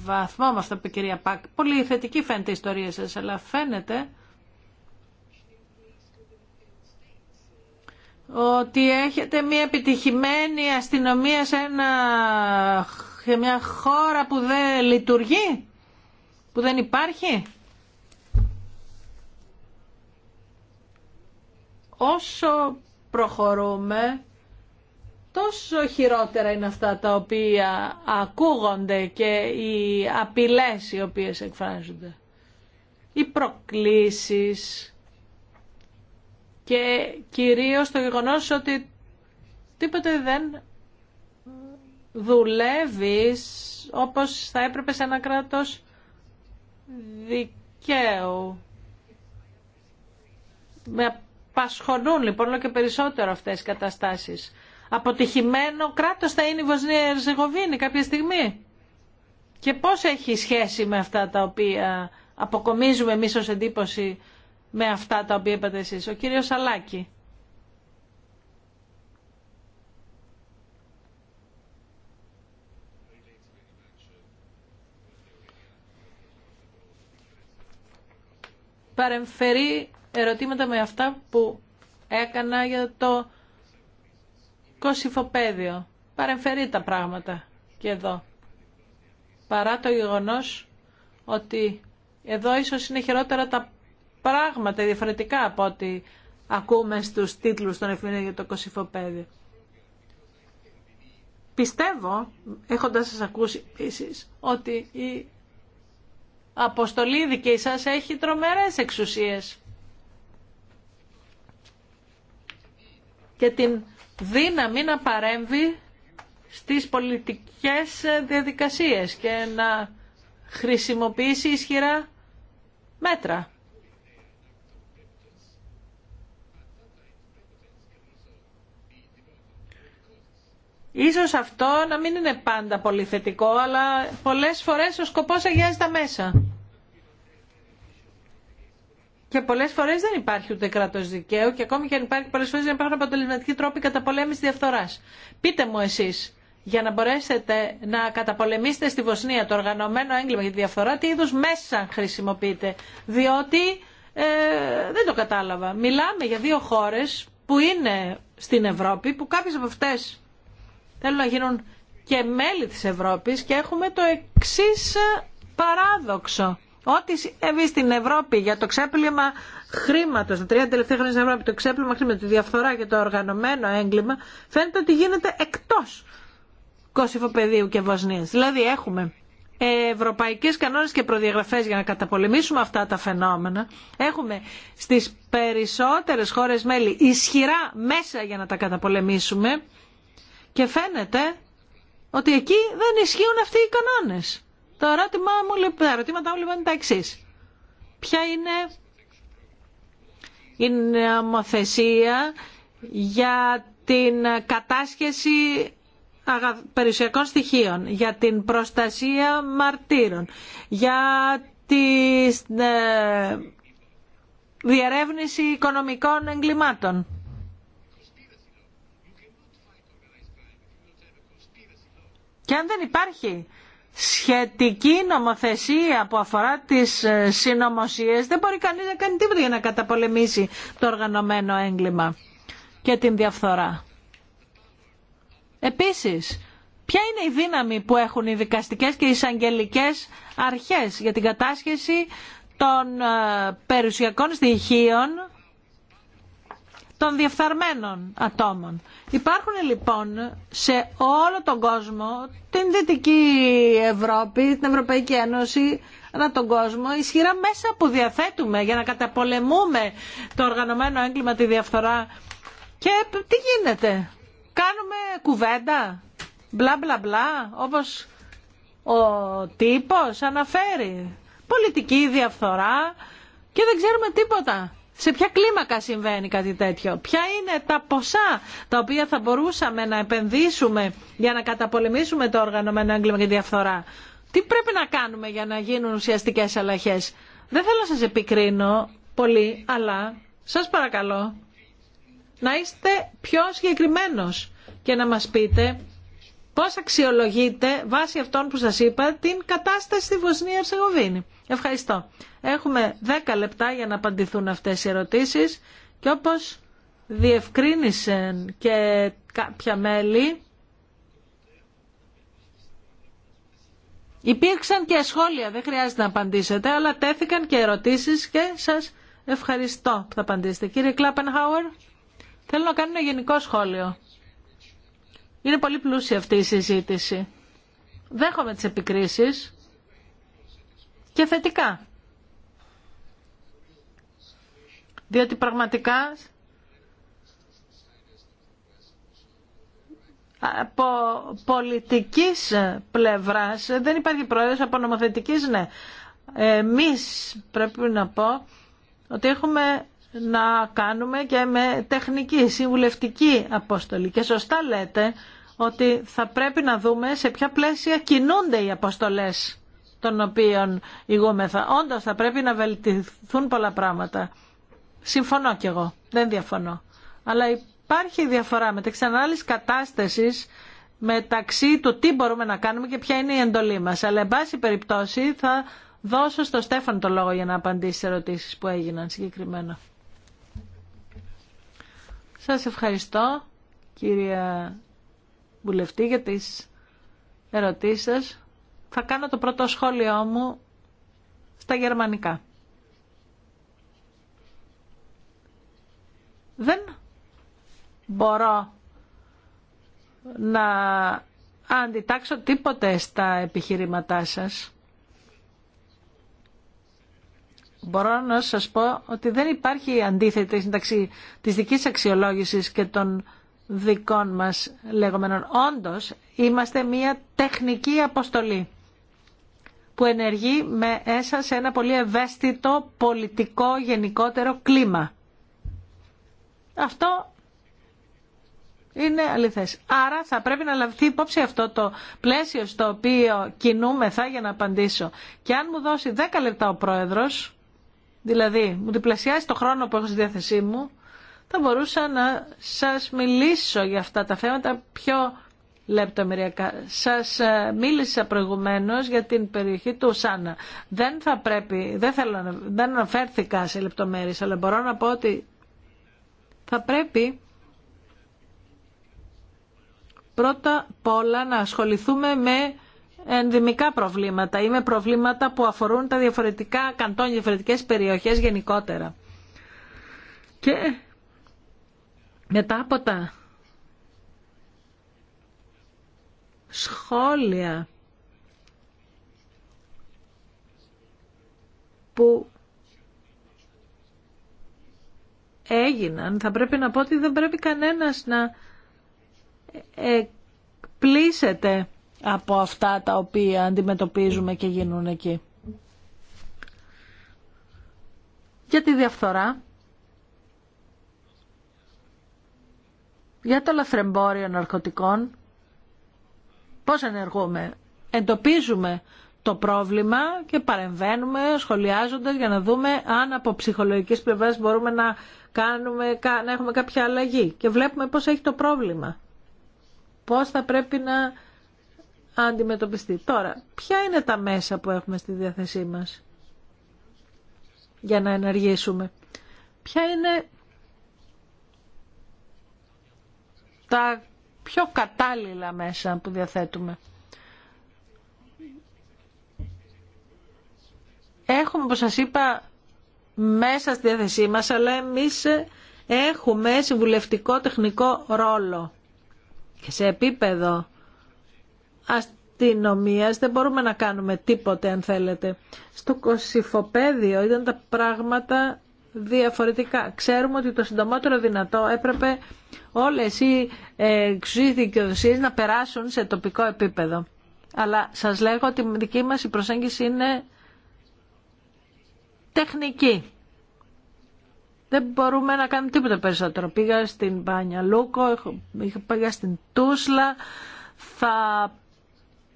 βαθμό με αυτό που είπε κυρία Πακ. Πολύ θετική φαίνεται η ιστορία σα, αλλά φαίνεται ότι έχετε μια επιτυχημένη αστυνομία ένα, σε μια χώρα που δεν λειτουργεί που δεν υπάρχει. Όσο προχωρούμε, τόσο χειρότερα είναι αυτά τα οποία ακούγονται και οι απειλές οι οποίες εκφράζονται. Οι προκλήσεις και κυρίως το γεγονός ότι τίποτε δεν δουλεύεις όπως θα έπρεπε σε ένα κράτος δικαίου. Με απασχολούν λοιπόν και περισσότερο αυτές οι καταστάσεις. Αποτυχημένο κράτος θα είναι η Βοσνία Ερζεγοβίνη κάποια στιγμή. Και πώς έχει σχέση με αυτά τα οποία αποκομίζουμε εμείς ως εντύπωση με αυτά τα οποία είπατε εσείς. Ο κύριος Σαλάκη. παρεμφερεί ερωτήματα με αυτά που έκανα για το κοσυφοπαίδιο. Παρεμφερεί τα πράγματα και εδώ. Παρά το γεγονός ότι εδώ ίσως είναι χειρότερα τα πράγματα διαφορετικά από ό,τι ακούμε στους τίτλους των εφημερίδων για το κοσυφοπαίδιο. Πιστεύω, έχοντας σας ακούσει επίσης, ότι η αποστολή δική σας έχει τρομερές εξουσίες. Και την δύναμη να παρέμβει στις πολιτικές διαδικασίες και να χρησιμοποιήσει ισχυρά μέτρα. Ίσως αυτό να μην είναι πάντα πολύ θετικό, αλλά πολλές φορές ο σκοπός αγιάζει τα μέσα. Και πολλές φορές δεν υπάρχει ούτε κράτος δικαίου και ακόμη και αν υπάρχει πολλές φορές δεν υπάρχουν αποτελεσματικοί τρόποι καταπολέμησης διαφθοράς. Πείτε μου εσείς, για να μπορέσετε να καταπολεμήσετε στη Βοσνία το οργανωμένο έγκλημα για τη διαφθορά, τι είδους μέσα χρησιμοποιείτε. Διότι ε, δεν το κατάλαβα. Μιλάμε για δύο χώρες που είναι στην Ευρώπη, που κάποιες από αυτές θέλουν να γίνουν και μέλη της Ευρώπης και έχουμε το εξή ε, παράδοξο. Ό,τι συνέβη στην Ευρώπη για το ξέπλυμα χρήματος, τα τρία τελευταία χρόνια στην Ευρώπη, το ξέπλυμα χρήματος, τη διαφθορά και το οργανωμένο έγκλημα, φαίνεται ότι γίνεται εκτός Κωσυφοπεδίου και Βοσνίας. Δηλαδή έχουμε ευρωπαϊκές κανόνες και προδιαγραφές για να καταπολεμήσουμε αυτά τα φαινόμενα. Έχουμε στις περισσότερες χώρες μέλη ισχυρά μέσα για να τα καταπολεμήσουμε και φαίνεται ότι εκεί δεν ισχύουν αυτοί οι κανόνες. Το ερώτημα μου, τα ερωτήματα μου λοιπόν είναι τα εξή. Ποια είναι η νομοθεσία για την κατάσχεση περιουσιακών στοιχείων, για την προστασία μαρτύρων, για τη ε, διερεύνηση οικονομικών εγκλημάτων. Και αν δεν υπάρχει σχετική νομοθεσία που αφορά τις ε, συνωμοσίε, δεν μπορεί κανείς να κάνει τίποτα για να καταπολεμήσει το οργανωμένο έγκλημα και την διαφθορά. Επίσης, ποια είναι η δύναμη που έχουν οι δικαστικές και οι εισαγγελικέ αρχές για την κατάσχεση των ε, περιουσιακών στοιχείων των διεφθαρμένων ατόμων. Υπάρχουν λοιπόν σε όλο τον κόσμο, την Δυτική Ευρώπη, την Ευρωπαϊκή Ένωση, ανά τον κόσμο, ισχυρά μέσα που διαθέτουμε για να καταπολεμούμε το οργανωμένο έγκλημα, τη διαφθορά. Και τι γίνεται, κάνουμε κουβέντα, μπλα μπλα μπλα, όπως ο τύπος αναφέρει, πολιτική διαφθορά και δεν ξέρουμε τίποτα σε ποια κλίμακα συμβαίνει κάτι τέτοιο. Ποια είναι τα ποσά τα οποία θα μπορούσαμε να επενδύσουμε για να καταπολεμήσουμε το οργανωμένο έγκλημα και διαφθορά. Τι πρέπει να κάνουμε για να γίνουν ουσιαστικές αλλαγέ. Δεν θέλω να σας επικρίνω πολύ, αλλά σας παρακαλώ να είστε πιο συγκεκριμένο και να μας πείτε πώς αξιολογείτε βάσει αυτών που σα είπα την κατάσταση στη Βοσνία Ερσεγοβίνη. Ευχαριστώ. Έχουμε 10 λεπτά για να απαντηθούν αυτές οι ερωτήσεις και όπως διευκρίνησαν και κάποια μέλη, υπήρξαν και σχόλια, δεν χρειάζεται να απαντήσετε, αλλά τέθηκαν και ερωτήσεις και σας ευχαριστώ που θα απαντήσετε. Κύριε Κλάπενχάουερ, θέλω να κάνω ένα γενικό σχόλιο. Είναι πολύ πλούσια αυτή η συζήτηση. Δέχομαι τις επικρίσεις και θετικά. Διότι πραγματικά από πολιτικής πλευράς δεν υπάρχει πρόεδρος, από νομοθετικής ναι. Εμείς πρέπει να πω ότι έχουμε να κάνουμε και με τεχνική, συμβουλευτική απόστολη. Και σωστά λέτε ότι θα πρέπει να δούμε σε ποια πλαίσια κινούνται οι αποστολές των οποίων ηγούμεθα. Όντως θα πρέπει να βελτιθούν πολλά πράγματα. Συμφωνώ κι εγώ, δεν διαφωνώ. Αλλά υπάρχει διαφορά μεταξύ ανάλυσης κατάσταση μεταξύ του τι μπορούμε να κάνουμε και ποια είναι η εντολή μας. Αλλά, εν πάση περιπτώσει, θα δώσω στο Στέφαν το λόγο για να απαντήσει σε ερωτήσεις που έγιναν συγκεκριμένα. Σα ευχαριστώ, κυρία Βουλευτή, για τις ερωτήσεις σας. Θα κάνω το πρώτο σχόλιο μου στα γερμανικά. Δεν μπορώ να αντιτάξω τίποτε στα επιχειρήματά σας. Μπορώ να σας πω ότι δεν υπάρχει αντίθετη σύνταξη της δικής αξιολόγησης και των δικών μας λεγόμενων. Όντως, είμαστε μια τεχνική αποστολή που ενεργεί μέσα σε ένα πολύ ευαίσθητο πολιτικό γενικότερο κλίμα. Αυτό είναι αληθές. Άρα θα πρέπει να λαμβηθεί υπόψη αυτό το πλαίσιο στο οποίο κινούμεθα για να απαντήσω. Και αν μου δώσει 10 λεπτά ο πρόεδρος, δηλαδή μου διπλασιάσει το χρόνο που έχω στη διάθεσή μου, θα μπορούσα να σας μιλήσω για αυτά τα θέματα πιο λεπτομεριακά. Σας ε, μίλησα προηγουμένως για την περιοχή του Σάνα. Δεν θα πρέπει, δεν, θέλω, δεν αναφέρθηκα σε λεπτομέρειες, αλλά μπορώ να πω ότι θα πρέπει πρώτα απ' όλα να ασχοληθούμε με ενδυμικά προβλήματα ή με προβλήματα που αφορούν τα διαφορετικά καντών, διαφορετικές περιοχές γενικότερα. Και μετά από τα σχόλια που έγιναν, θα πρέπει να πω ότι δεν πρέπει κανένας να πλήσεται από αυτά τα οποία αντιμετωπίζουμε και γίνουν εκεί. Για τη διαφθορά, για το λαθρεμπόριο ναρκωτικών, Πώς ενεργούμε. Εντοπίζουμε το πρόβλημα και παρεμβαίνουμε σχολιάζοντας για να δούμε αν από ψυχολογικής πλευράς μπορούμε να, κάνουμε, να έχουμε κάποια αλλαγή και βλέπουμε πώς έχει το πρόβλημα. Πώς θα πρέπει να αντιμετωπιστεί. Τώρα, ποια είναι τα μέσα που έχουμε στη διάθεσή μας για να ενεργήσουμε. Ποια είναι τα πιο κατάλληλα μέσα που διαθέτουμε. Έχουμε, όπως σας είπα, μέσα στη διάθεσή μας, αλλά εμείς έχουμε συμβουλευτικό τεχνικό ρόλο. Και σε επίπεδο αστυνομίας δεν μπορούμε να κάνουμε τίποτε, αν θέλετε. Στο κοσυφοπέδιο ήταν τα πράγματα διαφορετικά. Ξέρουμε ότι το συντομότερο δυνατό έπρεπε όλες οι εξουσίες δικαιοδοσίες να περάσουν σε τοπικό επίπεδο. Αλλά σας λέγω ότι η δική μας η προσέγγιση είναι τεχνική. Δεν μπορούμε να κάνουμε τίποτα περισσότερο. Πήγα στην Πανιαλούκο, πήγα στην Τούσλα, θα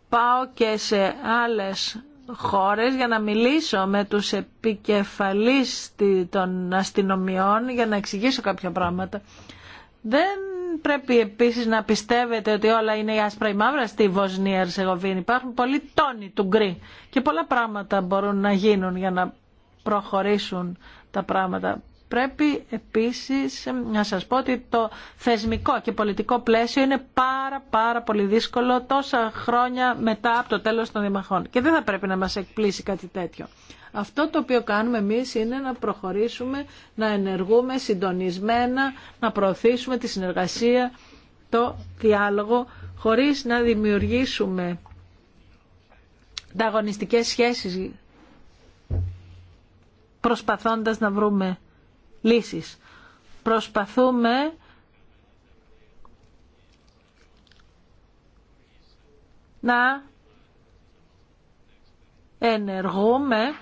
πάω και σε άλλες χώρες για να μιλήσω με τους επικεφαλείς των αστυνομιών για να εξηγήσω κάποια πράγματα. Δεν πρέπει επίσης να πιστεύετε ότι όλα είναι η άσπρα ή μαύρα στη Βοσνία Ερσεγοβίνη. Υπάρχουν πολλοί τόνοι του γκρι και πολλά πράγματα μπορούν να γίνουν για να προχωρήσουν τα πράγματα. Πρέπει επίσης να σας πω ότι το θεσμικό και πολιτικό πλαίσιο είναι πάρα πάρα πολύ δύσκολο τόσα χρόνια μετά από το τέλος των δημαχών. Και δεν θα πρέπει να μας εκπλήσει κάτι τέτοιο. Αυτό το οποίο κάνουμε εμείς είναι να προχωρήσουμε, να ενεργούμε συντονισμένα, να προωθήσουμε τη συνεργασία, το διάλογο, χωρίς να δημιουργήσουμε τα σχέσεις προσπαθώντας να βρούμε λύσεις. Προσπαθούμε να ενεργούμε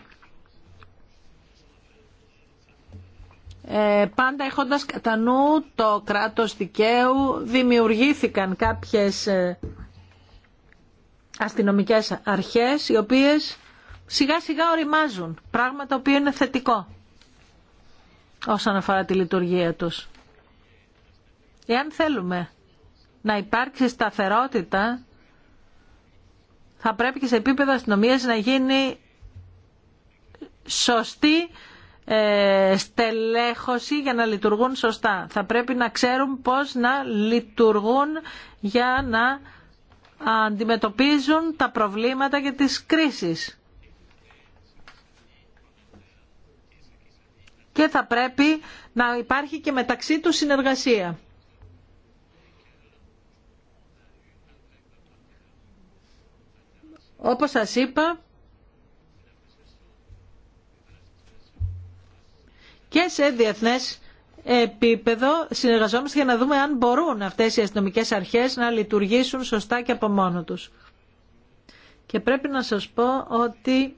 ε, πάντα έχοντας κατά νου το κράτος δικαίου δημιουργήθηκαν κάποιες ε, αστυνομικές αρχές οι οποίες σιγά σιγά οριμάζουν, πράγμα το είναι θετικό όσον αφορά τη λειτουργία τους. Εάν θέλουμε να υπάρξει σταθερότητα, θα πρέπει και σε επίπεδο αστυνομίας να γίνει σωστή ε, στελέχωση για να λειτουργούν σωστά. Θα πρέπει να ξέρουν πώς να λειτουργούν για να αντιμετωπίζουν τα προβλήματα και τις κρίσεις. και θα πρέπει να υπάρχει και μεταξύ του συνεργασία. Όπως σας είπα, και σε διεθνές επίπεδο συνεργαζόμαστε για να δούμε αν μπορούν αυτές οι αστυνομικές αρχές να λειτουργήσουν σωστά και από μόνο τους. Και πρέπει να σας πω ότι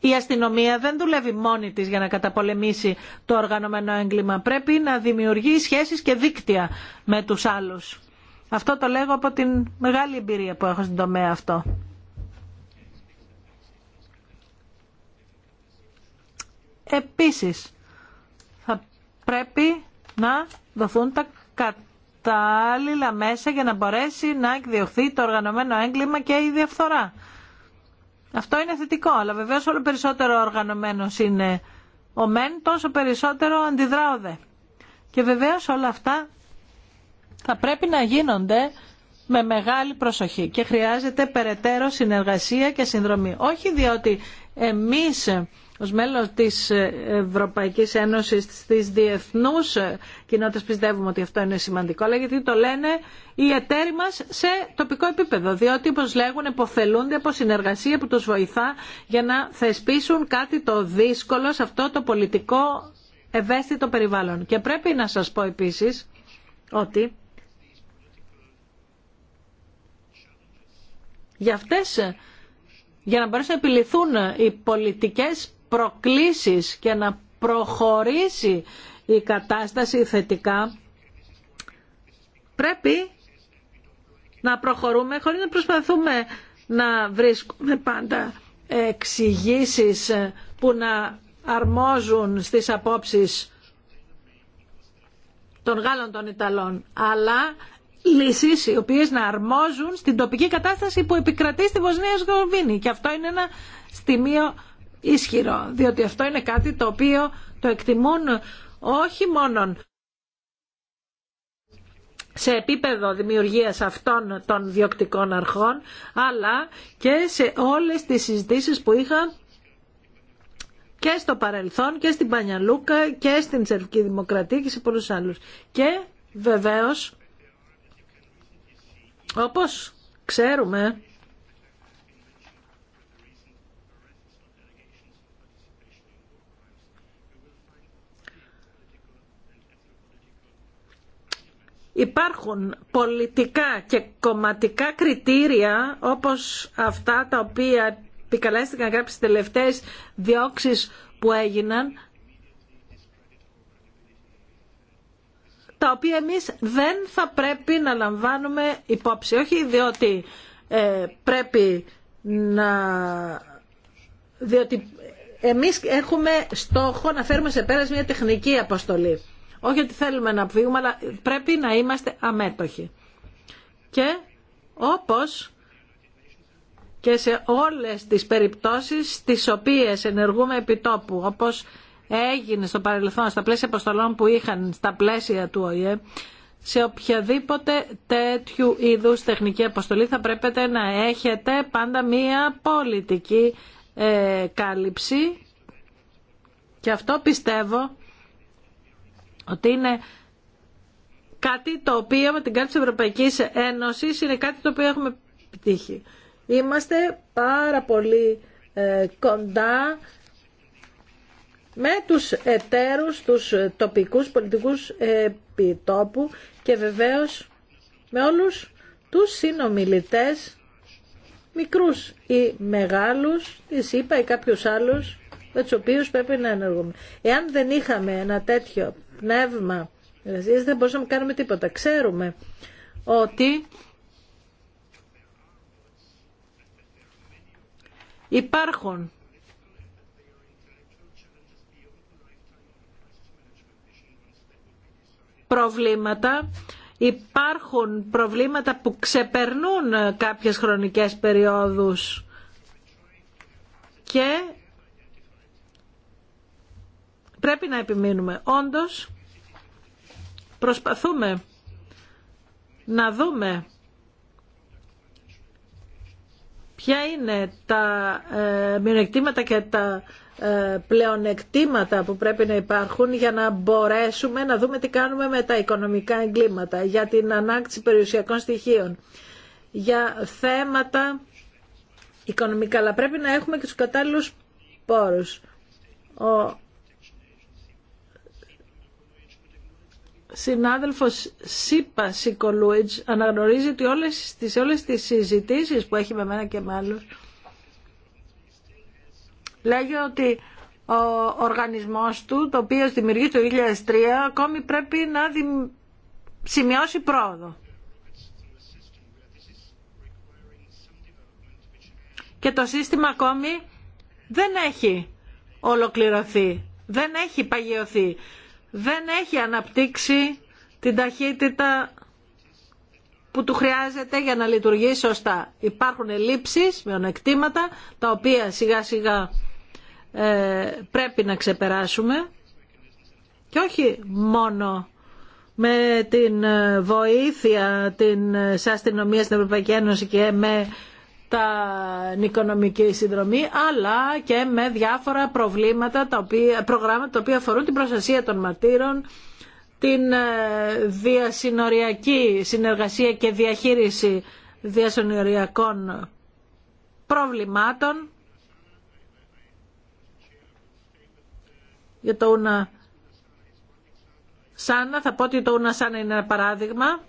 η αστυνομία δεν δουλεύει μόνη της για να καταπολεμήσει το οργανωμένο έγκλημα. Πρέπει να δημιουργεί σχέσεις και δίκτυα με τους άλλους. Αυτό το λέγω από την μεγάλη εμπειρία που έχω στην τομέα αυτό. Επίσης, θα πρέπει να δοθούν τα κατάλληλα μέσα για να μπορέσει να εκδιωχθεί το οργανωμένο έγκλημα και η διαφθορά. Αυτό είναι θετικό, αλλά βεβαίως όλο περισσότερο οργανωμένος είναι ο μεν, τόσο περισσότερο αντιδρά Και βεβαίως όλα αυτά θα πρέπει να γίνονται με μεγάλη προσοχή και χρειάζεται περαιτέρω συνεργασία και συνδρομή. Όχι διότι εμείς ως μέλος της Ευρωπαϊκής Ένωσης της Διεθνούς Κοινότητας πιστεύουμε ότι αυτό είναι σημαντικό, αλλά γιατί το λένε οι εταίροι μας σε τοπικό επίπεδο, διότι όπως λέγουν εποφελούνται από συνεργασία που τους βοηθά για να θεσπίσουν κάτι το δύσκολο σε αυτό το πολιτικό ευαίσθητο περιβάλλον. Και πρέπει να σας πω επίσης ότι για αυτές για να μπορέσουν να επιληθούν οι πολιτικές προκλήσεις και να προχωρήσει η κατάσταση θετικά, πρέπει να προχωρούμε χωρίς να προσπαθούμε να βρίσκουμε πάντα εξηγήσει που να αρμόζουν στις απόψεις των Γάλλων των Ιταλών, αλλά λύσεις οι οποίες να αρμόζουν στην τοπική κατάσταση που επικρατεί στη Βοσνία Σγοβίνη. Και αυτό είναι ένα στιγμίο ισχυρό, διότι αυτό είναι κάτι το οποίο το εκτιμούν όχι μόνο σε επίπεδο δημιουργίας αυτών των διοκτικών αρχών, αλλά και σε όλες τις συζητήσεις που είχα και στο παρελθόν και στην Πανιαλούκα και στην Σερβική Δημοκρατία και σε πολλούς άλλους. Και βεβαίως, όπως ξέρουμε, υπάρχουν πολιτικά και κομματικά κριτήρια όπως αυτά τα οποία επικαλέστηκαν κάποιες τελευταίες διώξεις που έγιναν τα οποία εμείς δεν θα πρέπει να λαμβάνουμε υπόψη. Όχι διότι ε, πρέπει να... διότι εμείς έχουμε στόχο να φέρουμε σε πέρας μια τεχνική αποστολή. Όχι ότι θέλουμε να αποφύγουμε, αλλά πρέπει να είμαστε αμέτωχοι. Και όπως και σε όλες τις περιπτώσεις τις οποίες ενεργούμε επιτόπου, όπως έγινε στο παρελθόν στα πλαίσια αποστολών που είχαν στα πλαίσια του ΟΗΕ, σε οποιαδήποτε τέτοιου είδους τεχνική αποστολή θα πρέπει να έχετε πάντα μία πολιτική ε, κάλυψη και αυτό πιστεύω ότι είναι κάτι το οποίο με την κάρτα της Ευρωπαϊκής Ένωσης είναι κάτι το οποίο έχουμε επιτύχει. Είμαστε πάρα πολύ ε, κοντά με τους εταίρους, τους τοπικούς πολιτικούς επιτόπου και βεβαίως με όλους τους συνομιλητές μικρούς ή μεγάλους, της είπα ή κάποιους άλλους, με τους οποίους πρέπει να ενεργούμε. Εάν δεν είχαμε ένα τέτοιο πνεύμα δεν μπορούσαμε να κάνουμε τίποτα. Ξέρουμε ότι υπάρχουν προβλήματα υπάρχουν προβλήματα που ξεπερνούν κάποιες χρονικές περιόδους και πρέπει να επιμείνουμε. Όντως, προσπαθούμε να δούμε ποια είναι τα ε, μειονεκτήματα και τα ε, πλεονεκτήματα που πρέπει να υπάρχουν για να μπορέσουμε να δούμε τι κάνουμε με τα οικονομικά εγκλήματα, για την ανάκτηση περιουσιακών στοιχείων, για θέματα οικονομικά, αλλά πρέπει να έχουμε και τους κατάλληλους πόρους. Ο συνάδελφος Σίπα Σικολούιτς αναγνωρίζει ότι όλες, τις, όλες τις συζητήσεις που έχει με μένα και με άλλους λέγει ότι ο οργανισμός του, το οποίο δημιουργεί το 2003, ακόμη πρέπει να σημειώσει πρόοδο. Και το σύστημα ακόμη δεν έχει ολοκληρωθεί, δεν έχει παγιωθεί δεν έχει αναπτύξει την ταχύτητα που του χρειάζεται για να λειτουργεί σωστά. Υπάρχουν ελλείψεις, μειονεκτήματα, τα οποία σιγά σιγά ε, πρέπει να ξεπεράσουμε και όχι μόνο με την ε, βοήθεια της ε, αστυνομίας στην Ευρωπαϊκή Ένωση και με τα νοικονομική συνδρομή αλλά και με διάφορα προβλήματα, τα οποία, προγράμματα τα οποία αφορούν την προστασία των ματήρων, την ε, διασυνοριακή συνεργασία και διαχείριση διασυνοριακών προβλημάτων για το ΟΝΑ σάνα. Θα πω ότι το ούνα σάνα είναι ένα παράδειγμα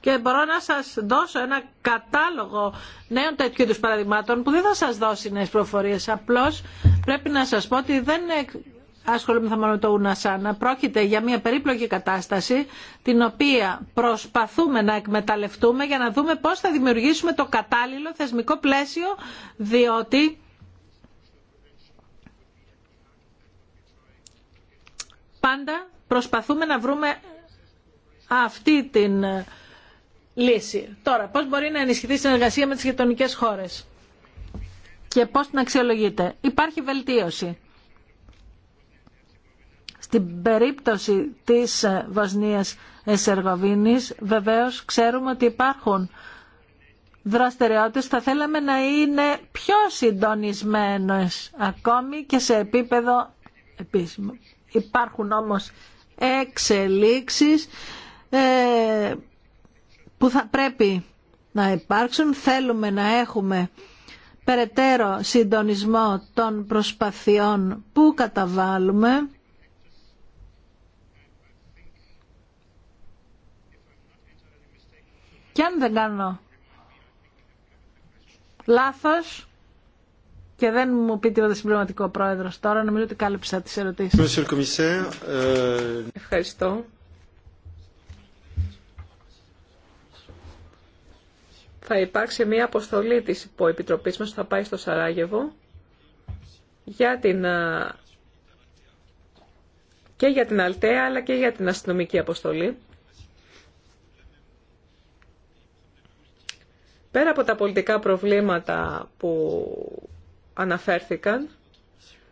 και μπορώ να σας δώσω ένα κατάλογο νέων τέτοιου είδους παραδειγμάτων που δεν θα σας δώσει νέε προφορίες. Απλώς πρέπει να σας πω ότι δεν ασχολούμαι μόνο με το Ουνασάνα. Πρόκειται για μια περίπλοκη κατάσταση την οποία προσπαθούμε να εκμεταλλευτούμε για να δούμε πώς θα δημιουργήσουμε το κατάλληλο θεσμικό πλαίσιο διότι πάντα προσπαθούμε να βρούμε αυτή την λύση. Τώρα, πώς μπορεί να ενισχυθεί η συνεργασία με τις γειτονικέ χώρες και πώς να αξιολογείται. Υπάρχει βελτίωση. Στην περίπτωση της ε, Βοσνίας Εσεργοβίνης, βεβαίως ξέρουμε ότι υπάρχουν δραστηριότητες θα θέλαμε να είναι πιο συντονισμένες ακόμη και σε επίπεδο επίσημο. Υπάρχουν όμως εξελίξεις ε, που θα πρέπει να υπάρξουν. Θέλουμε να έχουμε περαιτέρω συντονισμό των προσπαθειών που καταβάλουμε. Και αν δεν κάνω λάθος και δεν μου πει τίποτα συμπληρωματικό πρόεδρος τώρα, νομίζω ότι κάλυψα τις ερωτήσεις. Euh, Ευχαριστώ. θα υπάρξει μια αποστολή της υποεπιτροπής μας που θα πάει στο Σαράγεβο για την, και για την Αλτέα αλλά και για την αστυνομική αποστολή. Πέρα από τα πολιτικά προβλήματα που αναφέρθηκαν,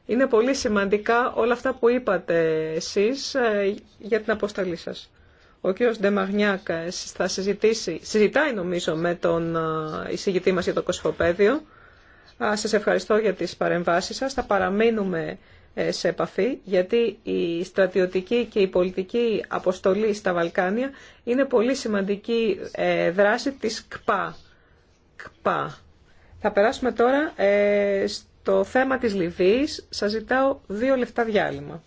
είναι πολύ σημαντικά όλα αυτά που είπατε εσείς ε, για την αποστολή σας. Ο κ. Ντεμαγνιάκα θα συζητήσει, συζητάει νομίζω με τον ε, εισηγητή μας για το κοσφοπέδιο. Σας ευχαριστώ για τις παρεμβάσεις σας. Θα παραμείνουμε ε, σε επαφή γιατί η στρατιωτική και η πολιτική αποστολή στα Βαλκάνια είναι πολύ σημαντική ε, δράση της ΚΠΑ. ΚΠΑ. Θα περάσουμε τώρα στο θέμα της Λιβύης. Σας ζητάω δύο λεφτά διάλειμμα.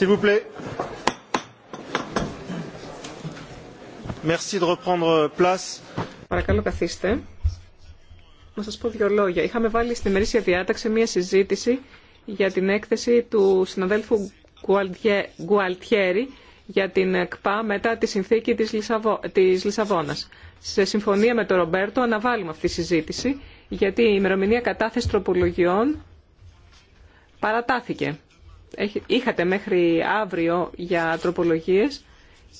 Merci de reprendre place. Παρακαλώ καθίστε. Να σας πω δύο λόγια. Είχαμε βάλει στην ημερήσια διάταξη μία συζήτηση για την έκθεση του συναδέλφου Γκουαλτιέρη για την ΕΚΠΑ μετά τη συνθήκη της, Λισαβόνας. Σε συμφωνία με τον Ρομπέρτο αναβάλουμε αυτή τη συζήτηση γιατί η ημερομηνία κατάθεση τροπολογιών παρατάθηκε είχατε μέχρι αύριο για τροπολογίες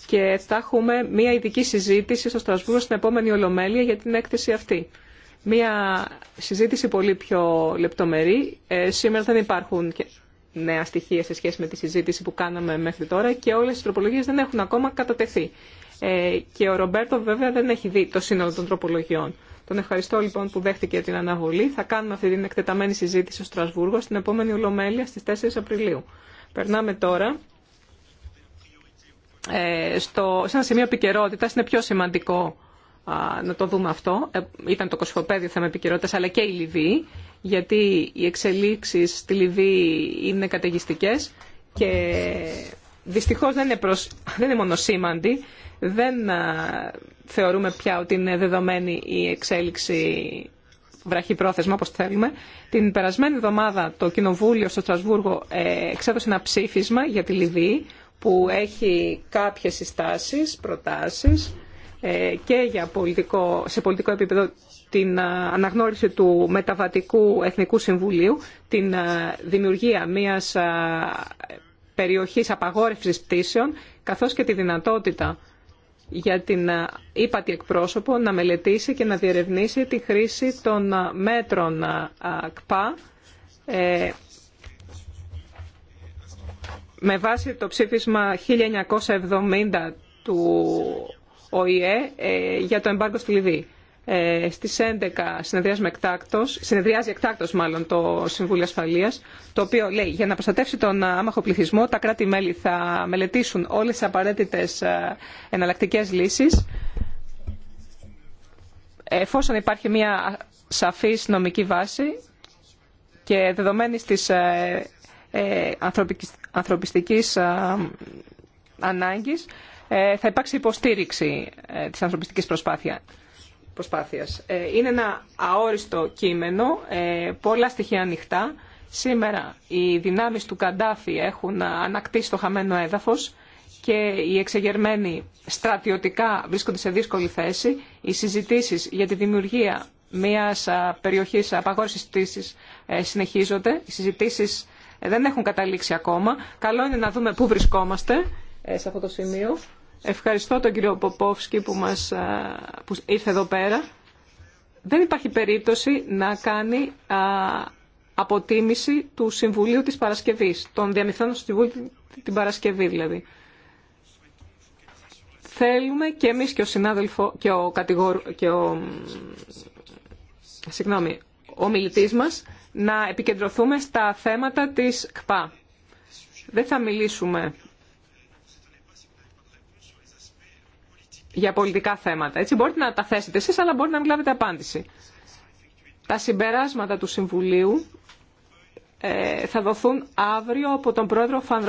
και θα έχουμε μία ειδική συζήτηση στο Στρασβούργο στην επόμενη Ολομέλεια για την έκθεση αυτή. Μία συζήτηση πολύ πιο λεπτομερή. Ε, σήμερα δεν υπάρχουν και νέα στοιχεία σε σχέση με τη συζήτηση που κάναμε μέχρι τώρα και όλες οι τροπολογίες δεν έχουν ακόμα κατατεθεί. Ε, και ο Ρομπέρτο βέβαια δεν έχει δει το σύνολο των τροπολογιών. Τον ευχαριστώ λοιπόν που δέχτηκε την αναβολή. Θα κάνουμε αυτή την εκτεταμένη συζήτηση στο Στρασβούργο στην επόμενη Ολομέλεια στις 4 Απριλίου. Περνάμε τώρα ε, στο, σε ένα σημείο επικαιρότητα. Είναι πιο σημαντικό να το δούμε αυτό. Ε, ήταν το κοσφοπέδιο θέμα επικαιρότητα, αλλά και η Λιβύη, γιατί οι εξελίξει στη Λιβύη είναι καταιγιστικέ και δυστυχώ δεν είναι, δεν είναι δεν θεωρούμε πια ότι είναι δεδομένη η εξέλιξη βραχυπρόθεσμα όπως θέλουμε. Την περασμένη εβδομάδα το Κοινοβούλιο στο Στρασβούργο ε, εξέδωσε ένα ψήφισμα για τη Λιβύη που έχει κάποιες συστάσεις, προτάσεις ε, και για πολιτικό, σε πολιτικό επίπεδο την αναγνώριση του Μεταβατικού Εθνικού Συμβουλίου, την δημιουργία μιας περιοχής απαγόρευσης πτήσεων, καθώς και τη δυνατότητα για την ε, ύπατη εκπρόσωπο να μελετήσει και να διερευνήσει τη χρήση των ε, μέτρων ε, ΚΠΑ με βάση το ψήφισμα 1970 του ΟΗΕ για το εμπάργκο στη Λιβύη ε, στις 11 συνεδριάζει εκτάκτος, συνεδριάζει εκτάκτος μάλλον το Συμβούλιο Ασφαλείας, το οποίο λέει για να προστατεύσει τον άμαχο πληθυσμό τα κράτη-μέλη θα μελετήσουν όλες τις απαραίτητες ε, εναλλακτικές λύσεις εφόσον υπάρχει μια σαφής νομική βάση και δεδομένης της ε, ε, ανθρωπιστικής ε, ανάγκης ε, θα υπάρξει υποστήριξη της ανθρωπιστικής προσπάθειας. Ε, είναι ένα αόριστο κείμενο, ε, πολλά στοιχεία ανοιχτά. Σήμερα οι δυνάμεις του Καντάφη έχουν ανακτήσει το χαμένο έδαφος και οι εξεγερμένοι στρατιωτικά βρίσκονται σε δύσκολη θέση. Οι συζητήσεις για τη δημιουργία μιας περιοχής απαγόρευσης πτήσης ε, συνεχίζονται. Οι συζητήσεις δεν έχουν καταλήξει ακόμα. Καλό είναι να δούμε πού βρισκόμαστε σε αυτό το σημείο. Ευχαριστώ τον κύριο Ποπόφσκι που, μας, που ήρθε εδώ πέρα. Δεν υπάρχει περίπτωση να κάνει αποτίμηση του Συμβουλίου της Παρασκευής, των διαμηθών του Συμβουλίου την Παρασκευή δηλαδή. Θέλουμε και εμείς και ο συνάδελφο και ο, κατηγορ, και ο, συγγνώμη, ο μιλητής μας να επικεντρωθούμε στα θέματα της ΚΠΑ. Δεν θα μιλήσουμε για πολιτικά θέματα. Έτσι μπορείτε να τα θέσετε εσείς, αλλά μπορείτε να μην λάβετε απάντηση. Τα συμπεράσματα του Συμβουλίου ε, θα δοθούν αύριο από τον πρόεδρο Φαν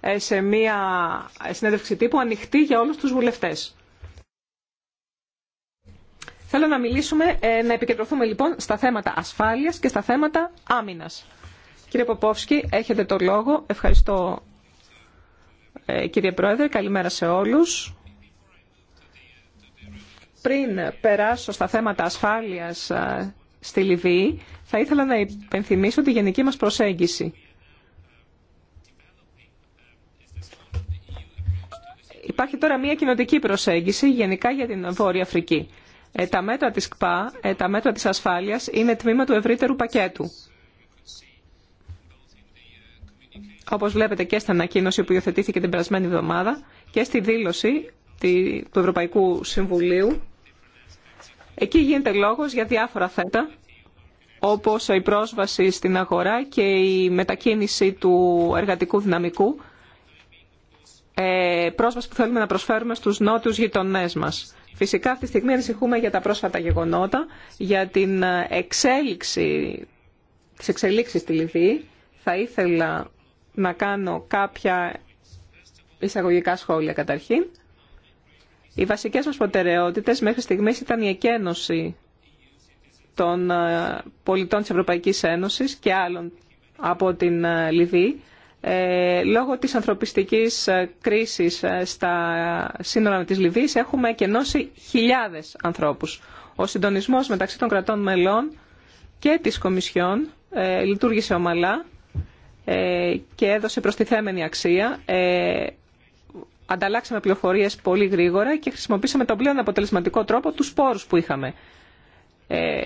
ε, σε μια ε, συνέντευξη τύπου ανοιχτή για όλους τους βουλευτές. Θέλω να μιλήσουμε, να επικεντρωθούμε λοιπόν στα θέματα ασφάλειας και στα θέματα άμυνας. Κύριε Ποπόφσκι, έχετε το λόγο. Ευχαριστώ κύριε Πρόεδρε. Καλημέρα σε όλους. Πριν περάσω στα θέματα ασφάλειας ε, στη Λιβύη, θα ήθελα να υπενθυμίσω τη γενική μας προσέγγιση. Υπάρχει τώρα μια κοινοτική προσέγγιση γενικά για την Βόρεια Αφρική. Ε, τα μέτρα της ΚΠΑ, ε, τα μέτρα της ασφάλειας είναι τμήμα του ευρύτερου πακέτου. Όπως βλέπετε και στην ανακοίνωση που υιοθετήθηκε την περασμένη εβδομάδα και στη δήλωση του Ευρωπαϊκού Συμβουλίου. Εκεί γίνεται λόγος για διάφορα θέματα, όπως η πρόσβαση στην αγορά και η μετακίνηση του εργατικού δυναμικού, ε, πρόσβαση που θέλουμε να προσφέρουμε στους νότιους γειτονές μας. Φυσικά αυτή τη στιγμή ανησυχούμε για τα πρόσφατα γεγονότα, για την εξέλιξη, τις εξελίξεις στη Λιβύη. Θα ήθελα να κάνω κάποια εισαγωγικά σχόλια καταρχήν. Οι βασικές μας προτεραιότητες μέχρι στιγμής ήταν η εκένωση των ε, πολιτών της Ευρωπαϊκής Ένωσης και άλλων από την ε, Λιβύη ε, λόγω της ανθρωπιστικής κρίσης στα σύνορα της Λιβύης έχουμε εκενώσει χιλιάδες ανθρώπους. Ο συντονισμός μεταξύ των κρατών μελών και της Κομισιόν λειτουργήσε ομαλά και έδωσε προστιθέμενη αξία ανταλλάξαμε πληροφορίες πολύ γρήγορα και χρησιμοποίησαμε τον πλέον αποτελεσματικό τρόπο τους σπόρους που είχαμε. Ε,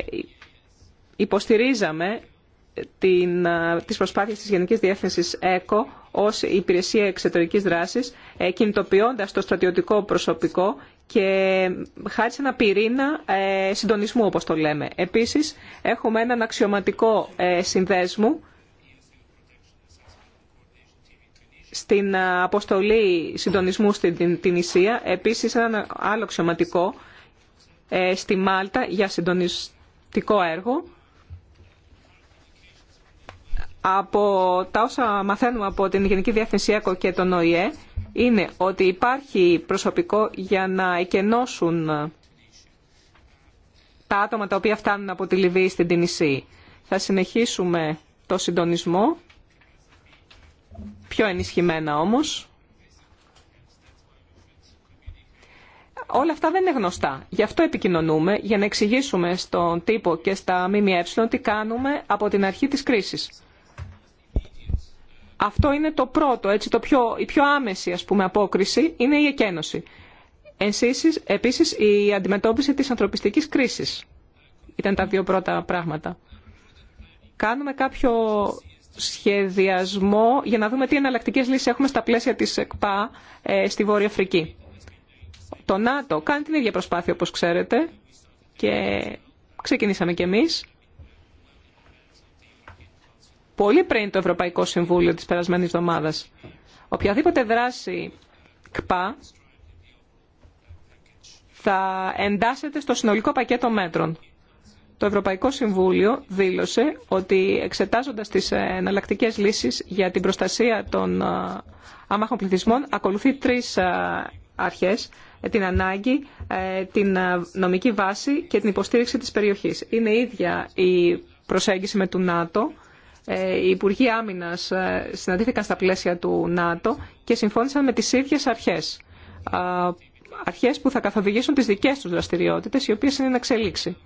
υποστηρίζαμε την, τις προσπάθειες της Γενικής Διεύθυνσης ΕΚΟ ως υπηρεσία εξωτερικής δράσης, ε, κινητοποιώντας το στρατιωτικό προσωπικό και ε, χάρη σε ένα πυρήνα ε, συντονισμού όπως το λέμε. Επίσης έχουμε έναν αξιωματικό ε, συνδέσμου στην αποστολή συντονισμού στην την Ισία, επίσης ένα άλλο αξιωματικό ε, στη Μάλτα για συντονιστικό έργο. Από τα όσα μαθαίνουμε από την Γενική Διεύθυνση και τον ΟΗΕ είναι ότι υπάρχει προσωπικό για να εκενώσουν τα άτομα τα οποία φτάνουν από τη Λιβύη στην Ισία. Θα συνεχίσουμε το συντονισμό πιο ενισχυμένα όμως. Όλα αυτά δεν είναι γνωστά. Γι' αυτό επικοινωνούμε, για να εξηγήσουμε στον τύπο και στα ΜΜΕ τι κάνουμε από την αρχή της κρίσης. Αυτό είναι το πρώτο, έτσι, το πιο, η πιο άμεση ας πούμε, απόκριση είναι η εκένωση. Επίση, επίσης η αντιμετώπιση της ανθρωπιστικής κρίσης. Ήταν τα δύο πρώτα πράγματα. Κάνουμε κάποιο σχεδιασμό για να δούμε τι εναλλακτικέ λύσει έχουμε στα πλαίσια της ΕΚΠΑ ε, στη Βόρεια Αφρική. Το ΝΑΤΟ κάνει την ίδια προσπάθεια όπως ξέρετε και ξεκινήσαμε κι εμεί, Πολύ πριν το Ευρωπαϊκό Συμβούλιο της περασμένης εβδομάδας. Οποιαδήποτε δράση ΚΠΑ θα εντάσσεται στο συνολικό πακέτο μέτρων το Ευρωπαϊκό Συμβούλιο δήλωσε ότι εξετάζοντας τις εναλλακτικέ λύσεις για την προστασία των ε, άμαχων πληθυσμών ακολουθεί τρεις ε, αρχές ε, την ανάγκη, την νομική βάση και την υποστήριξη της περιοχής. Είναι ίδια η προσέγγιση με του ΝΑΤΟ. Οι Υπουργοί Άμυνα συναντήθηκαν στα πλαίσια του ΝΑΤΟ και συμφώνησαν με τις ίδιες αρχές. Αρχές που θα καθοδηγήσουν τις δικές τους δραστηριότητες, οι οποίες είναι να εξελίξει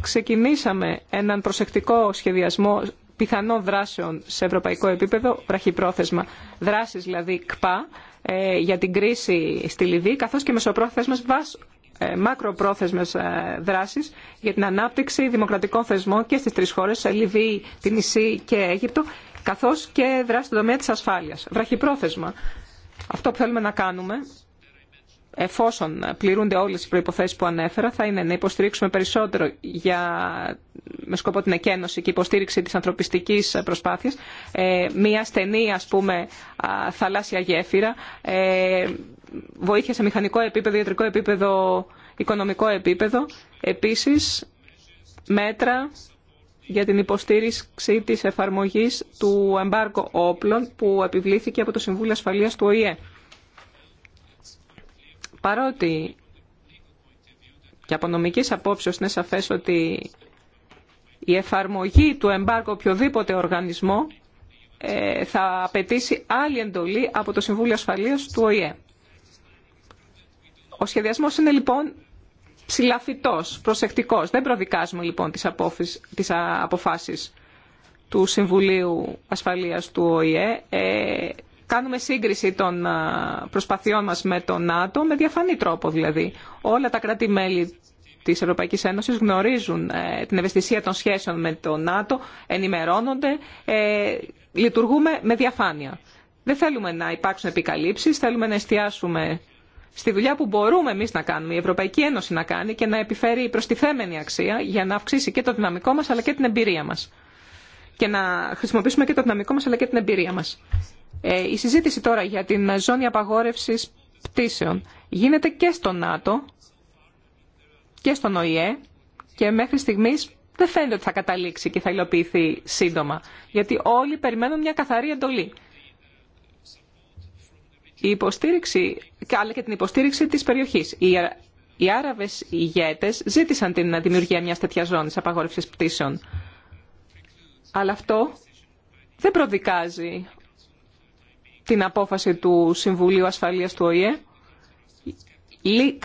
ξεκινήσαμε έναν προσεκτικό σχεδιασμό πιθανών δράσεων σε ευρωπαϊκό επίπεδο, βραχυπρόθεσμα, δράσεις δηλαδή ΚΠΑ ε, για την κρίση στη Λιβύη, καθώς και μεσοπρόθεσμες μακροπρόθεσμε μακροπρόθεσμες ε, δράσεις για την ανάπτυξη δημοκρατικών θεσμών και στις τρεις χώρες, σε Λιβύη, την Ισή και Αίγυπτο, καθώς και δράση στον τομέα της ασφάλειας. Βραχυπρόθεσμα. Αυτό που θέλουμε να κάνουμε εφόσον πληρούνται όλες οι προϋποθέσεις που ανέφερα, θα είναι να υποστηρίξουμε περισσότερο για, με σκοπό την εκένωση και υποστήριξη της ανθρωπιστικής προσπάθειας, ε, μια στενή ας πούμε θαλάσσια γέφυρα, ε, βοήθεια σε μηχανικό επίπεδο, ιατρικό επίπεδο, οικονομικό επίπεδο, επίσης μέτρα για την υποστήριξη της εφαρμογής του εμπάρκου όπλων που επιβλήθηκε από το Συμβούλιο Ασφαλείας του ΟΗΕ. Παρότι και από νομικής απόψεως είναι σαφές ότι η εφαρμογή του εμπάρκου οποιοδήποτε οργανισμό ε, θα απαιτήσει άλλη εντολή από το Συμβούλιο Ασφαλείας του ΟΗΕ. Ο σχεδιασμός είναι λοιπόν ψηλαφιτός, προσεκτικός. Δεν προδικάζουμε λοιπόν τις, απόφυσ, τις αποφάσεις του Συμβουλίου Ασφαλείας του ΟΗΕ. Ε, κάνουμε σύγκριση των ε, προσπαθειών μας με το ΝΑΤΟ με διαφανή τρόπο δηλαδή. Όλα τα κράτη-μέλη της Ευρωπαϊκής Ένωσης γνωρίζουν ε, την ευαισθησία των σχέσεων με το ΝΑΤΟ, ενημερώνονται, ε, λειτουργούμε με διαφάνεια. Δεν θέλουμε να υπάρξουν επικαλύψεις, θέλουμε να εστιάσουμε στη δουλειά που μπορούμε εμείς να κάνουμε, η Ευρωπαϊκή Ένωση να κάνει και να επιφέρει προστιθέμενη αξία για να αυξήσει και το δυναμικό μας αλλά και την εμπειρία μας. Και να χρησιμοποιήσουμε και το δυναμικό μας αλλά και την εμπειρία μας. Ε, η συζήτηση τώρα για την ζώνη απαγόρευσης πτήσεων γίνεται και στο ΝΑΤΟ και στον ΟΗΕ και μέχρι στιγμής δεν φαίνεται ότι θα καταλήξει και θα υλοποιηθεί σύντομα. Γιατί όλοι περιμένουν μια καθαρή εντολή. Η υποστήριξη, αλλά και την υποστήριξη της περιοχής. Οι, οι Άραβες ηγέτες ζήτησαν την δημιουργία μιας τέτοια ζώνης απαγόρευσης πτήσεων. Αλλά αυτό δεν προδικάζει την απόφαση του Συμβουλίου Ασφαλείας του ΟΗΕ.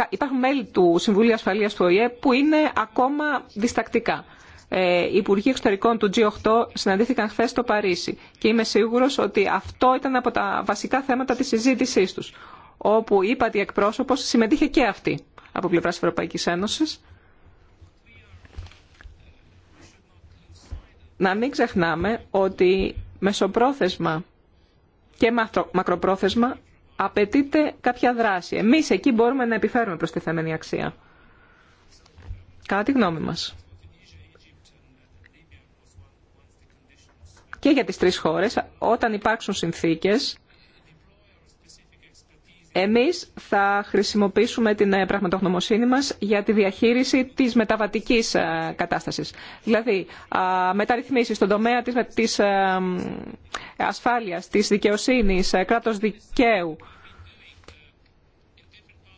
Υπάρχουν μέλη του Συμβουλίου Ασφαλείας του ΟΗΕ που είναι ακόμα διστακτικά. Ε, οι Υπουργοί Εξωτερικών του G8 συναντήθηκαν χθε στο Παρίσι και είμαι σίγουρος ότι αυτό ήταν από τα βασικά θέματα της συζήτησής τους, όπου η εκπρόσωπος συμμετείχε και αυτή από πλευράς Ευρωπαϊκής Ένωσης. Να μην ξεχνάμε ότι μεσοπρόθεσμα και μακροπρόθεσμα απαιτείται κάποια δράση. Εμείς εκεί μπορούμε να επιφέρουμε τη θεμενή αξία. Κατά τη γνώμη μας. Και για τις τρεις χώρες, όταν υπάρξουν συνθήκες εμείς θα χρησιμοποιήσουμε την ε, πραγματογνωμοσύνη μας για τη διαχείριση της μεταβατικής ε, κατάστασης. Δηλαδή, μεταρρυθμίσεις στον τομέα της ε, ασφάλειας, της δικαιοσύνης, κράτος δικαίου.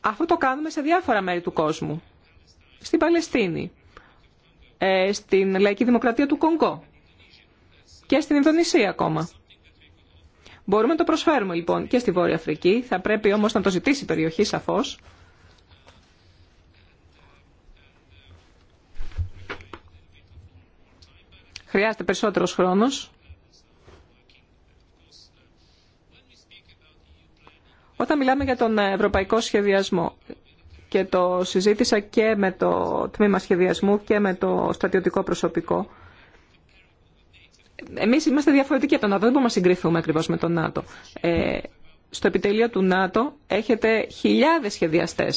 Αυτό το κάνουμε σε διάφορα μέρη του κόσμου. Στην Παλαιστίνη, στην Λαϊκή Δημοκρατία του Κονγκό και στην Ινδονησία ακόμα. Μπορούμε να το προσφέρουμε λοιπόν και στη Βόρεια Αφρική, θα πρέπει όμως να το ζητήσει η περιοχή σαφώς. Χρειάζεται περισσότερος χρόνος. Όταν μιλάμε για τον ευρωπαϊκό σχεδιασμό και το συζήτησα και με το τμήμα σχεδιασμού και με το στρατιωτικό προσωπικό, εμείς είμαστε διαφορετικοί από τον ΝΑΤΟ, δεν μπορούμε να συγκριθούμε ακριβώς με τον ΝΑΤΟ. Ε, στο επιτελείο του ΝΑΤΟ έχετε χιλιάδες σχεδιαστέ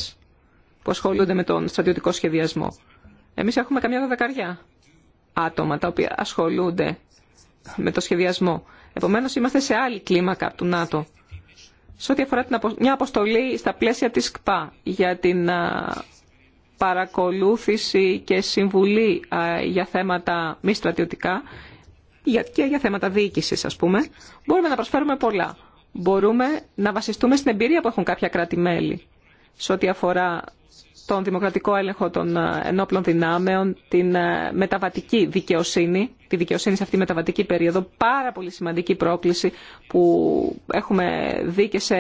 που ασχολούνται με τον στρατιωτικό σχεδιασμό. Εμείς έχουμε καμιά δεκαριά άτομα τα οποία ασχολούνται με το σχεδιασμό. Επομένως είμαστε σε άλλη κλίμακα του ΝΑΤΟ. Σε ό,τι αφορά την μια αποστολή στα πλαίσια της ΚΠΑ για την παρακολούθηση και συμβουλή για θέματα μη στρατιωτικά και για θέματα διοίκηση, ας πούμε, μπορούμε να προσφέρουμε πολλά. Μπορούμε να βασιστούμε στην εμπειρία που έχουν κάποια κράτη-μέλη σε ό,τι αφορά τον δημοκρατικό έλεγχο των ε, ενόπλων δυνάμεων, την ε, μεταβατική δικαιοσύνη, τη δικαιοσύνη σε αυτή τη μεταβατική περίοδο, πάρα πολύ σημαντική πρόκληση που έχουμε δει και σε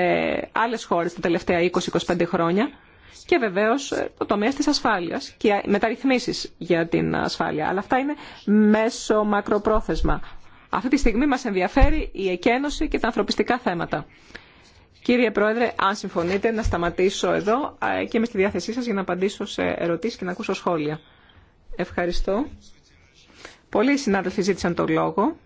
άλλες χώρες τα τελευταία 20-25 χρόνια και βεβαίως ε, το τομέα της ασφάλεια και μεταρρυθμίσεις για την ασφάλεια. Αλλά αυτά είναι μέσω μακροπρόθεσμα. Αυτή τη στιγμή μας ενδιαφέρει η εκένωση και τα ανθρωπιστικά θέματα. Κύριε Πρόεδρε, αν συμφωνείτε, να σταματήσω εδώ ε, και είμαι στη διάθεσή σας για να απαντήσω σε ερωτήσεις και να ακούσω σχόλια. Ευχαριστώ. Πολλοί συνάδελφοι ζήτησαν το λόγο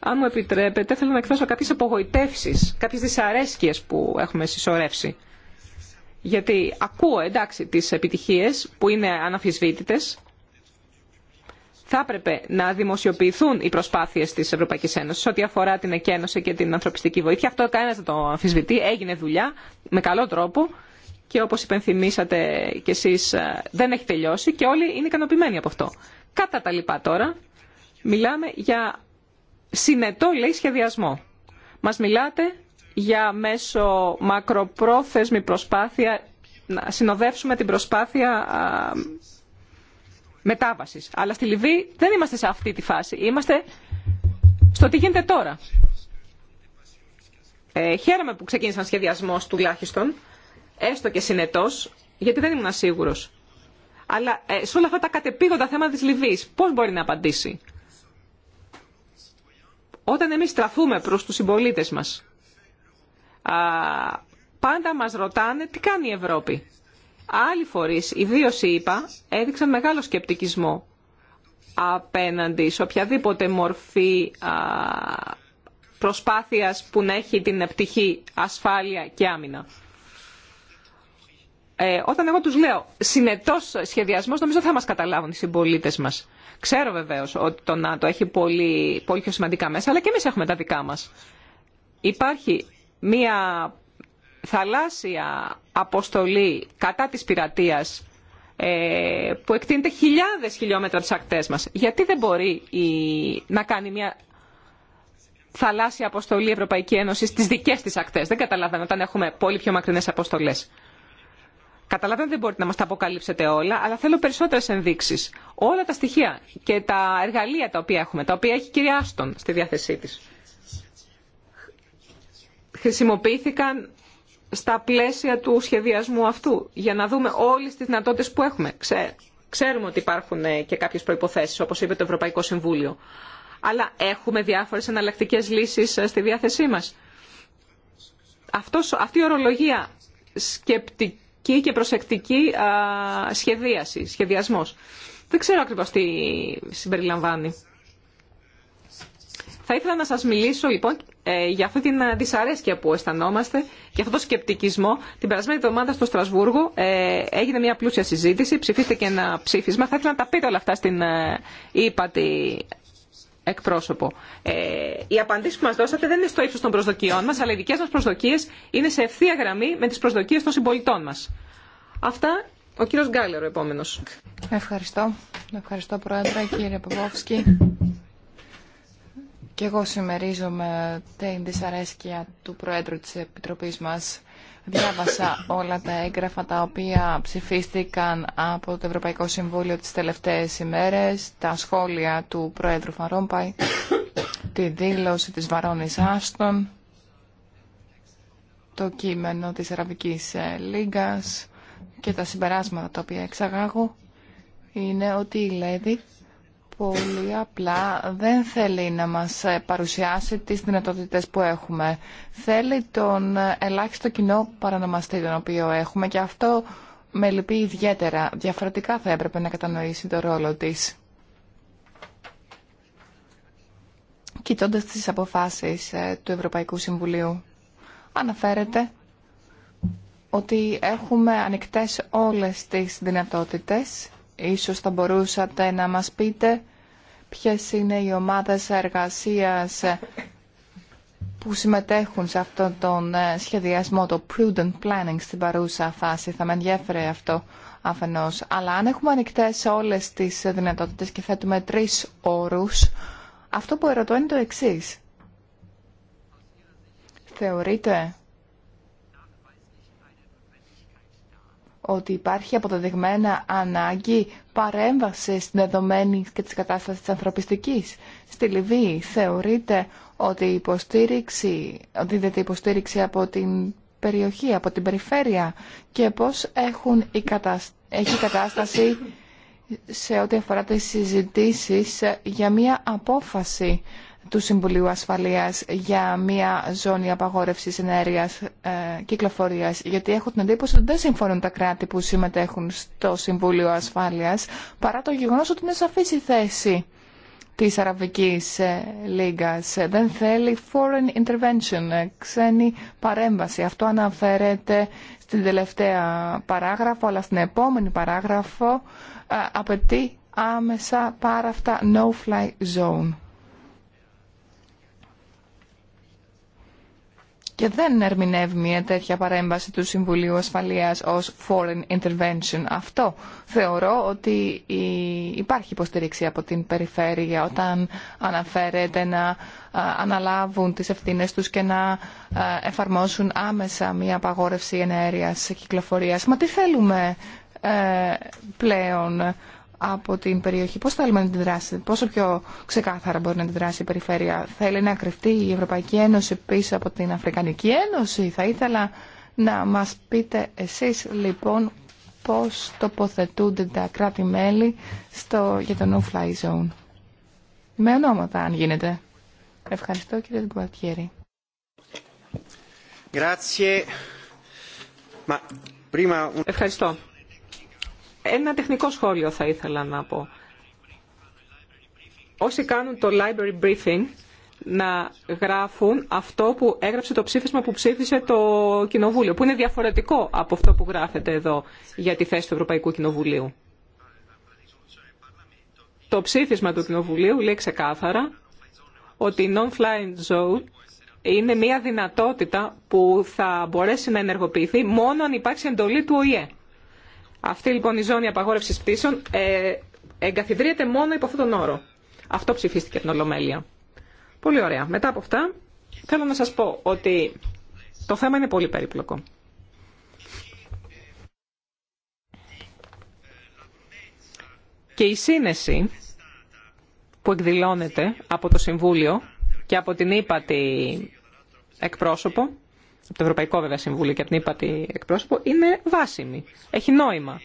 Αν μου επιτρέπετε, θέλω να εκφράσω κάποιες απογοητεύσεις, κάποιες δυσαρέσκειες που έχουμε συσσωρεύσει. Γιατί ακούω, εντάξει, τις επιτυχίες που είναι αναφυσβήτητες. Θα έπρεπε να δημοσιοποιηθούν οι προσπάθειε τη Ευρωπαϊκή Ένωση, ό,τι αφορά την εκένωση και την ανθρωπιστική βοήθεια. Αυτό κανένα δεν το αμφισβητεί. Έγινε δουλειά με καλό τρόπο και όπω υπενθυμίσατε κι εσεί ε, δεν έχει τελειώσει και όλοι είναι ικανοποιημένοι από αυτό. Κατά τα λοιπά τώρα, μιλάμε για συνετό, λέει, σχεδιασμό. Μας μιλάτε για μέσο μακροπρόθεσμη προσπάθεια να συνοδεύσουμε την προσπάθεια α, μετάβασης. Αλλά στη Λιβύη δεν είμαστε σε αυτή τη φάση. Είμαστε στο τι γίνεται τώρα. Ε, χαίρομαι που ξεκίνησαν σχεδιασμός τουλάχιστον, έστω και συνετός, γιατί δεν ήμουν σίγουρος. Αλλά ε, σε όλα αυτά τα κατεπήγοντα θέματα της Λιβύης, πώς μπορεί να απαντήσει όταν εμείς στραφούμε προς τους συμπολίτε μας, πάντα μας ρωτάνε τι κάνει η Ευρώπη. Άλλοι φορείς, ιδίω οι ΙΠΑ, έδειξαν μεγάλο σκεπτικισμό απέναντι σε οποιαδήποτε μορφή προσπάθειας που να έχει την πτυχή ασφάλεια και άμυνα. Ε, όταν εγώ τους λέω συνετός σχεδιασμός, νομίζω θα μας καταλάβουν οι συμπολίτε μας. Ξέρω βεβαίω ότι το ΝΑΤΟ έχει πολύ, πολύ πιο σημαντικά μέσα, αλλά και εμεί έχουμε τα δικά μα. Υπάρχει μία θαλάσσια αποστολή κατά της πειρατείας ε, που εκτείνεται χιλιάδες χιλιόμετρα τις ακτές μας. Γιατί δεν μπορεί η, να κάνει μια θαλάσσια αποστολή η Ευρωπαϊκή Ένωση στις δικές της ακτές. Δεν καταλαβαίνω όταν έχουμε πολύ πιο μακρινές αποστολές. Καταλαβαίνετε, δεν μπορείτε να μα τα αποκαλύψετε όλα, αλλά θέλω περισσότερε ενδείξει. Όλα τα στοιχεία και τα εργαλεία τα οποία έχουμε, τα οποία έχει η κυρία Άστον στη διάθεσή τη. Χρησιμοποιήθηκαν στα πλαίσια του σχεδιασμού αυτού, για να δούμε όλε τι δυνατότητε που έχουμε. Ξέρουμε ότι υπάρχουν ε, και κάποιε προποθέσει, όπω είπε το Ευρωπαϊκό Συμβούλιο. Αλλά έχουμε διάφορε εναλλακτικέ λύσει ε, στη διάθεσή μα. αυτή η ορολογία σκεπτική και προσεκτική σχεδίαση, σχεδιασμός. Δεν ξέρω ακριβώς τι συμπεριλαμβάνει. Θα ήθελα να σας μιλήσω λοιπόν ε, για αυτή την ε, δυσαρέσκεια που αισθανόμαστε και αυτό το σκεπτικισμό. Την περασμένη εβδομάδα στο Στρασβούργο ε, έγινε μια πλούσια συζήτηση, Ψηφίστηκε ένα ψήφισμα. Θα ήθελα να τα πείτε όλα αυτά στην ύπατη εκπρόσωπο. Ε, οι απαντήσει που μα δώσατε δεν είναι στο ύψο των προσδοκιών μα, αλλά οι δικέ μα προσδοκίε είναι σε ευθεία γραμμή με τι προσδοκίε των συμπολιτών μα. Αυτά. Ο κύριο Γκάλερο, επόμενο. Ευχαριστώ. Ευχαριστώ, Πρόεδρε, κύριε Παπόφσκι. Και εγώ συμμερίζομαι την δυσαρέσκεια του Προέδρου της Επιτροπής μας Διάβασα όλα τα έγγραφα τα οποία ψηφίστηκαν από το Ευρωπαϊκό Συμβούλιο τις τελευταίες ημέρες, τα σχόλια του Πρόεδρου Φαρόμπαϊ, τη δήλωση της Βαρόνης Άστον, το κείμενο της Αραβικής Λίγκας και τα συμπεράσματα τα οποία εξαγάγω είναι ότι η Λέδη πολύ απλά δεν θέλει να μας παρουσιάσει τις δυνατότητες που έχουμε. Θέλει τον ελάχιστο κοινό παρανομαστή τον οποίο έχουμε και αυτό με λυπεί ιδιαίτερα. Διαφορετικά θα έπρεπε να κατανοήσει το ρόλο της. Κοιτώντας τις αποφάσεις ε, του Ευρωπαϊκού Συμβουλίου, αναφέρεται ότι έχουμε ανοιχτές όλες τις δυνατότητες Ίσως θα μπορούσατε να μας πείτε ποιες είναι οι ομάδες εργασίας που συμμετέχουν σε αυτόν τον ε, σχεδιασμό, το prudent planning στην παρούσα φάση. Θα με ενδιαφέρει αυτό αφενός. Αλλά αν έχουμε ανοιχτέ όλες τις δυνατότητες και θέτουμε τρεις όρους, αυτό που ερωτώ είναι το εξής. Θεωρείτε ότι υπάρχει αποδεδειγμένα ανάγκη παρέμβαση στην δεδομένη και της κατάστασης της ανθρωπιστικής. Στη Λιβύη θεωρείται ότι, η υποστήριξη, ότι υποστήριξη από την περιοχή, από την περιφέρεια και πώς έχουν έχει η κατάσταση σε ό,τι αφορά τις συζητήσεις για μια απόφαση του Συμβουλίου Ασφαλείας για μια ζώνη απαγόρευσης ενέργειας ε, κυκλοφορίας, γιατί έχω την εντύπωση ότι δεν συμφωνούν τα κράτη που συμμετέχουν στο Συμβούλιο Ασφάλειας, παρά το γεγονός ότι είναι σαφής η θέση της Αραβικής ε, Λίγας. Δεν θέλει foreign intervention, ε, ξένη παρέμβαση. Αυτό αναφέρεται στην τελευταία παράγραφο, αλλά στην επόμενη παράγραφο ε, απαιτεί άμεσα αυτά no-fly zone. και δεν ερμηνεύει μια τέτοια παρέμβαση του Συμβουλίου Ασφαλείας ως foreign intervention. Αυτό θεωρώ ότι υπάρχει υποστήριξη από την περιφέρεια όταν αναφέρεται να αναλάβουν τις ευθύνες τους και να εφαρμόσουν άμεσα μια απαγόρευση ενέργειας κυκλοφορίας. Μα τι θέλουμε ε, πλέον από την περιοχή. Πώς θέλουμε να αντιδράσει, πόσο πιο ξεκάθαρα μπορεί να αντιδράσει η περιφέρεια. Θέλει να κρυφτεί η Ευρωπαϊκή Ένωση πίσω από την Αφρικανική Ένωση. Θα ήθελα να μας πείτε εσείς λοιπόν πώς τοποθετούνται τα κράτη-μέλη στο... για το no-fly zone. Με ονόματα αν γίνεται. Ευχαριστώ κύριε Γκουατιέρη. Ευχαριστώ. Ένα τεχνικό σχόλιο θα ήθελα να πω. Όσοι κάνουν το library briefing να γράφουν αυτό που έγραψε το ψήφισμα που ψήφισε το Κοινοβούλιο, που είναι διαφορετικό από αυτό που γράφεται εδώ για τη θέση του Ευρωπαϊκού Κοινοβουλίου. Το ψήφισμα του Κοινοβουλίου λέει ξεκάθαρα ότι η non-flying zone είναι μια δυνατότητα που θα μπορέσει να ενεργοποιηθεί μόνο αν υπάρξει εντολή του ΟΗΕ. Αυτή λοιπόν η ζώνη απαγόρευση πτήσεων ε, εγκαθιδρύεται μόνο υπό αυτόν τον όρο. Αυτό ψηφίστηκε την Ολομέλεια. Πολύ ωραία. Μετά από αυτά, θέλω να σας πω ότι το θέμα είναι πολύ περίπλοκο. Και η σύνεση που εκδηλώνεται από το Συμβούλιο και από την ύπατη εκπρόσωπο από το Ευρωπαϊκό βέβαια Συμβούλιο και από την ύπατη εκπρόσωπο, είναι βάσιμη. Έχει νόημα.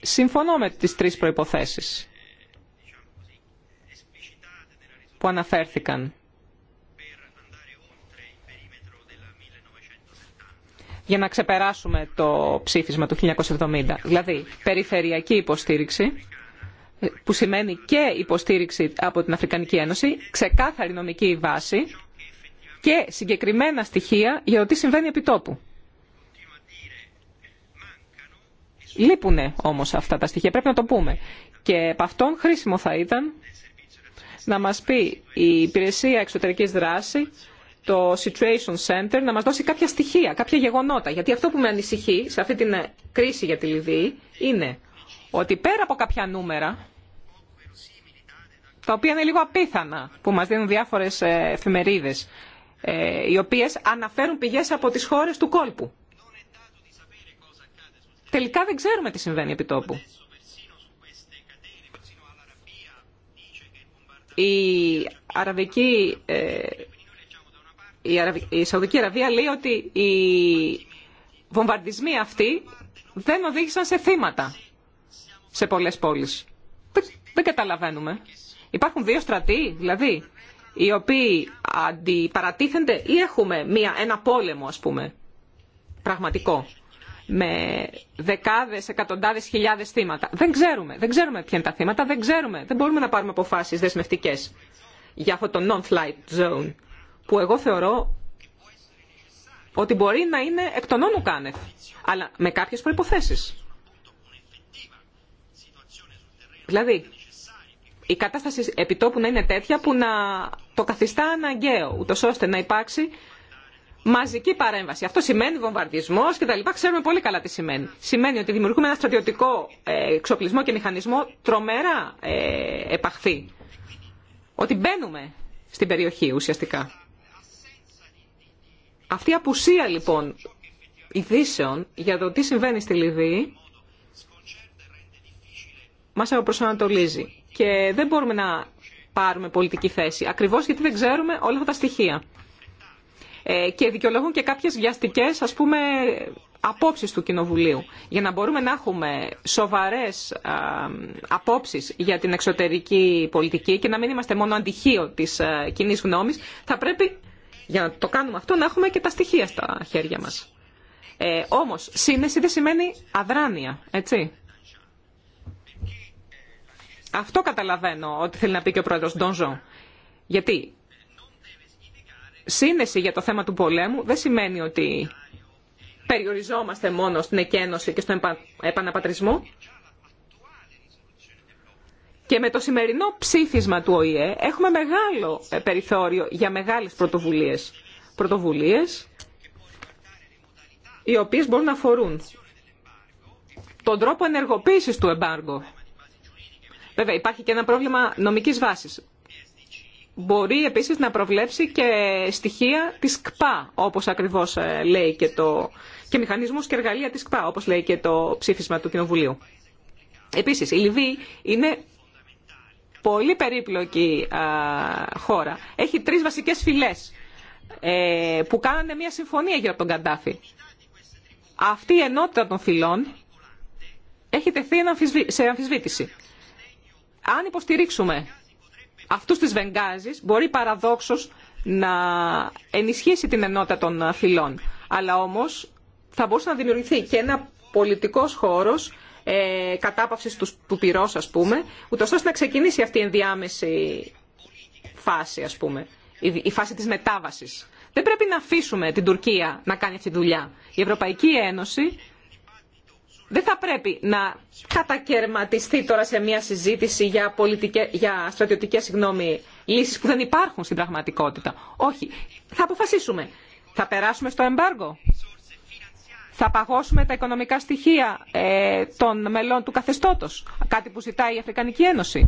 Συμφωνώ με τις τρεις προϋποθέσεις που αναφέρθηκαν. για να ξεπεράσουμε το ψήφισμα του 1970. Δηλαδή, περιφερειακή υποστήριξη, που σημαίνει και υποστήριξη από την Αφρικανική Ένωση, ξεκάθαρη νομική βάση, και συγκεκριμένα στοιχεία για το τι συμβαίνει επί τόπου. Λείπουνε όμως αυτά τα στοιχεία, πρέπει να το πούμε. Και από αυτόν χρήσιμο θα ήταν να μας πει η Υπηρεσία Εξωτερικής Δράση, το Situation Center, να μας δώσει κάποια στοιχεία, κάποια γεγονότα. Γιατί αυτό που με ανησυχεί σε αυτή την κρίση για τη Λιβύη είναι ότι πέρα από κάποια νούμερα, τα οποία είναι λίγο απίθανα που μας δίνουν διάφορες ε, εφημερίδες ε, οι οποίες αναφέρουν πηγές από τις χώρες του κόλπου. Τελικά δεν ξέρουμε τι συμβαίνει επί τόπου. Η, Αραβική, ε, η, η Σαουδική Αραβία λέει ότι οι βομβαρδισμοί αυτοί δεν οδήγησαν σε θύματα σε πολλές πόλεις. Δεν, δεν καταλαβαίνουμε. Υπάρχουν δύο στρατοί, δηλαδή οι οποίοι αντιπαρατίθενται ή έχουμε μια, ένα πόλεμο ας πούμε πραγματικό με δεκάδες, εκατοντάδες, χιλιάδες θύματα. Δεν ξέρουμε. Δεν ξέρουμε ποια είναι τα θύματα. Δεν ξέρουμε. Δεν μπορούμε να πάρουμε αποφάσεις δεσμευτικές για αυτό το non-flight zone που εγώ θεωρώ ότι μπορεί να είναι εκ των όνου κάνευ, αλλά με κάποιες προϋποθέσεις. Δηλαδή, η κατάσταση επιτόπου να είναι τέτοια που να το καθιστά αναγκαίο, ούτω ώστε να υπάρξει μαζική παρέμβαση. Αυτό σημαίνει βομβαρδισμό λοιπά. Ξέρουμε πολύ καλά τι σημαίνει. Σημαίνει ότι δημιουργούμε ένα στρατιωτικό ε, εξοπλισμό και μηχανισμό τρομερά ε, επαχθή. Ότι μπαίνουμε στην περιοχή ουσιαστικά. Αυτή η απουσία λοιπόν ειδήσεων για το τι συμβαίνει στη Λιβύη μας αποπροσανατολίζει και δεν μπορούμε να πάρουμε πολιτική θέση. Ακριβώς γιατί δεν ξέρουμε όλα αυτά τα στοιχεία. Ε, και δικαιολογούν και κάποιες βιαστικές, ας πούμε, απόψεις του Κοινοβουλίου. Για να μπορούμε να έχουμε σοβαρές απόψεις για την εξωτερική πολιτική και να μην είμαστε μόνο αντιχείο της α, κοινή γνώμης, θα πρέπει, για να το κάνουμε αυτό, να έχουμε και τα στοιχεία στα χέρια μας. Ε, όμως, σύνεση δεν σημαίνει αδράνεια, έτσι. Αυτό καταλαβαίνω ότι θέλει να πει και ο πρόεδρος Ντόνζο. Γιατί σύνεση για το θέμα του πολέμου δεν σημαίνει ότι περιοριζόμαστε μόνο στην εκένωση και στον επαναπατρισμό. Και με το σημερινό ψήφισμα του ΟΗΕ έχουμε μεγάλο περιθώριο για μεγάλες πρωτοβουλίες. Πρωτοβουλίες οι οποίες μπορούν να αφορούν τον τρόπο ενεργοποίησης του εμπάργου Βέβαια, υπάρχει και ένα πρόβλημα νομικής βάσης. Μπορεί επίσης να προβλέψει και στοιχεία της ΚΠΑ, όπως ακριβώς ε, λέει και το... και μηχανισμού και εργαλεία της ΚΠΑ, όπως λέει και το ψήφισμα του Κοινοβουλίου. Επίσης, η Λιβύη είναι πολύ περίπλοκη α, χώρα. Έχει τρεις βασικές φυλές ε, που κάνανε μια συμφωνία γύρω από τον Καντάφη. Αυτή η ενότητα των φυλών έχει τεθεί σε αμφισβήτηση αν υποστηρίξουμε αυτούς τις βενγκάζεις, μπορεί παραδόξως να ενισχύσει την ενότητα των φυλών. Αλλά όμως θα μπορούσε να δημιουργηθεί και ένα πολιτικός χώρος ε, κατάπαυσης του, πυρός, ας πούμε, ούτως ώστε να ξεκινήσει αυτή η ενδιάμεση φάση, ας πούμε, η, φάση της μετάβασης. Δεν πρέπει να αφήσουμε την Τουρκία να κάνει αυτή τη δουλειά. Η Ευρωπαϊκή Ένωση δεν θα πρέπει να κατακαιρματιστεί τώρα σε μια συζήτηση για, στρατιωτικέ για στρατιωτικές λύσεις που δεν υπάρχουν στην πραγματικότητα. Όχι. Θα αποφασίσουμε. Θα περάσουμε στο εμπάργο. Θα παγώσουμε τα οικονομικά στοιχεία ε, των μελών του καθεστώτος. Κάτι που ζητάει η Αφρικανική Ένωση.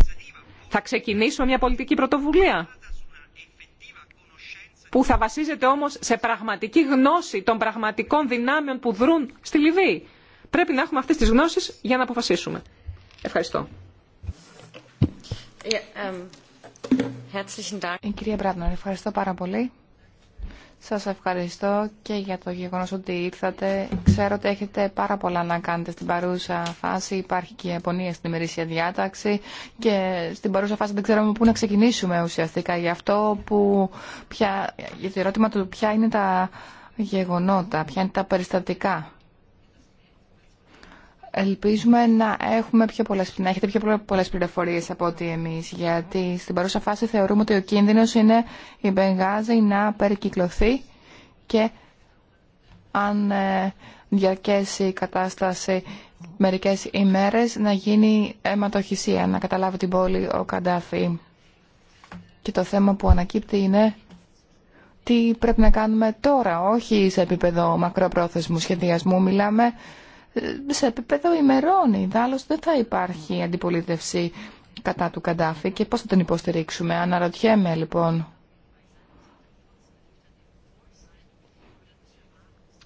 Θα ξεκινήσουμε μια πολιτική πρωτοβουλία που θα βασίζεται όμως σε πραγματική γνώση των πραγματικών δυνάμεων που δρούν στη Λιβύη Πρέπει να έχουμε αυτές τις γνώσεις για να αποφασίσουμε. Ευχαριστώ. Ε, ε, κυρία Μπράτνερ, ευχαριστώ πάρα πολύ. Σας ευχαριστώ και για το γεγονός ότι ήρθατε. Ξέρω ότι έχετε πάρα πολλά να κάνετε στην παρούσα φάση. Υπάρχει και η Ιαπωνία στην ημερήσια διάταξη και στην παρούσα φάση δεν ξέρουμε πού να ξεκινήσουμε ουσιαστικά. Γι' αυτό που, για το ερώτημα του ποια είναι τα γεγονότα, ποια είναι τα περιστατικά Ελπίζουμε να έχουμε πιο να έχετε πιο πολλές πληροφορίες από ό,τι εμείς, γιατί στην παρούσα φάση θεωρούμε ότι ο κίνδυνος είναι η μπεγάζη να περικυκλωθεί και αν ε, διαρκέσει η κατάσταση μερικές ημέρες να γίνει αιματοχυσία, να καταλάβει την πόλη ο Καντάφη. Και το θέμα που ανακύπτει είναι τι πρέπει να κάνουμε τώρα, όχι σε επίπεδο μακροπρόθεσμου σχεδιασμού. Μιλάμε σε επίπεδο ημερών. Ιδάλλως δεν θα υπάρχει αντιπολίτευση κατά του Καντάφη και πώς θα τον υποστηρίξουμε. Αναρωτιέμαι λοιπόν.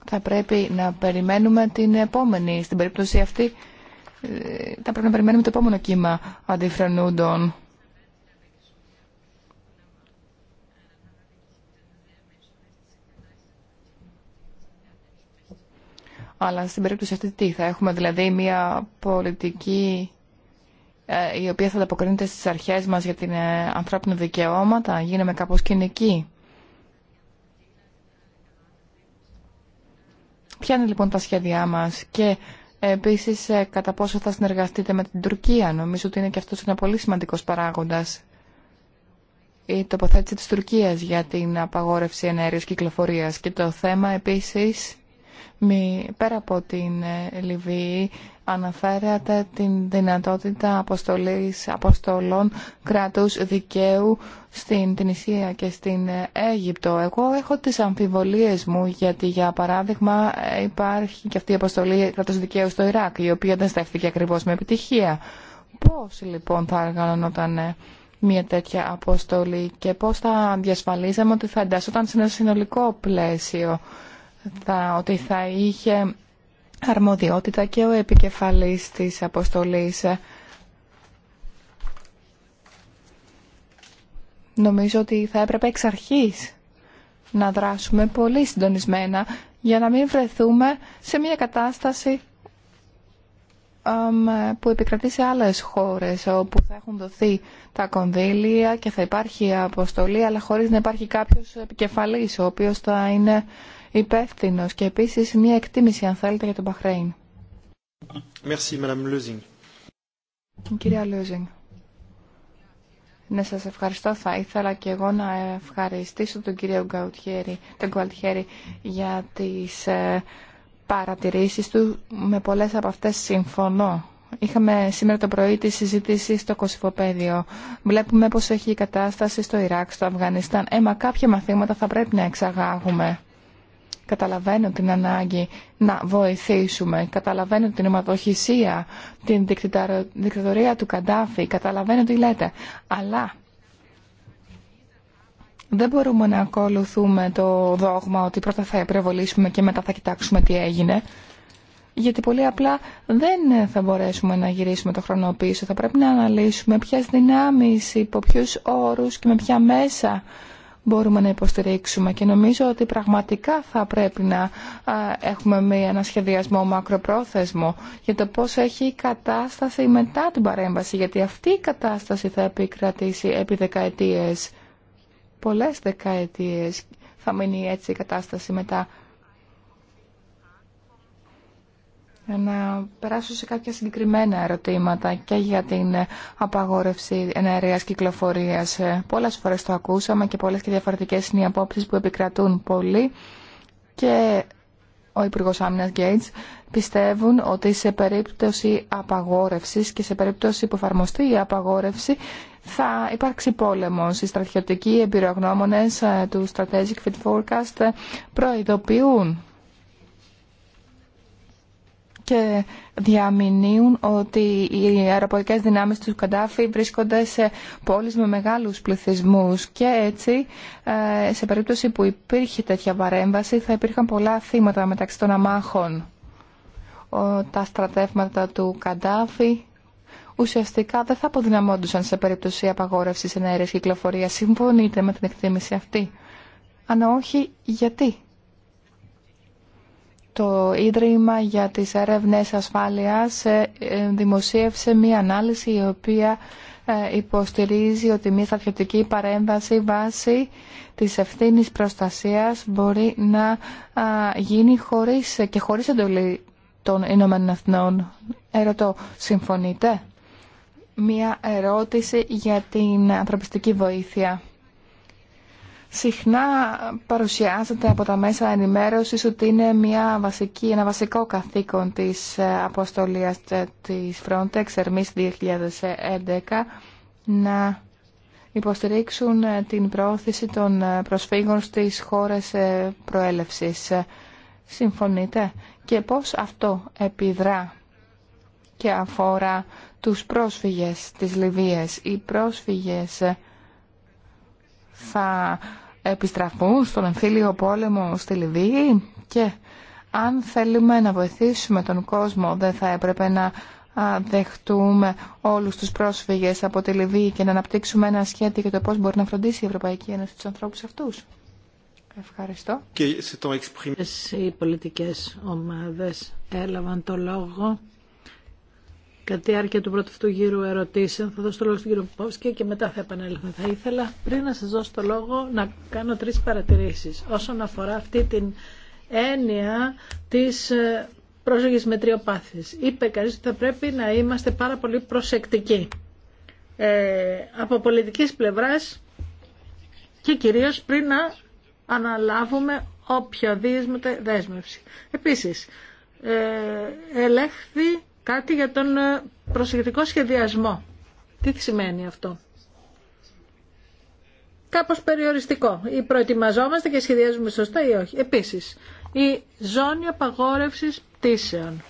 Θα πρέπει να περιμένουμε την επόμενη. Στην περίπτωση αυτή ε, θα πρέπει να περιμένουμε το επόμενο κύμα αντιφρανούντων. Αλλά στην περίπτωση αυτή τι θα έχουμε δηλαδή μια πολιτική ε, η οποία θα ανταποκρίνεται στις αρχές μας για την ε, ανθρώπινα δικαιώματα, γίνομαι κάπως κοινική. Ποια είναι λοιπόν τα σχέδιά μας και ε, επίσης κατά πόσο θα συνεργαστείτε με την Τουρκία. Νομίζω ότι είναι και αυτός ένα πολύ σημαντικός παράγοντας. Η τοποθέτηση της Τουρκίας για την απαγόρευση ενέργειας κυκλοφορίας και το θέμα επίσης μη, πέρα από την ε, Λιβύη αναφέρατε την δυνατότητα αποστολής, αποστολών κρατούς δικαίου στην Τινησία και στην ε, Αίγυπτο. Εγώ έχω τις αμφιβολίες μου γιατί για παράδειγμα ε, υπάρχει και αυτή η αποστολή κρατούς δικαίου στο Ιράκ η οποία δεν στέφθηκε ακριβώς με επιτυχία. Πώς λοιπόν θα οργανωνόταν μια τέτοια αποστολή και πώς θα διασφαλίζαμε ότι θα εντάσσονταν σε ένα συνολικό πλαίσιο θα, ότι θα είχε αρμοδιότητα και ο επικεφαλής της αποστολής. Νομίζω ότι θα έπρεπε εξ αρχής να δράσουμε πολύ συντονισμένα για να μην βρεθούμε σε μια κατάσταση που επικρατεί σε άλλες χώρες όπου θα έχουν δοθεί τα κονδύλια και θα υπάρχει αποστολή αλλά χωρίς να υπάρχει κάποιος επικεφαλής ο οποίος θα είναι υπεύθυνο και επίση μια εκτίμηση αν θέλετε για τον Παχρέιν. Κυρία Λούζινγκ, ναι σας ευχαριστώ. Θα ήθελα και εγώ να ευχαριστήσω τον κύριο Γκαουτιέρη, τον Γκουαλτιέρη για τις ε, παρατηρήσεις του. Με πολλές από αυτές συμφωνώ. Είχαμε σήμερα το πρωί τη συζήτηση στο Κωσυφοπαίδιο. Βλέπουμε πώς έχει η κατάσταση στο Ιράκ, στο Αφγανιστάν. Έμα ε, κάποια μαθήματα θα πρέπει να εξαγάγουμε. Καταλαβαίνω την ανάγκη να βοηθήσουμε. Καταλαβαίνω την αιματοχυσία, την δικτατορία του Καντάφη. Καταλαβαίνω τι λέτε. Αλλά δεν μπορούμε να ακολουθούμε το δόγμα ότι πρώτα θα υπερβολήσουμε και μετά θα κοιτάξουμε τι έγινε. Γιατί πολύ απλά δεν θα μπορέσουμε να γυρίσουμε το χρόνο πίσω. Θα πρέπει να αναλύσουμε ποιες δυνάμεις, υπό ποιους όρους και με ποια μέσα μπορούμε να υποστηρίξουμε και νομίζω ότι πραγματικά θα πρέπει να έχουμε μία, ένα σχεδιασμό μακροπρόθεσμο για το πώς έχει η κατάσταση μετά την παρέμβαση γιατί αυτή η κατάσταση θα επικρατήσει επί δεκαετίες, πολλές δεκαετίες θα μείνει έτσι η κατάσταση μετά Ε, να περάσω σε κάποια συγκεκριμένα ερωτήματα και για την απαγόρευση ενέργειας κυκλοφορίας. Ε, πολλές φορές το ακούσαμε και πολλές και διαφορετικές είναι οι απόψεις που επικρατούν πολύ και ο Υπουργός Άμυνας Γκέιτς πιστεύουν ότι σε περίπτωση απαγόρευσης και σε περίπτωση που εφαρμοστεί η απαγόρευση θα υπάρξει πόλεμος. Οι στρατιωτικοί εμπειρογνώμονε ε, του Strategic Fit Forecast προειδοποιούν και διαμηνύουν ότι οι αεροπορικές δυνάμεις του Καντάφη βρίσκονται σε πόλεις με μεγάλους πληθυσμούς και έτσι ε, σε περίπτωση που υπήρχε τέτοια παρέμβαση θα υπήρχαν πολλά θύματα μεταξύ των αμάχων. Τα στρατεύματα του Καντάφη ουσιαστικά δεν θα αποδυναμόντουσαν σε περίπτωση απαγόρευσης ενέργειας κυκλοφορίας. Συμφωνείτε με την εκτίμηση αυτή. Αν όχι, γιατί. Το Ίδρυμα για τις Έρευνες Ασφάλειας ε, ε, δημοσίευσε μία ανάλυση η οποία ε, υποστηρίζει ότι μία στρατιωτική παρέμβαση βάσει της ευθύνης προστασίας μπορεί να γίνει χωρίς και χωρίς εντολή των Ηνωμένων Εθνών. Ερωτώ, συμφωνείτε? Μία ερώτηση για την ανθρωπιστική βοήθεια συχνά παρουσιάζεται από τα μέσα ενημέρωσης ότι είναι μια βασική, ένα βασικό καθήκον της ε, αποστολίας ε, της Frontex Ερμής 2011 να υποστηρίξουν ε, την πρόθεση των προσφύγων στις χώρες προέλευσης. Συμφωνείτε και πώς αυτό επιδρά και αφορά τους πρόσφυγες της Λιβύης. Οι πρόσφυγες θα επιστραφούν στον εμφύλιο πόλεμο στη Λιβύη και αν θέλουμε να βοηθήσουμε τον κόσμο δεν θα έπρεπε να δεχτούμε όλους τους πρόσφυγες από τη Λιβύη και να αναπτύξουμε ένα σχέδιο για το πώς μπορεί να φροντίσει η Ευρωπαϊκή Ένωση τους ανθρώπους αυτούς. Ευχαριστώ. Και οι πολιτικές ομάδες έλαβαν το λόγο Κατά τη διάρκεια του πρώτου αυτού γύρου ερωτήσεων θα δώσω το λόγο στον κύριο Ποπόφσκι και μετά θα επανέλθω. Θα ήθελα πριν να σα δώσω το λόγο να κάνω τρεις παρατηρήσεις όσον αφορά αυτή την έννοια της με μετριοπάθεια. Είπε κανεί ότι θα πρέπει να είμαστε πάρα πολύ προσεκτικοί. Ε, από πολιτική πλευράς και κυρίως πριν να αναλάβουμε όποια δέσμευση. Επίση, ε, ελέγχθη κάτι για τον ε, προσεκτικό σχεδιασμό. Τι σημαίνει αυτό. Κάπως περιοριστικό. Ή προετοιμαζόμαστε και σχεδιάζουμε σωστά ή όχι. Επίσης, η ζώνη απαγόρευσης πτήσεων.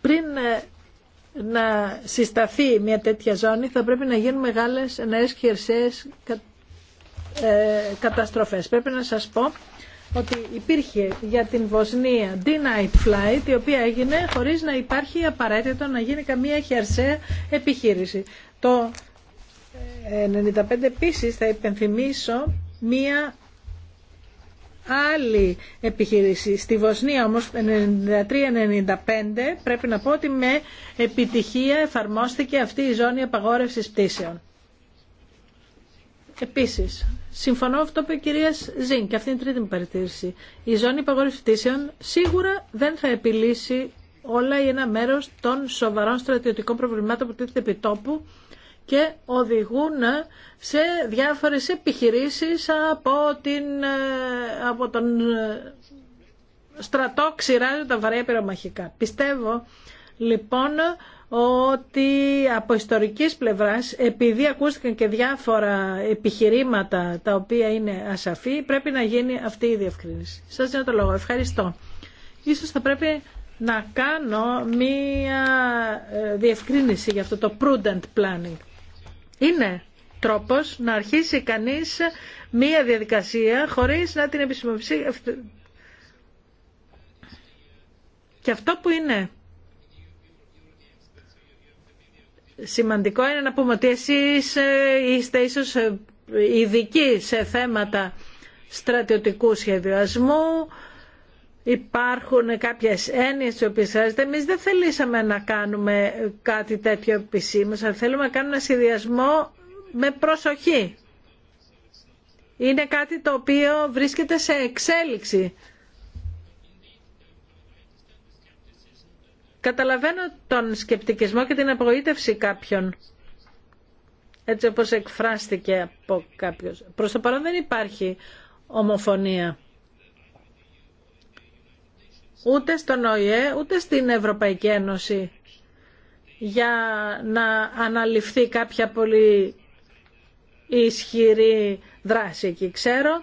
Πριν ε, να συσταθεί μια τέτοια ζώνη θα πρέπει να γίνουν μεγάλες νέες χερσαίες ε, καταστροφές. Πρέπει να σας πω ότι υπήρχε για την Βοσνία D-Night Flight, η οποία έγινε χωρίς να υπάρχει απαραίτητο να γίνει καμία χερσαία επιχείρηση. Το 95 ε, επίσης θα υπενθυμίσω μία άλλη επιχείρηση. Στη Βοσνία όμως 93-95 πρέπει να πω ότι με επιτυχία εφαρμόστηκε αυτή η ζώνη απαγόρευσης πτήσεων. Επίση, συμφωνώ αυτό που η κυρία Ζήν και αυτή είναι η τρίτη μου παρατήρηση. Η ζώνη υπαγορευτήσεων σίγουρα δεν θα επιλύσει όλα ή ένα μέρος των σοβαρών στρατιωτικών προβλημάτων που τίθεται επί τόπου και οδηγούν σε διάφορες επιχειρήσεις από, την, ε, από τον ε, στρατό ξηράζοντα τα βαρέα πυρομαχικά. Πιστεύω λοιπόν ότι από ιστορικής πλευράς, επειδή ακούστηκαν και διάφορα επιχειρήματα τα οποία είναι ασαφή, πρέπει να γίνει αυτή η διευκρίνηση. Σας δίνω το λόγο. Ευχαριστώ. Ίσως θα πρέπει να κάνω μία ε, διευκρίνηση για αυτό το prudent planning. Είναι τρόπος να αρχίσει κανείς μία διαδικασία χωρίς να την επισημοποιήσει. Και αυτό που είναι Σημαντικό είναι να πούμε ότι εσείς ε, είστε ίσως ε, ειδικοί σε θέματα στρατιωτικού σχεδιασμού, υπάρχουν κάποιες έννοιες τις οποίες χρειάζεται. Εμείς δεν θελήσαμε να κάνουμε κάτι τέτοιο επισήμως, αλλά θέλουμε να κάνουμε ένα σχεδιασμό με προσοχή. Είναι κάτι το οποίο βρίσκεται σε εξέλιξη Καταλαβαίνω τον σκεπτικισμό και την απογοήτευση κάποιων, έτσι όπως εκφράστηκε από κάποιος. Προς το παρόν δεν υπάρχει ομοφωνία. Ούτε στον ΟΗΕ, ούτε στην Ευρωπαϊκή Ένωση για να αναλυφθεί κάποια πολύ ισχυρή δράση εκεί. Ξέρω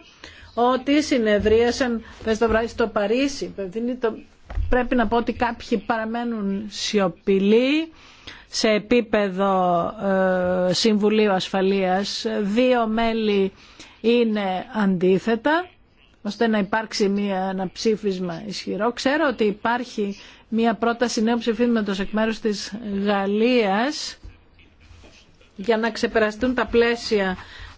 ότι συνεδρίασαν πες το βράδυ στο Παρίσι, πρέπει να πω ότι κάποιοι παραμένουν σιωπηλοί σε επίπεδο ε, Συμβουλίου Ασφαλείας. Δύο μέλη είναι αντίθετα ώστε να υπάρξει μια, ένα ψήφισμα ισχυρό. Ξέρω ότι υπάρχει μια πρόταση νέου ψηφίσματος εκ μέρους της Γαλλίας για να ξεπεραστούν τα πλαίσια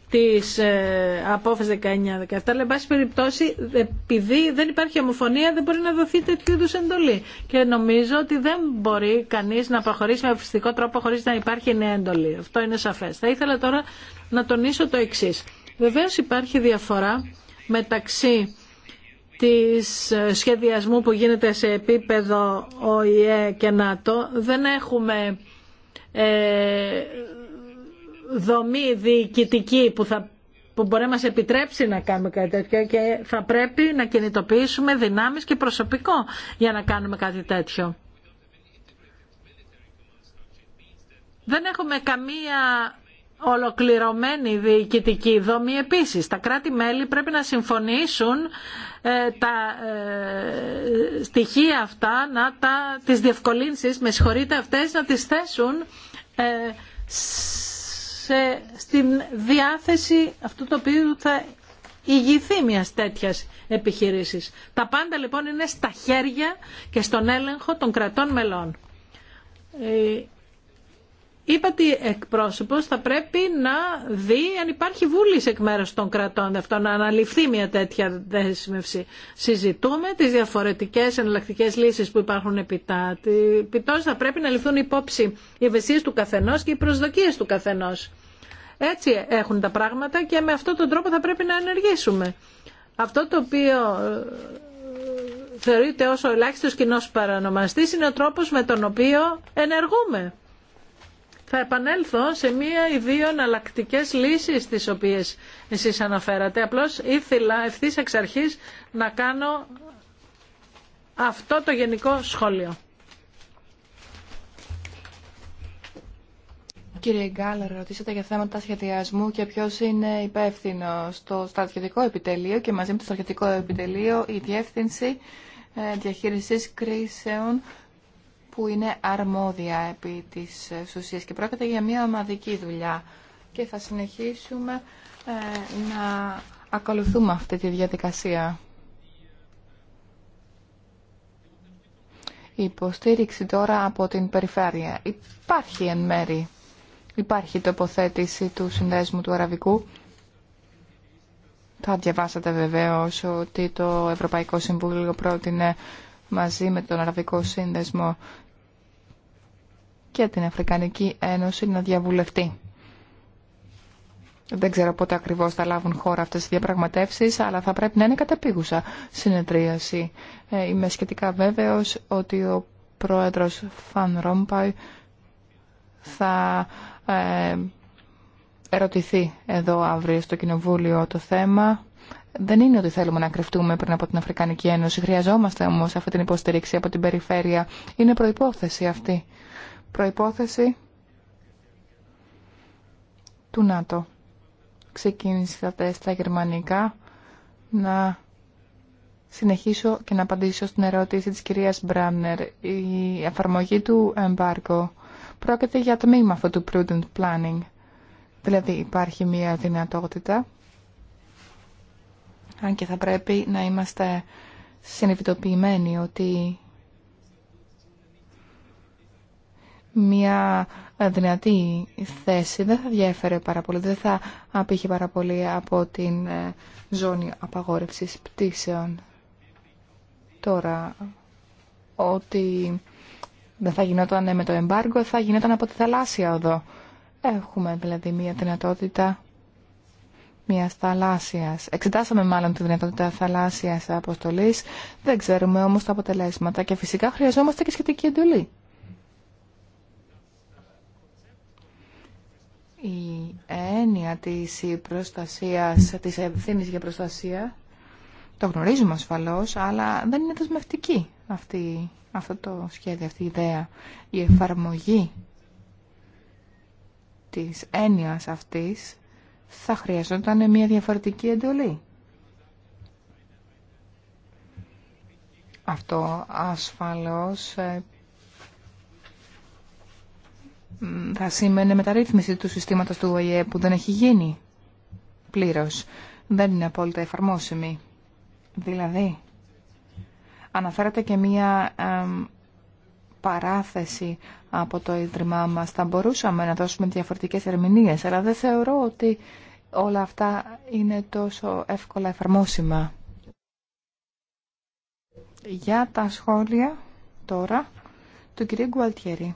της ε, απόφασης 19-17, αλλά εν πάση περιπτώσει επειδή δεν υπάρχει ομοφωνία δεν μπορεί να δοθεί τέτοιου είδου εντολή και νομίζω ότι δεν μπορεί κανείς να προχωρήσει με αφιστικό τρόπο χωρί να υπάρχει νέα εντολή. Αυτό είναι σαφές. Θα ήθελα τώρα να τονίσω το εξή. Βεβαίω υπάρχει διαφορά μεταξύ της ε, σχεδιασμού που γίνεται σε επίπεδο ΟΗΕ και ΝΑΤΟ δεν έχουμε ε, δομή διοικητική που, θα, μπορεί να μας επιτρέψει να κάνουμε κάτι τέτοιο και θα πρέπει να κινητοποιήσουμε δυνάμεις και προσωπικό για να κάνουμε κάτι τέτοιο. Δεν έχουμε καμία ολοκληρωμένη διοικητική δομή επίσης. Τα κράτη-μέλη πρέπει να συμφωνήσουν ε, τα ε, στοιχεία αυτά, να τα, τις διευκολύνσεις, με συγχωρείτε αυτές, να τις θέσουν ε, σε, στην διάθεση αυτού το οποίου θα ηγηθεί μια τέτοια επιχειρήση. Τα πάντα λοιπόν είναι στα χέρια και στον έλεγχο των κρατών μελών. Ε, είπα ότι εκπρόσωπος θα πρέπει να δει αν υπάρχει βούληση εκ μέρους των κρατών αυτό να αναλυφθεί μια τέτοια δέσμευση. Συζητούμε τις διαφορετικές εναλλακτικές λύσεις που υπάρχουν επιτά. Επιτός θα πρέπει να ληφθούν υπόψη οι ευαισίες του καθενός και οι προσδοκίες του καθενός. Έτσι έχουν τα πράγματα και με αυτόν τον τρόπο θα πρέπει να ενεργήσουμε. Αυτό το οποίο ε, θεωρείται ως ο ελάχιστος κοινός παρανομαστής είναι ο τρόπος με τον οποίο ενεργούμε. Θα επανέλθω σε μία ή δύο εναλλακτικέ λύσεις τις οποίες εσείς αναφέρατε. Απλώς ήθελα ευθύς εξ αρχής να κάνω αυτό το γενικό σχόλιο. Κύριε Γκάλα, ρωτήσατε για θέματα σχεδιασμού και ποιο είναι υπεύθυνο στο στρατιωτικό επιτελείο και μαζί με το στρατιωτικό επιτελείο η διεύθυνση ε, διαχείρισης κρίσεων που είναι αρμόδια επί ε, της ουσίας και πρόκειται για μια ομαδική δουλειά και θα συνεχίσουμε ε, να ακολουθούμε αυτή τη διαδικασία. Η υποστήριξη τώρα από την περιφέρεια. Υπάρχει εν μέρη, υπάρχει τοποθέτηση του Συνδέσμου του Αραβικού. Θα διαβάσατε βεβαίως ότι το Ευρωπαϊκό Συμβούλιο πρότεινε μαζί με τον Αραβικό Σύνδεσμο και την Αφρικανική Ένωση να διαβουλευτεί. Δεν ξέρω πότε ακριβώς θα λάβουν χώρα αυτές οι διαπραγματεύσεις, αλλά θα πρέπει να είναι καταπήγουσα συνεδρίαση. Ε, είμαι σχετικά βέβαιος ότι ο πρόεδρος Φαν Ρόμπαϊ θα ε, ερωτηθεί εδώ αύριο στο Κοινοβούλιο το θέμα. Δεν είναι ότι θέλουμε να κρυφτούμε πριν από την Αφρικανική Ένωση. Χρειαζόμαστε όμως αυτή την υποστήριξη από την περιφέρεια. Είναι προϋπόθεση αυτή προϋπόθεση του ΝΑΤΟ. Ξεκίνησατε στα γερμανικά να συνεχίσω και να απαντήσω στην ερώτηση της κυρίας Μπράμνερ. Η εφαρμογή του εμπάρκο πρόκειται για τμήμα αυτού του prudent planning. Δηλαδή υπάρχει μια δυνατότητα, αν και θα πρέπει να είμαστε συνειδητοποιημένοι ότι μια ε, δυνατή θέση δεν θα διέφερε πάρα πολύ, δεν θα απήχε πάρα πολύ από την ε, ζώνη απαγόρευσης πτήσεων. Τώρα, ότι δεν θα γινόταν ε, με το εμπάργκο, θα γινόταν από τη θαλάσσια οδό. Έχουμε δηλαδή μια δυνατότητα μια θαλάσσια. Εξετάσαμε μάλλον τη δυνατότητα θαλάσσια αποστολή. Δεν ξέρουμε όμω τα αποτελέσματα και φυσικά χρειαζόμαστε και σχετική εντολή. η έννοια της προστασίας, της ευθύνης για προστασία, το γνωρίζουμε ασφαλώς, αλλά δεν είναι δεσμευτική αυτή, αυτό το σχέδιο, αυτή η ιδέα. Η εφαρμογή της έννοιας αυτής θα χρειαζόταν μια διαφορετική εντολή. Αυτό ασφαλώς ε, θα σήμαινε μεταρρύθμιση του συστήματος του ΟΗΕ που δεν έχει γίνει πλήρως. Δεν είναι απόλυτα εφαρμόσιμη. Δηλαδή, αναφέρατε και μία παράθεση από το Ίδρυμά μας. Θα μπορούσαμε να δώσουμε διαφορετικές ερμηνείες, αλλά δεν θεωρώ ότι όλα αυτά είναι τόσο εύκολα εφαρμόσιμα. Για τα σχόλια τώρα του κυρίου Γκουαλτιέρη.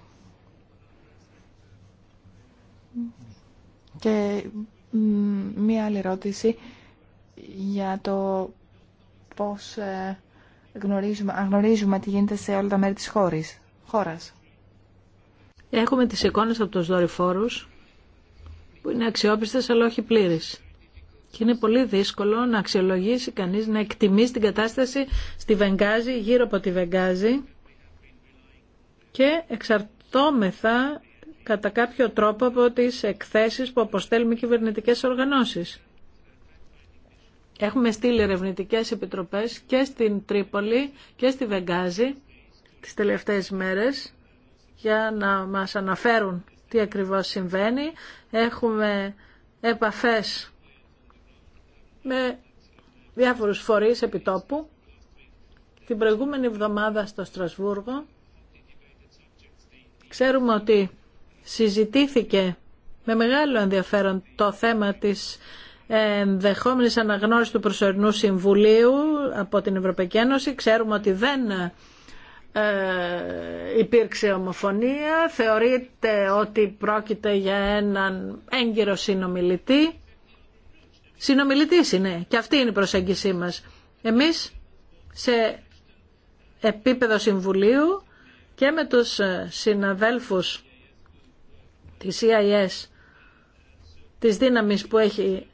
Και μία άλλη ερώτηση για το πώς ε, γνωρίζουμε, τι γίνεται σε όλα τα μέρη της χώρης, χώρας. Έχουμε τις εικόνες από τους δορυφόρους που είναι αξιόπιστες αλλά όχι πλήρες. Και είναι πολύ δύσκολο να αξιολογήσει κανείς, να εκτιμήσει την κατάσταση στη Βενγάζη, γύρω από τη Βενγάζη και εξαρτώμεθα κατά κάποιο τρόπο από τις εκθέσεις που αποστέλουμε κυβερνητικές οργανώσεις. Έχουμε στείλει ερευνητικέ επιτροπές και στην Τρίπολη και στη Βεγγάζη τις τελευταίες μέρες για να μας αναφέρουν τι ακριβώς συμβαίνει. Έχουμε επαφές με διάφορους φορείς επιτόπου. Την προηγούμενη εβδομάδα στο Στρασβούργο ξέρουμε ότι συζητήθηκε με μεγάλο ενδιαφέρον το θέμα της ενδεχόμενης αναγνώρισης του προσωρινού συμβουλίου από την Ευρωπαϊκή Ένωση. Ξέρουμε ότι δεν ε, υπήρξε ομοφωνία. Θεωρείται ότι πρόκειται για έναν έγκυρο συνομιλητή. Συνομιλητής είναι και αυτή είναι η προσέγγισή μας. Εμείς σε επίπεδο συμβουλίου και με τους ε, συναδέλφους της CIS, της δύναμης που έχει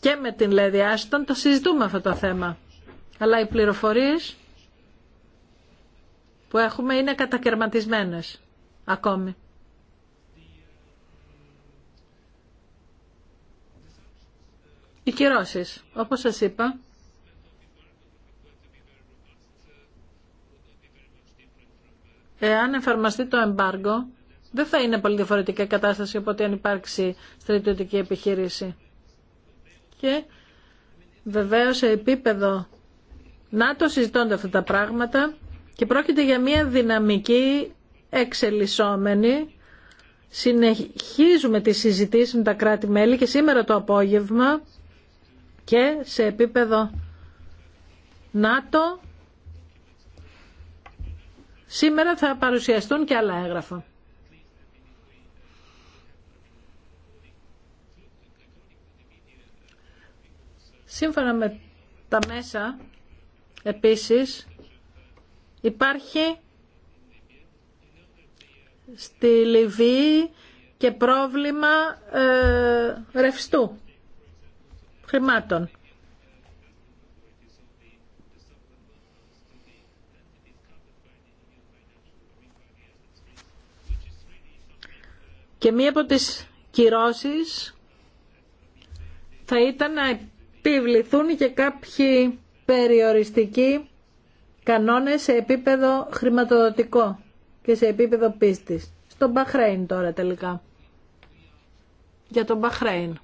και με την Λέδη Άστον, το συζητούμε αυτό το θέμα. Αλλά οι πληροφορίες που έχουμε είναι κατακαιρματισμένες ακόμη. Οι κυρώσεις, όπως σας είπα, εάν εφαρμοστεί το εμπάργκο, δεν θα είναι πολύ διαφορετική κατάσταση από ότι αν υπάρξει στρατιωτική επιχείρηση. Και βεβαίως σε επίπεδο ΝΑΤΟ το συζητώνται αυτά τα πράγματα και πρόκειται για μια δυναμική εξελισσόμενη. Συνεχίζουμε τη συζητήση με τα κράτη-μέλη και σήμερα το απόγευμα και σε επίπεδο ΝΑΤΟ σήμερα θα παρουσιαστούν και άλλα έγγραφα. Σύμφωνα με τα μέσα, επίσης, υπάρχει στη Λιβύη και πρόβλημα ε, ρευστού χρημάτων. Και μία από τις κυρώσεις θα ήταν να επιβληθούν και κάποιοι περιοριστικοί κανόνες σε επίπεδο χρηματοδοτικό και σε επίπεδο πίστης. Στον Μπαχρέιν τώρα τελικά. Για τον Μπαχρέιν.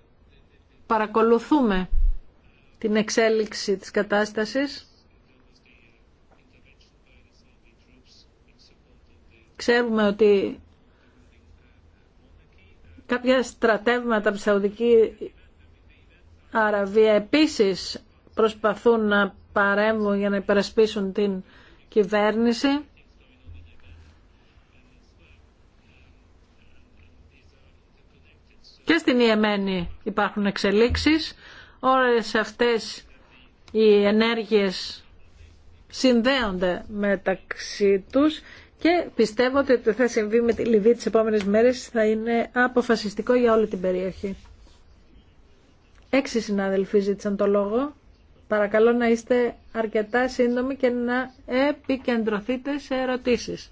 Παρακολουθούμε την εξέλιξη της κατάστασης. Ξέρουμε ότι κάποια στρατεύματα από τη Σαουδική Άρα επίσης προσπαθούν να παρέμβουν για να υπερασπίσουν την κυβέρνηση. Και στην Ιεμένη υπάρχουν εξελίξεις. Όλες αυτές οι ενέργειες συνδέονται μεταξύ τους και πιστεύω ότι το θα συμβεί με τη Λιβύη τις επόμενες μέρες θα είναι αποφασιστικό για όλη την περιοχή. Έξι συνάδελφοι ζήτησαν το λόγο. Παρακαλώ να είστε αρκετά σύντομοι και να επικεντρωθείτε σε ερωτήσεις.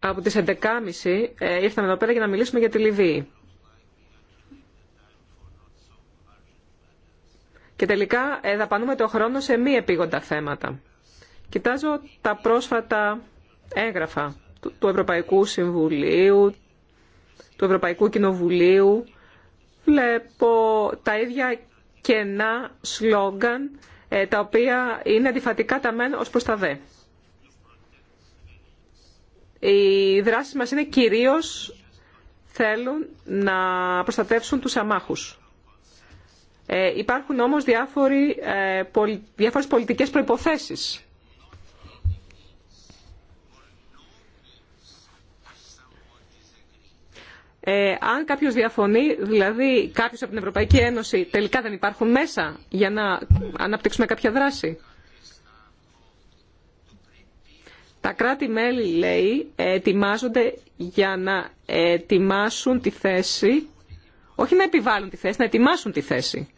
Από τις 11.30 ε, ήρθαμε εδώ πέρα για να μιλήσουμε για τη Λιβύη. Και τελικά ε, δαπανούμε το χρόνο σε μη επίγοντα θέματα. Κοιτάζω τα πρόσφατα έγγραφα του Ευρωπαϊκού Συμβουλίου, του Ευρωπαϊκού Κοινοβουλίου. Βλέπω τα ίδια κενά σλόγγαν, ε, τα οποία είναι αντιφατικά τα μεν ως προς τα δε. Οι δράσεις μας είναι κυρίως θέλουν να προστατεύσουν τους αμάχους. Ε, υπάρχουν όμως διάφοροι, ε, διάφορες πολιτικές προϋποθέσεις Ε, αν κάποιος διαφωνεί, δηλαδή κάποιος από την Ευρωπαϊκή Ένωση, τελικά δεν υπάρχουν μέσα για να αναπτύξουμε κάποια δράση. Τα κράτη-μέλη, λέει, ετοιμάζονται για να ετοιμάσουν τη θέση, όχι να επιβάλλουν τη θέση, να ετοιμάσουν τη θέση.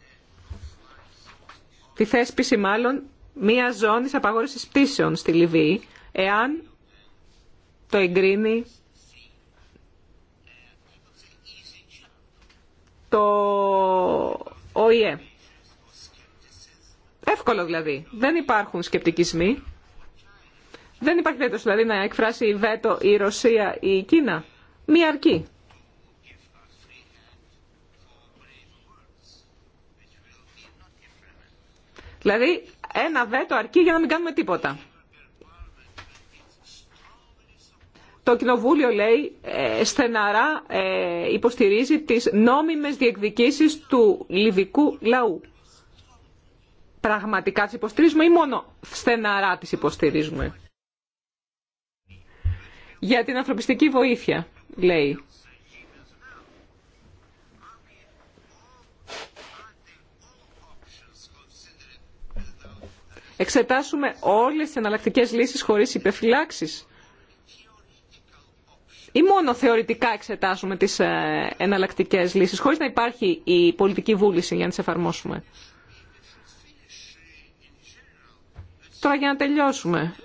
Τη θέσπιση μάλλον μία ζώνη απαγόρευσης πτήσεων στη Λιβύη, εάν το εγκρίνει το ΟΗΕ. Εύκολο δηλαδή. Δεν υπάρχουν σκεπτικισμοί. Δεν υπάρχει περίπτωση δηλαδή να εκφράσει η ΒΕΤΟ η Ρωσία ή η Κίνα. Μία αρκεί. Δηλαδή ένα βέτο αρκεί για να μην κάνουμε τίποτα. Το Κοινοβούλιο, λέει, ε, στεναρά ε, υποστηρίζει τις νόμιμες διεκδικήσεις του λιβικού λαού. Πραγματικά τις υποστηρίζουμε ή μόνο στεναρά τις υποστηρίζουμε. Για την ανθρωπιστική βοήθεια, λέει. Εξετάσουμε όλες τις εναλλακτικές λύσεις χωρίς υπεφυλάξεις ή μόνο θεωρητικά εξετάσουμε τις ε, εναλλακτικέ λύσεις χωρίς να υπάρχει η μονο θεωρητικα εξετασουμε τις εναλλακτικες λυσεις βούληση για να τις εφαρμόσουμε. Τώρα για να τελειώσουμε.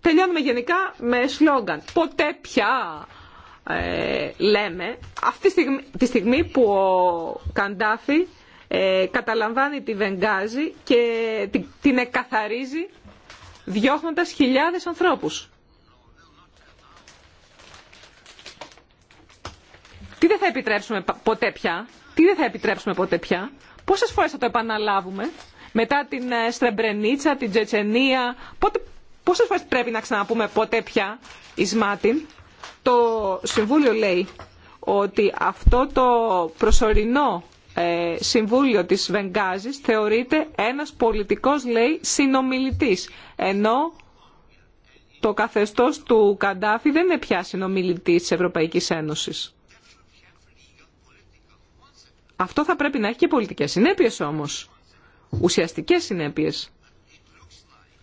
Τελειώνουμε γενικά με σλόγγαν. Ποτέ πια ε, λέμε αυτή τη στιγμή, που ο Καντάφη ε, καταλαμβάνει τη Βενγάζη και την, την εκαθαρίζει διώχνοντας χιλιάδες ανθρώπους. Τι δεν θα επιτρέψουμε ποτέ πια. Τι δεν θα επιτρέψουμε ποτέ πια. Πόσες φορές θα το επαναλάβουμε. Μετά την ε, Στρεμπρενίτσα, την Τζετσενία. Πότε, πόσες φορές πρέπει να ξαναπούμε ποτέ πια εις Το Συμβούλιο λέει ότι αυτό το προσωρινό ε, Συμβούλιο της Βενγκάζης θεωρείται ένας πολιτικός, λέει, συνομιλητής. Ενώ το καθεστώς του Καντάφη δεν είναι πια συνομιλητής της Ευρωπαϊκής Ένωσης. Αυτό θα πρέπει να έχει και πολιτικές συνέπειες όμως, ουσιαστικές συνέπειες.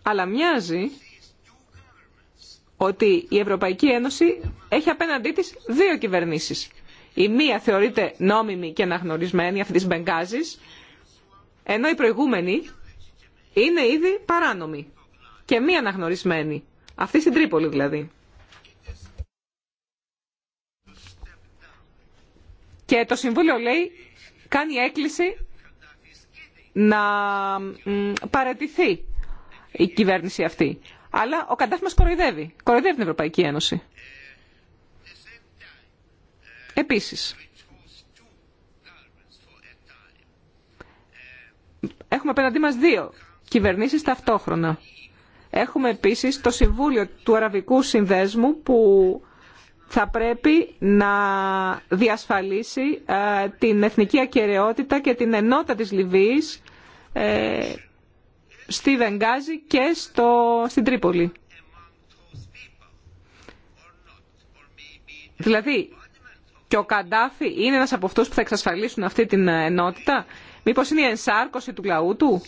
Αλλά μοιάζει ότι η Ευρωπαϊκή Ένωση έχει απέναντί της δύο κυβερνήσεις. Η μία θεωρείται νόμιμη και αναγνωρισμένη, αυτή της Μπενγκάζης, ενώ η προηγούμενη είναι ήδη παράνομη και μη αναγνωρισμένη. Αυτή στην Τρίπολη δηλαδή. Και το Συμβούλιο λέει κάνει έκκληση να παρατηθεί η κυβέρνηση αυτή. Αλλά ο Καντάφη μας κοροϊδεύει. Κοροϊδεύει την Ευρωπαϊκή Ένωση. Επίσης, έχουμε απέναντί μας δύο κυβερνήσεις ταυτόχρονα. Έχουμε επίσης το Συμβούλιο του Αραβικού Συνδέσμου που θα πρέπει να διασφαλίσει ε, την εθνική ακαιρεότητα και την ενότητα της Λιβύης ε, στη Βενγάζη και στο, στην Τρίπολη. Δηλαδή, και ο Καντάφη είναι ένας από αυτούς που θα εξασφαλίσουν αυτή την ενότητα. Μήπως είναι η ενσάρκωση του λαού του.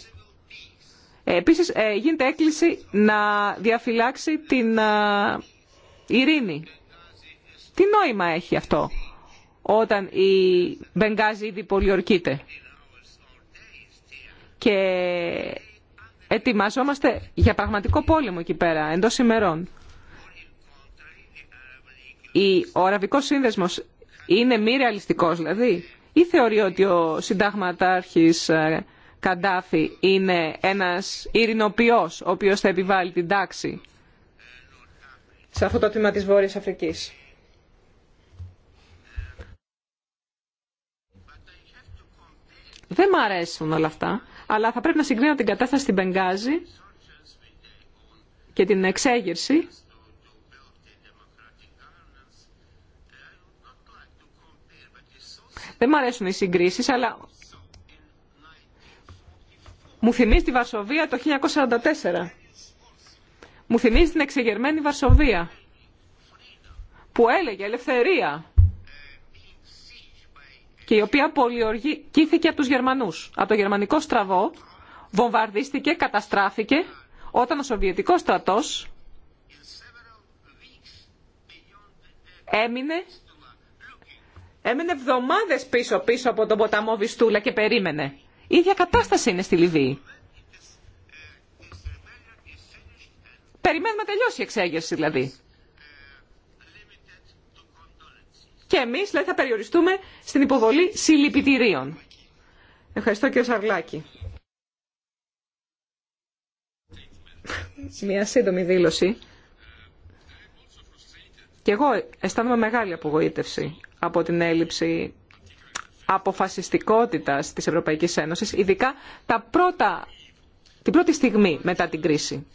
Ε, επίσης, γίνεται έκκληση να διαφυλάξει την ειρήνη. Τι νόημα έχει αυτό όταν η Μπενγκάζη ήδη πολιορκείται. Και ετοιμαζόμαστε για πραγματικό πόλεμο εκεί πέρα, εντός ημερών. Ο Αραβικός Σύνδεσμος είναι μη ρεαλιστικός δηλαδή ή θεωρεί ότι ο συνταγματάρχης ε, Καντάφη είναι ένας ειρηνοποιός ο οποίος θα επιβάλλει την τάξη σε αυτό το τμήμα της Βόρειας Αφρικής. Δεν μ' αρέσουν όλα αυτά, αλλά θα πρέπει να συγκρίνω την κατάσταση στην Πενγκάζη και την εξέγερση Δεν μου αρέσουν οι συγκρίσεις, αλλά μου θυμίζει τη Βαρσοβία το 1944. Μου θυμίζει την εξεγερμένη Βαρσοβία, που έλεγε ελευθερία, και η οποία πολιορκήθηκε από τους Γερμανούς. Από το γερμανικό στραβό βομβαρδίστηκε, καταστράφηκε όταν ο Σοβιετικός στρατός έμεινε, έμεινε εβδομάδες πίσω πίσω από τον ποταμό Βιστούλα και περίμενε. Η ίδια κατάσταση είναι στη Λιβύη. Περιμένουμε τελειώσει η εξέγερση δηλαδή. Και εμείς δηλαδή, θα περιοριστούμε στην υποβολή συλληπιτηρίων. Ευχαριστώ κύριε Σαρλάκη. Μια σύντομη δήλωση. Και εγώ αισθάνομαι μεγάλη απογοήτευση από την έλλειψη αποφασιστικότητας της Ευρωπαϊκής Ένωσης, ειδικά τα πρώτα, την πρώτη στιγμή μετά την κρίση.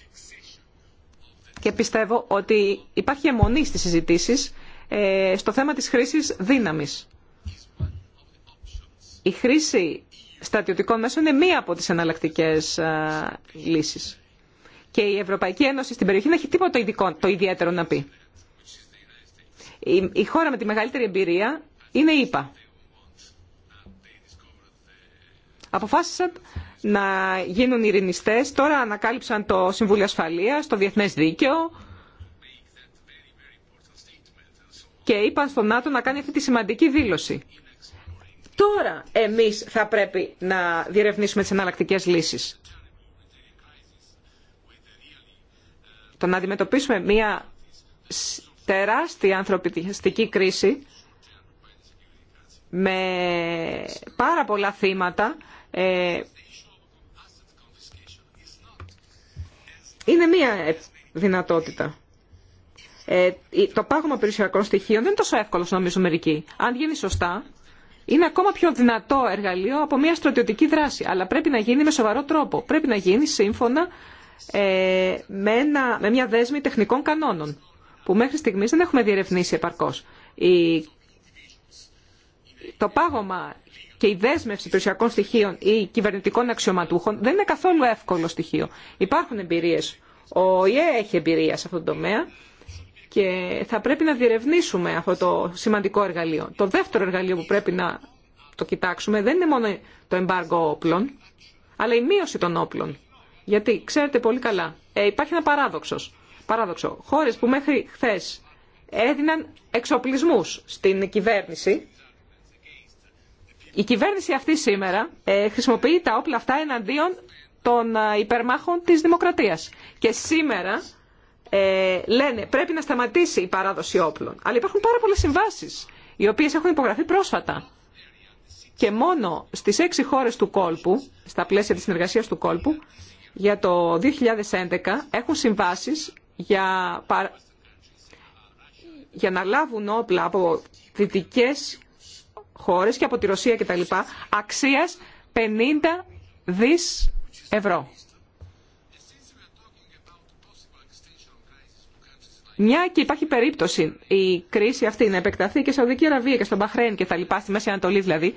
Και πιστεύω ότι υπάρχει αιμονή στις συζητήσεις ε, στο θέμα της χρήσης δύναμης. Η χρήση στρατιωτικών μέσων είναι μία από τις εναλλακτικέ λύσεις. Και η Ευρωπαϊκή Ένωση στην περιοχή δεν έχει τίποτα ειδικό, το ιδιαίτερο να πει. Η, χώρα με τη μεγαλύτερη εμπειρία είναι η ΕΠΑ. Αποφάσισαν να γίνουν ειρηνιστές, τώρα ανακάλυψαν το Συμβούλιο Ασφαλείας, το Διεθνές Δίκαιο, και είπαν στον ΝΑΤΟ να κάνει αυτή τη σημαντική δήλωση. Τώρα εμείς θα πρέπει να διερευνήσουμε τις εναλλακτικέ λύσεις. Το να αντιμετωπίσουμε μια τεράστια ανθρωπιστική κρίση με πάρα πολλά θύματα ε, είναι μια δυνατότητα. Ε, το πάγωμα περιουσιακών στοιχείων δεν είναι τόσο εύκολο νομίζω, μερικοί. Αν γίνει σωστά, είναι ακόμα πιο δυνατό εργαλείο από μια στρατιωτική δράση. Αλλά πρέπει να γίνει με σοβαρό τρόπο. Πρέπει να γίνει σύμφωνα ε, με, ένα, με μια δέσμη τεχνικών κανόνων που μέχρι στιγμής δεν έχουμε διερευνήσει επαρκώς. το πάγωμα και η δέσμευση περιουσιακών στοιχείων ή κυβερνητικών αξιωματούχων δεν είναι καθόλου εύκολο στοιχείο. Υπάρχουν εμπειρίες. Ο ΙΕ έχει εμπειρία σε αυτό το τομέα και θα πρέπει να διερευνήσουμε αυτό το σημαντικό εργαλείο. Το δεύτερο εργαλείο που πρέπει να το κοιτάξουμε δεν είναι μόνο το εμπάργκο όπλων, αλλά η μείωση των όπλων. Γιατί ξέρετε πολύ καλά, ε, υπάρχει ένα παράδοξος. παράδοξο. Χώρε που μέχρι χθε έδιναν εξοπλισμού στην κυβέρνηση, η κυβέρνηση αυτή σήμερα ε, χρησιμοποιεί τα όπλα αυτά εναντίον των ε, υπερμάχων της δημοκρατίας. Και σήμερα ε, λένε πρέπει να σταματήσει η παράδοση όπλων. Αλλά υπάρχουν πάρα πολλές συμβάσεις οι οποίες έχουν υπογραφεί πρόσφατα. Και μόνο στις έξι χώρες του κόλπου, στα πλαίσια της συνεργασίας του κόλπου, για το 2011 έχουν συμβάσεις για, για να λάβουν όπλα από δυτικές χώρες και από τη Ρωσία κτλ. αξίας 50 δις ευρώ. Μια και υπάρχει περίπτωση η κρίση αυτή να επεκταθεί και στη Σαουδική Αραβία και στον Μπαχρέν και τα λοιπά, στη Μέση Ανατολή δηλαδή,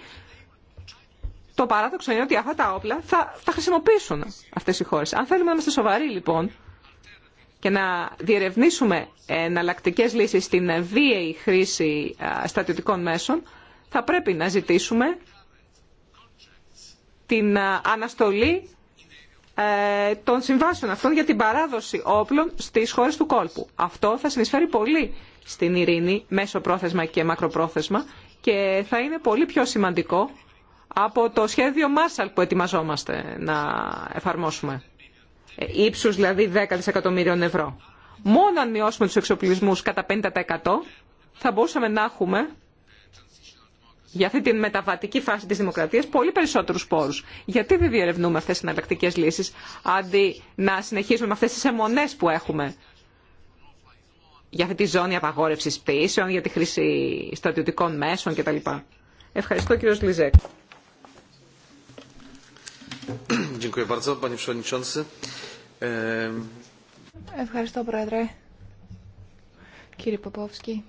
το παράδοξο είναι ότι αυτά τα όπλα θα, θα χρησιμοποιήσουν αυτέ οι χώρε. Αν θέλουμε να είμαστε σοβαροί λοιπόν και να διερευνήσουμε εναλλακτικέ λύσει στην βίαιη χρήση στρατιωτικών μέσων, θα πρέπει να ζητήσουμε την αναστολή ε, των συμβάσεων αυτών για την παράδοση όπλων στις χώρες του κόλπου. Αυτό θα συνεισφέρει πολύ στην ειρήνη, μέσω πρόθεσμα και μακροπρόθεσμα και θα είναι πολύ πιο σημαντικό από το σχέδιο Μάρσαλ που ετοιμαζόμαστε να εφαρμόσουμε. Υψούς, ε, δηλαδή 10 δισεκατομμύριων ευρώ. Μόνο αν μειώσουμε τους εξοπλισμούς κατά 50% θα μπορούσαμε να έχουμε για αυτή τη μεταβατική φάση της δημοκρατίας πολύ περισσότερους πόρους. Γιατί δεν διερευνούμε αυτές τις εναλλακτικές λύσεις, αντί να συνεχίσουμε με αυτές τις αιμονές που έχουμε για αυτή τη ζώνη απαγόρευσης πτήσεων, για τη χρήση στρατιωτικών μέσων κτλ. Ευχαριστώ κύριο Λιζέκ. Ευχαριστώ, Πρόεδρε. Κύριε Ποπόφσκι.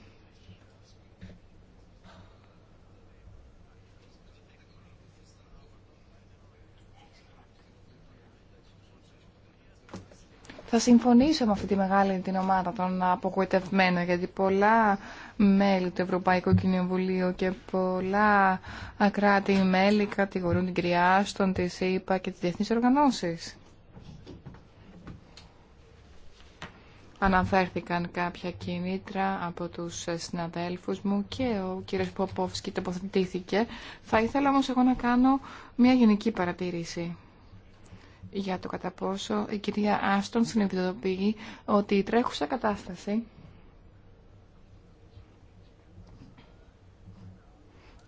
Θα συμφωνήσω με αυτή τη μεγάλη την ομάδα των απογοητευμένων, γιατί πολλά μέλη του Ευρωπαϊκού Κοινοβουλίου και πολλα ακράτη κράτη-μέλη κατηγορούν την Κριάστον, τη ΣΥΠΑ και τις διεθνείς οργανώσεις. Αναφέρθηκαν κάποια κίνητρα από τους συναδέλφους μου και ο κύριος Ποπόφσκι τοποθετήθηκε. Θα ήθελα όμως εγώ να κάνω μια γενική παρατήρηση για το κατά πόσο η κυρία Άστον συνειδητοποιεί ότι η τρέχουσα κατάσταση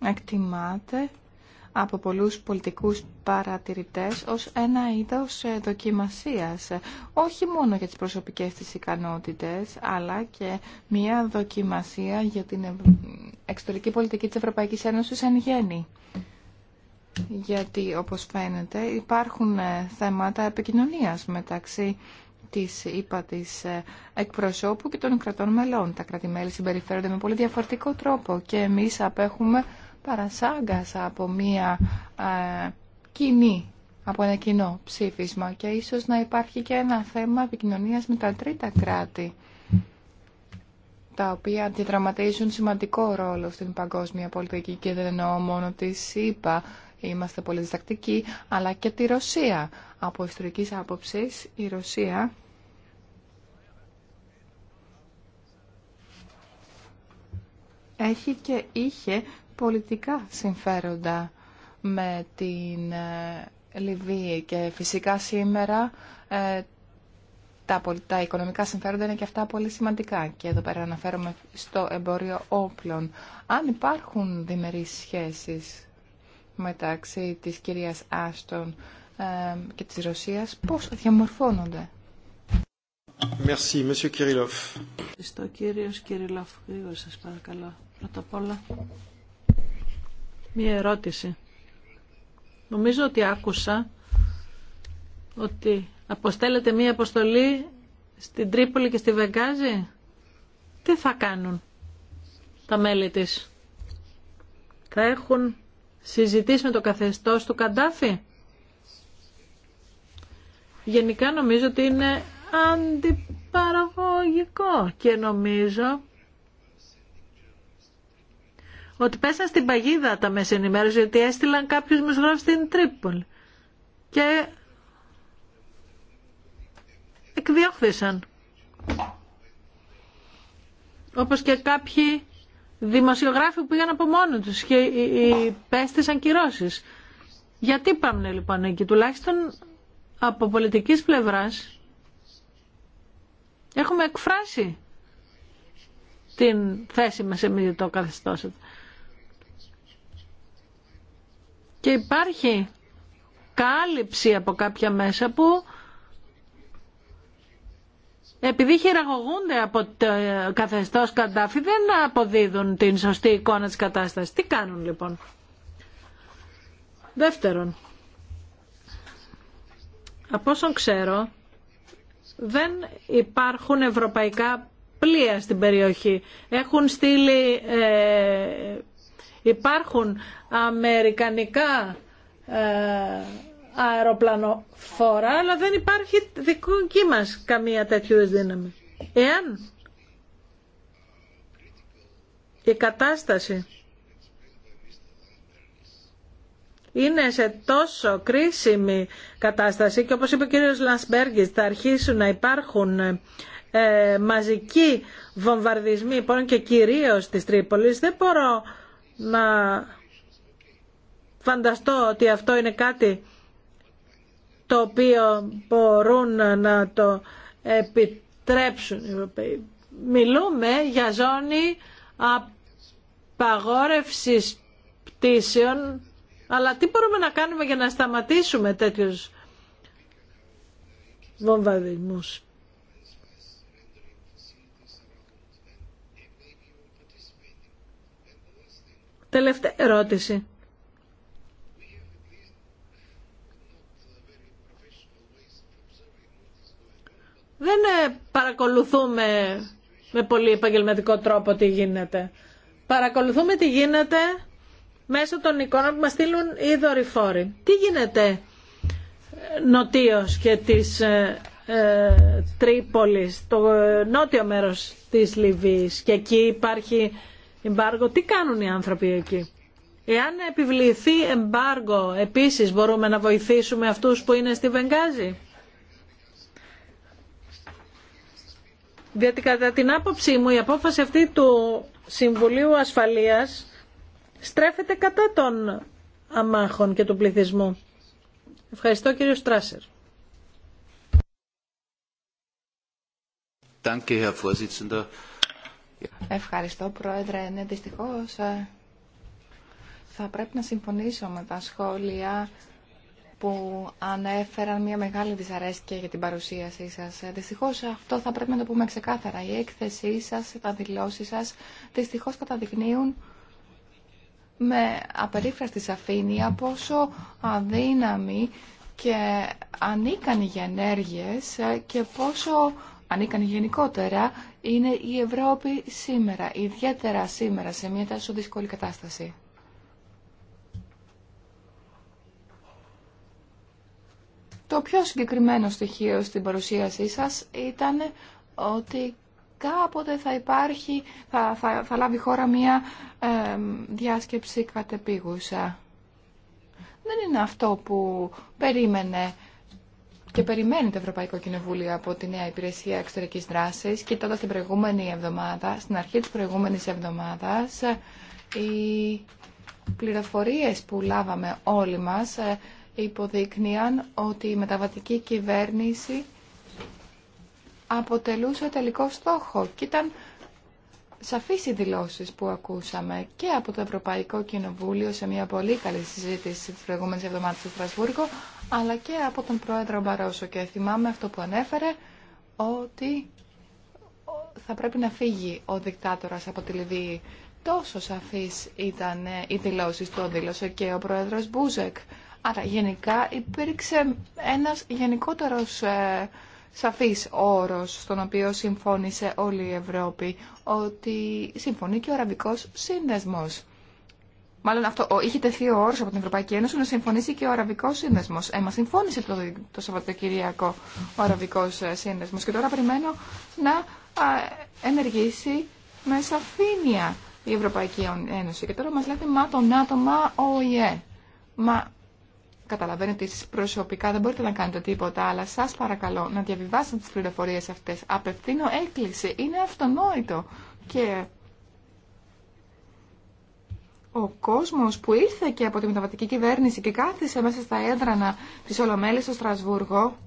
εκτιμάται από πολλούς πολιτικούς παρατηρητές ως ένα είδος ε, δοκιμασίας, όχι μόνο για τις προσωπικές της ικανότητες, αλλά και μια δοκιμασία για την εξωτερική πολιτική της Ευρωπαϊκής Ένωσης εν γέννη γιατί όπως φαίνεται υπάρχουν ε, θέματα επικοινωνίας μεταξύ της ΥΠΑ της ε, εκπροσώπου και των κρατών μελών. Τα κρατημέλη συμπεριφέρονται με πολύ διαφορετικό τρόπο και εμείς απέχουμε παρασάγκας από μία ε, κοινή, από ένα κοινό ψήφισμα και ίσως να υπάρχει και ένα θέμα επικοινωνίας με τα τρίτα κράτη τα οποία αντιδραματίζουν σημαντικό ρόλο στην παγκόσμια πολιτική και δεν εννοώ τη ΣΥΠΑ. Είμαστε πολύ διστακτικοί, αλλά και τη Ρωσία. Από ιστορικής άποψης, η Ρωσία έχει και είχε πολιτικά συμφέροντα με την ε, Λιβύη και φυσικά σήμερα ε, τα, τα οικονομικά συμφέροντα είναι και αυτά πολύ σημαντικά και εδώ πέρα αναφέρομαι στο εμπόριο όπλων. Αν υπάρχουν διμερείς σχέσεις μεταξύ της κυρίας Άστον ε, και της Ρωσίας, πώς διαμορφώνονται. Merci, Monsieur Kirillov. Ευχαριστώ, κύριος Κυριλόφ. Γρήγορα σας παρακαλώ. Πρώτα απ' όλα, μία ερώτηση. Νομίζω ότι άκουσα ότι αποστέλλεται μία αποστολή στην Τρίπολη και στη Βεγγάζη. Τι θα κάνουν τα μέλη της. Θα έχουν με το καθεστώς του Καντάφη. Γενικά νομίζω ότι είναι αντιπαραγωγικό και νομίζω ότι πέσαν στην παγίδα τα μέσα ενημέρωση έστειλαν κάποιους στην Τρίπολη και εκδιώχθησαν όπως και κάποιοι δημοσιογράφοι που πήγαν από μόνοι τους και υπέστησαν κυρώσεις. Γιατί πάμε λοιπόν εκεί, τουλάχιστον από πολιτικής πλευράς έχουμε εκφράσει την θέση μας εμείς το καθεστώς. Και υπάρχει κάλυψη από κάποια μέσα που επειδή χειραγωγούνται από το καθεστώ Καντάφη δεν αποδίδουν την σωστή εικόνα της κατάστασης. Τι κάνουν λοιπόν. Δεύτερον, από όσον ξέρω δεν υπάρχουν ευρωπαϊκά πλοία στην περιοχή. Έχουν στείλει, ε, υπάρχουν αμερικανικά ε, αεροπλανοφόρα, αλλά δεν υπάρχει δική μας καμία τέτοιου δύναμη. Εάν η κατάσταση είναι σε τόσο κρίσιμη κατάσταση και όπως είπε ο κύριος Λανσμπέργκης θα αρχίσουν να υπάρχουν ε, μαζικοί βομβαρδισμοί πόνο λοιπόν, και κυρίως της Τρίπολης δεν μπορώ να φανταστώ ότι αυτό είναι κάτι το οποίο μπορούν να το επιτρέψουν οι Ευρωπαίοι. Μιλούμε για ζώνη απαγόρευσης πτήσεων, αλλά τι μπορούμε να κάνουμε για να σταματήσουμε τέτοιους βομβαδισμούς. Τελευταία ερώτηση. δεν ε, παρακολουθούμε με πολύ επαγγελματικό τρόπο τι γίνεται. Παρακολουθούμε τι γίνεται μέσω των εικόνων που μας στείλουν οι δορυφόροι. Τι γίνεται ε, νοτίως και της ε, ε Τρίπολης, το νότιο μέρος της Λιβύης και εκεί υπάρχει εμπάργο. Τι κάνουν οι άνθρωποι εκεί. Εάν επιβληθεί εμπάργο, επίσης μπορούμε να βοηθήσουμε αυτούς που είναι στη Βενγάζη. Διότι κατά την άποψή μου η απόφαση αυτή του Συμβουλίου Ασφαλείας στρέφεται κατά των αμάχων και του πληθυσμού. Ευχαριστώ κύριο Στράσερ. Ευχαριστώ πρόεδρε. Ναι, δυστυχώς ε, θα πρέπει να συμφωνήσω με τα σχόλια που ανέφεραν μια μεγάλη δυσαρέσκεια για την παρουσίασή σας. Δυστυχώς αυτό θα πρέπει να το πούμε ξεκάθαρα. Η έκθεσή σας, τα δηλώσεις σας, δυστυχώς καταδεικνύουν με απερίφραστη σαφήνεια πόσο αδύναμη και ανίκανη για ενέργειες και πόσο ανίκανη γενικότερα είναι η Ευρώπη σήμερα, ιδιαίτερα σήμερα σε μια τόσο δύσκολη κατάσταση. Το πιο συγκεκριμένο στοιχείο στην παρουσίασή σας ήταν ότι κάποτε θα υπάρχει, θα, θα, θα λάβει χώρα μία ε, διάσκεψη κατεπίγουσα. Δεν είναι αυτό που περίμενε και περιμένει το Ευρωπαϊκό Κοινοβούλιο από τη νέα υπηρεσία εξωτερικής δράσης, κοιτώντας την προηγούμενη εβδομάδα, στην αρχή της προηγούμενης εβδομάδας, οι πληροφορίες που λάβαμε όλοι μας ε, υποδείκνυαν ότι η μεταβατική κυβέρνηση αποτελούσε τελικό στόχο και ήταν σαφείς οι δηλώσεις που ακούσαμε και από το Ευρωπαϊκό Κοινοβούλιο σε μια πολύ καλή συζήτηση της προηγούμενης εβδομάδας στο Στρασβούργο αλλά και από τον Πρόεδρο Μπαρόσο και θυμάμαι αυτό που ανέφερε ότι θα πρέπει να φύγει ο δικτάτορας από τη Λιβύη. Τόσο σαφείς ήταν ε, οι δηλώσεις, το δήλωσε και ο Πρόεδρος Μπούζεκ Άρα γενικά υπήρξε ένας γενικότερος ε, σαφής όρος στον οποίο συμφώνησε όλη η Ευρώπη ότι συμφωνεί και ο Αραβικός Σύνδεσμος. Μάλλον αυτό, ο, είχε τεθεί ο όρος από την Ευρωπαϊκή Ένωση να συμφωνήσει και ο Αραβικός Σύνδεσμος. Ε, συμφώνησε το, το Σαββατοκυριακό ο Αραβικός ε, Σύνδεσμος και τώρα περιμένω να ενεργήσει με σαφήνεια η Ευρωπαϊκή Ένωση. Και τώρα μας λέτε, μα τον άτομα, ο Καταλαβαίνετε εσείς προσωπικά δεν μπορείτε να κάνετε τίποτα, αλλά σας παρακαλώ να διαβιβάσετε τις πληροφορίες αυτές. Απευθύνω έκκληση. Είναι αυτονόητο. Και ο κόσμος που ήρθε και από τη μεταβατική κυβέρνηση και κάθισε μέσα στα έδρανα της Ολομέλης στο Στρασβούργο,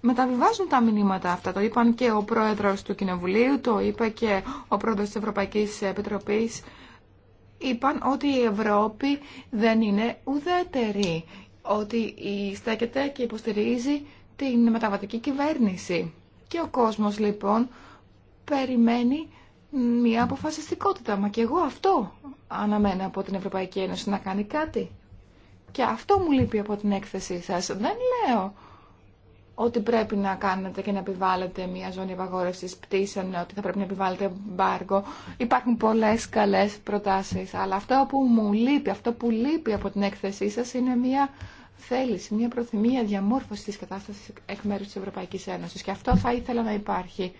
μεταβιβάζουν τα μηνύματα αυτά. Το είπαν και ο πρόεδρος του Κοινοβουλίου, το είπε και ο πρόεδρος της Ευρωπαϊκής Επιτροπής είπαν ότι η Ευρώπη δεν είναι ουδέτερη, ότι στέκεται και υποστηρίζει την μεταβατική κυβέρνηση. Και ο κόσμος λοιπόν περιμένει μια αποφασιστικότητα. Μα και εγώ αυτό αναμένω από την Ευρωπαϊκή Ένωση να κάνει κάτι. Και αυτό μου λείπει από την έκθεσή σας. Δεν λέω ότι πρέπει να κάνετε και να επιβάλλετε μια ζώνη απαγόρευση πτήσεων, ναι, ότι θα πρέπει να επιβάλλετε μπάργκο Υπάρχουν πολλέ καλέ προτάσει. Αλλά αυτό που μου λείπει, αυτό που λείπει από την έκθεσή σα είναι μια θέληση, μια προθυμία διαμόρφωση τη κατάσταση εκ μέρου τη Ευρωπαϊκή Ένωση. Και αυτό θα ήθελα να υπάρχει.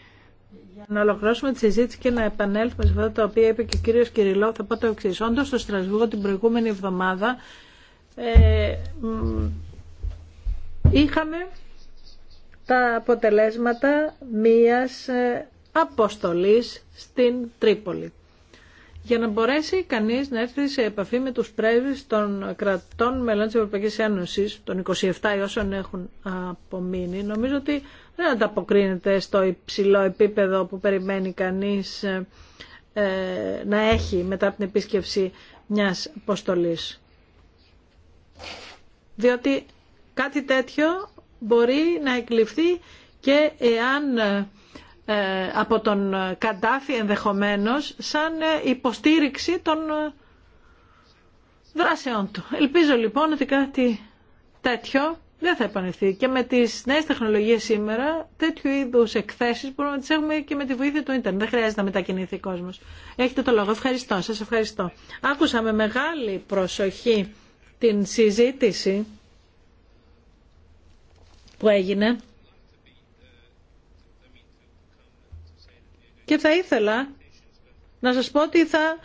Για να ολοκληρώσουμε τη συζήτηση και να επανέλθουμε σε αυτά τα οποία είπε και ο κύριος Κυριλό, θα πω το εξή. Όντως στο Στρασβούργο την προηγούμενη εβδομάδα ε, είχαμε τα αποτελέσματα μίας ε, αποστολής στην Τρίπολη. Για να μπορέσει κανείς να έρθει σε επαφή με τους πρέσβεις των κρατών μελών της Ευρωπαϊκής Ένωσης, των 27 ή όσων έχουν απομείνει, νομίζω ότι δεν ανταποκρίνεται στο υψηλό επίπεδο που περιμένει κανείς ε, ε, να έχει μετά από την επίσκεψη μιας αποστολής. Διότι κάτι τέτοιο μπορεί να εκλειφθεί και εάν ε, από τον Καντάφη ενδεχομένως σαν ε, υποστήριξη των ε, δράσεών του. Ελπίζω λοιπόν ότι κάτι τέτοιο δεν θα επανελθεί. Και με τις νέες τεχνολογίες σήμερα τέτοιου είδους εκθέσεις μπορούμε να τις έχουμε και με τη βοήθεια του ίντερνετ. Δεν χρειάζεται να μετακινηθεί ο κόσμος. Έχετε το λόγο. Ευχαριστώ. Σας ευχαριστώ. Άκουσα με μεγάλη προσοχή την συζήτηση που έγινε και θα ήθελα να σας πω ότι θα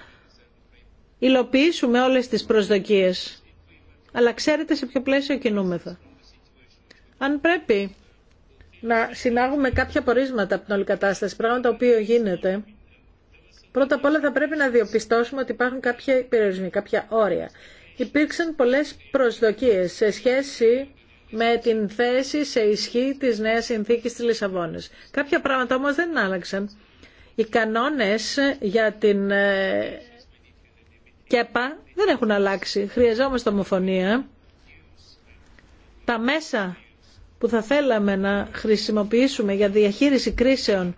υλοποιήσουμε όλες τις προσδοκίες. Αλλά ξέρετε σε ποιο πλαίσιο κινούμεθα. Αν πρέπει να συνάγουμε κάποια πορίσματα από την όλη κατάσταση, πράγμα το οποίο γίνεται, πρώτα απ' όλα θα πρέπει να διοπιστώσουμε ότι υπάρχουν κάποια περιορισμοί, κάποια όρια. Υπήρξαν πολλές προσδοκίες σε σχέση με την θέση σε ισχύ της νέας συνθήκης της Λισαβόνης. Κάποια πράγματα όμως δεν άλλαξαν. Οι κανόνες για την ε, ΚΕΠΑ δεν έχουν αλλάξει. Χρειαζόμαστε ομοφωνία. Τα μέσα που θα θέλαμε να χρησιμοποιήσουμε για διαχείριση κρίσεων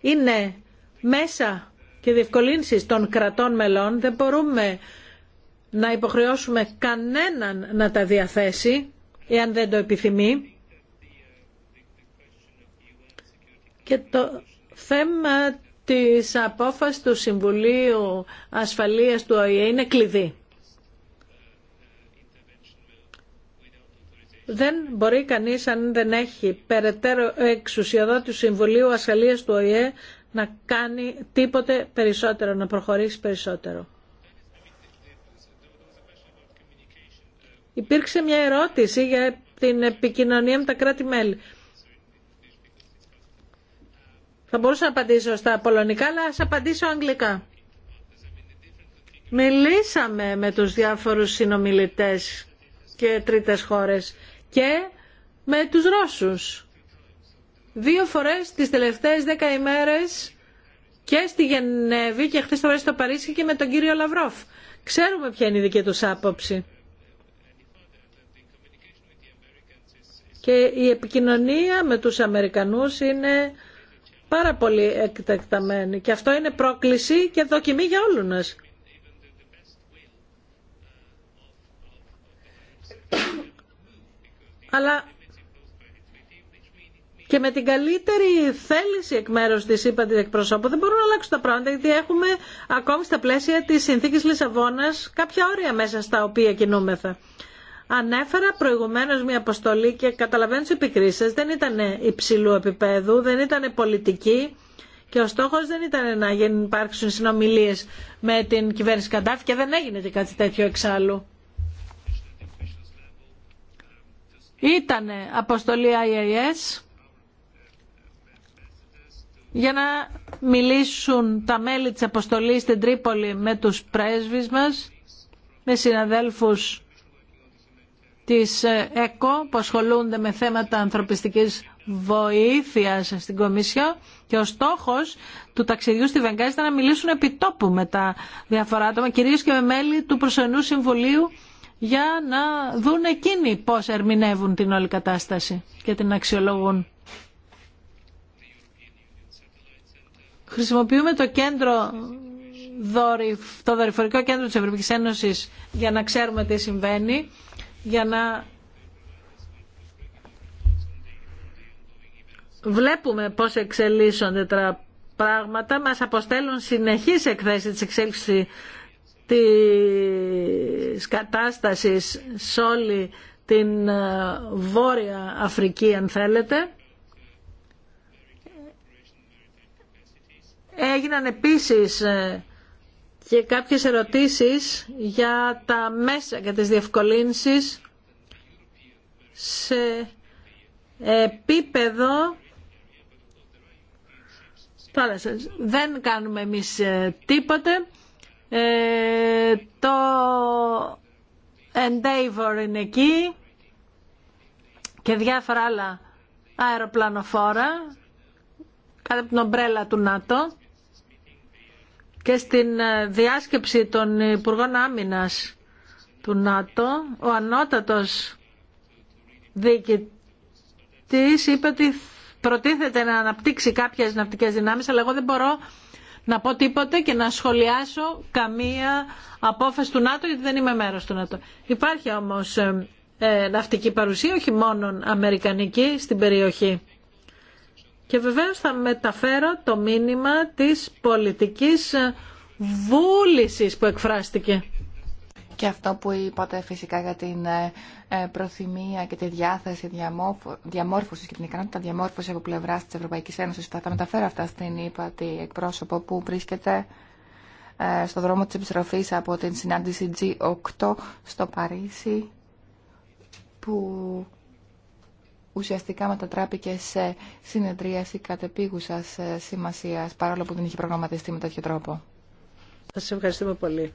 είναι μέσα και διευκολύνσεις των κρατών μελών. Δεν μπορούμε να υποχρεώσουμε κανέναν να τα διαθέσει, εάν δεν το επιθυμεί. Και το θέμα της απόφασης του Συμβουλίου Ασφαλείας του ΟΗΕ είναι κλειδί. Δεν μπορεί κανείς αν δεν έχει περαιτέρω εξουσιοδότη του Συμβουλίου Ασφαλείας του ΟΗΕ να κάνει τίποτε περισσότερο, να προχωρήσει περισσότερο. υπήρξε μια ερώτηση για την επικοινωνία με τα κράτη-μέλη. Θα μπορούσα να απαντήσω στα πολωνικά, αλλά ας απαντήσω αγγλικά. Μιλήσαμε με τους διάφορους συνομιλητές και τρίτες χώρες και με τους Ρώσους. Δύο φορές τις τελευταίες δέκα ημέρες και στη Γενέβη και χθες το βράδυ στο Παρίσι και με τον κύριο Λαυρόφ. Ξέρουμε ποια είναι η δική τους άποψη. και η επικοινωνία με τους Αμερικανούς είναι πάρα πολύ εκτεκταμένη και αυτό είναι πρόκληση και δοκιμή για όλους μας. Αλλά και με την καλύτερη θέληση εκ μέρου τη ΥΠΑ εκπροσώπου δεν μπορούν να αλλάξουν τα πράγματα γιατί έχουμε ακόμη στα πλαίσια της συνθήκης Λισαβόνας κάποια όρια μέσα στα οποία κινούμεθα. Ανέφερα προηγουμένως μια αποστολή και καταλαβαίνω τις επικρίσεις. Δεν ήταν υψηλού επίπεδου, δεν ήταν πολιτική και ο στόχος δεν ήταν να υπάρξουν συνομιλίες με την κυβέρνηση Καντάφη και δεν έγινε και κάτι τέτοιο εξάλλου. Ήταν αποστολή IAS για να μιλήσουν τα μέλη της αποστολής στην Τρίπολη με τους πρέσβεις μας, με συναδέλφους της ε, ΕΚΟ που ασχολούνται με θέματα ανθρωπιστικής βοήθειας στην Κομισιό και ο στόχος του ταξιδιού στη Βενγκάζη ήταν να μιλήσουν επί τόπου με τα διάφορα άτομα, κυρίως και με μέλη του προσωρινού συμβουλίου για να δουν εκείνοι πώς ερμηνεύουν την όλη κατάσταση και την αξιολογούν. Χρησιμοποιούμε το κέντρο το δορυφορικό κέντρο της Ευρωπαϊκής Ένωσης για να ξέρουμε τι συμβαίνει για να βλέπουμε πώς εξελίσσονται τα πράγματα. Μας αποστέλουν συνεχής εκθέσεις της εξέλιξης της κατάστασης σε όλη την ε, Βόρεια Αφρική αν θέλετε. Έγιναν επίσης ε, και κάποιες ερωτήσεις για τα μέσα, και τις διευκολύνσεις σε επίπεδο θάλασσας. Δεν κάνουμε εμείς ε, τίποτε. Ε, το Endeavour είναι εκεί και διάφορα άλλα αεροπλανοφόρα κάτω από την ομπρέλα του ΝΑΤΟ και στην ε, διάσκεψη των Υπουργών Άμυνας του ΝΑΤΟ, ο ανώτατος διοικητής είπε ότι προτίθεται να αναπτύξει κάποιες ναυτικές δυνάμεις, αλλά εγώ δεν μπορώ να πω τίποτε και να σχολιάσω καμία απόφαση του ΝΑΤΟ, γιατί δεν είμαι μέρος του ΝΑΤΟ. Υπάρχει όμως ε, ε, ναυτική παρουσία, όχι μόνο αμερικανική, στην περιοχή. Και βεβαίως θα μεταφέρω το μήνυμα της πολιτικής βούλησης που εκφράστηκε. Και αυτό που είπατε φυσικά για την ε, ε, προθυμία και τη διάθεση διαμόρφωσης και την ικανότητα διαμόρφωσης από πλευράς της Ευρωπαϊκής Ένωσης θα τα μεταφέρω αυτά στην είπατη εκπρόσωπο που βρίσκεται ε, στο δρόμο της επιστροφής από την συνάντηση G8 στο Παρίσι που ουσιαστικά μετατράπηκε σε συνεδρίαση κατεπίγουσας ε, σημασίας, παρόλο που δεν είχε προγραμματιστεί με τέτοιο τρόπο. Σας ευχαριστούμε πολύ.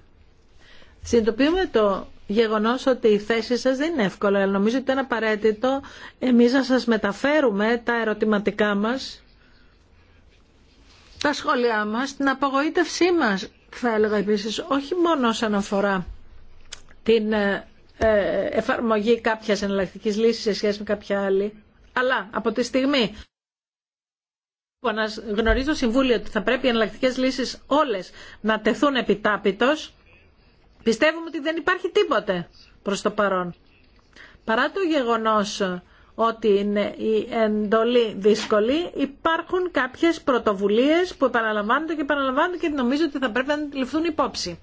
Συνειδητοποιούμε το γεγονό ότι η θέση σα δεν είναι εύκολη, αλλά νομίζω ότι ήταν απαραίτητο εμεί να σα μεταφέρουμε τα ερωτηματικά μα, τα σχόλιά μα, την απογοήτευσή μα, θα έλεγα επίση, όχι μόνο όσον αφορά την ε, ε, εφαρμογή κάποιας εναλλακτικής λύσης σε σχέση με κάποια άλλη. Αλλά από τη στιγμή που αναγνωρίζει το Συμβούλιο ότι θα πρέπει οι εναλλακτικές λύσεις όλες να τεθούν επιτάπητος, πιστεύουμε ότι δεν υπάρχει τίποτε προς το παρόν. Παρά το γεγονός ότι είναι η εντολή δύσκολη, υπάρχουν κάποιες πρωτοβουλίες που επαναλαμβάνονται και επαναλαμβάνονται και νομίζω ότι θα πρέπει να ληφθούν υπόψη.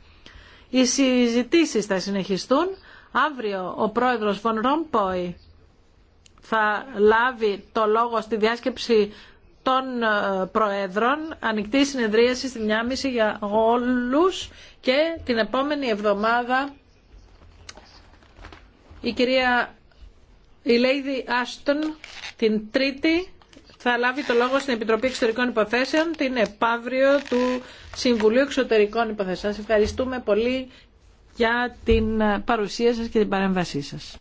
Οι συζητήσεις θα συνεχιστούν Αύριο ο πρόεδρος Βον Ρόμποϊ θα λάβει το λόγο στη διάσκεψη των ε, Προέδρων, ανοιχτή συνεδρίαση στη 1.30 για όλους και την επόμενη εβδομάδα η κυρία η Λέιδη Άστον την Τρίτη θα λάβει το λόγο στην Επιτροπή Εξωτερικών Υποθέσεων την επαύριο του Συμβουλίου Εξωτερικών Υποθέσεων. Σας ευχαριστούμε πολύ για την παρουσία σας και την παρέμβασή σας.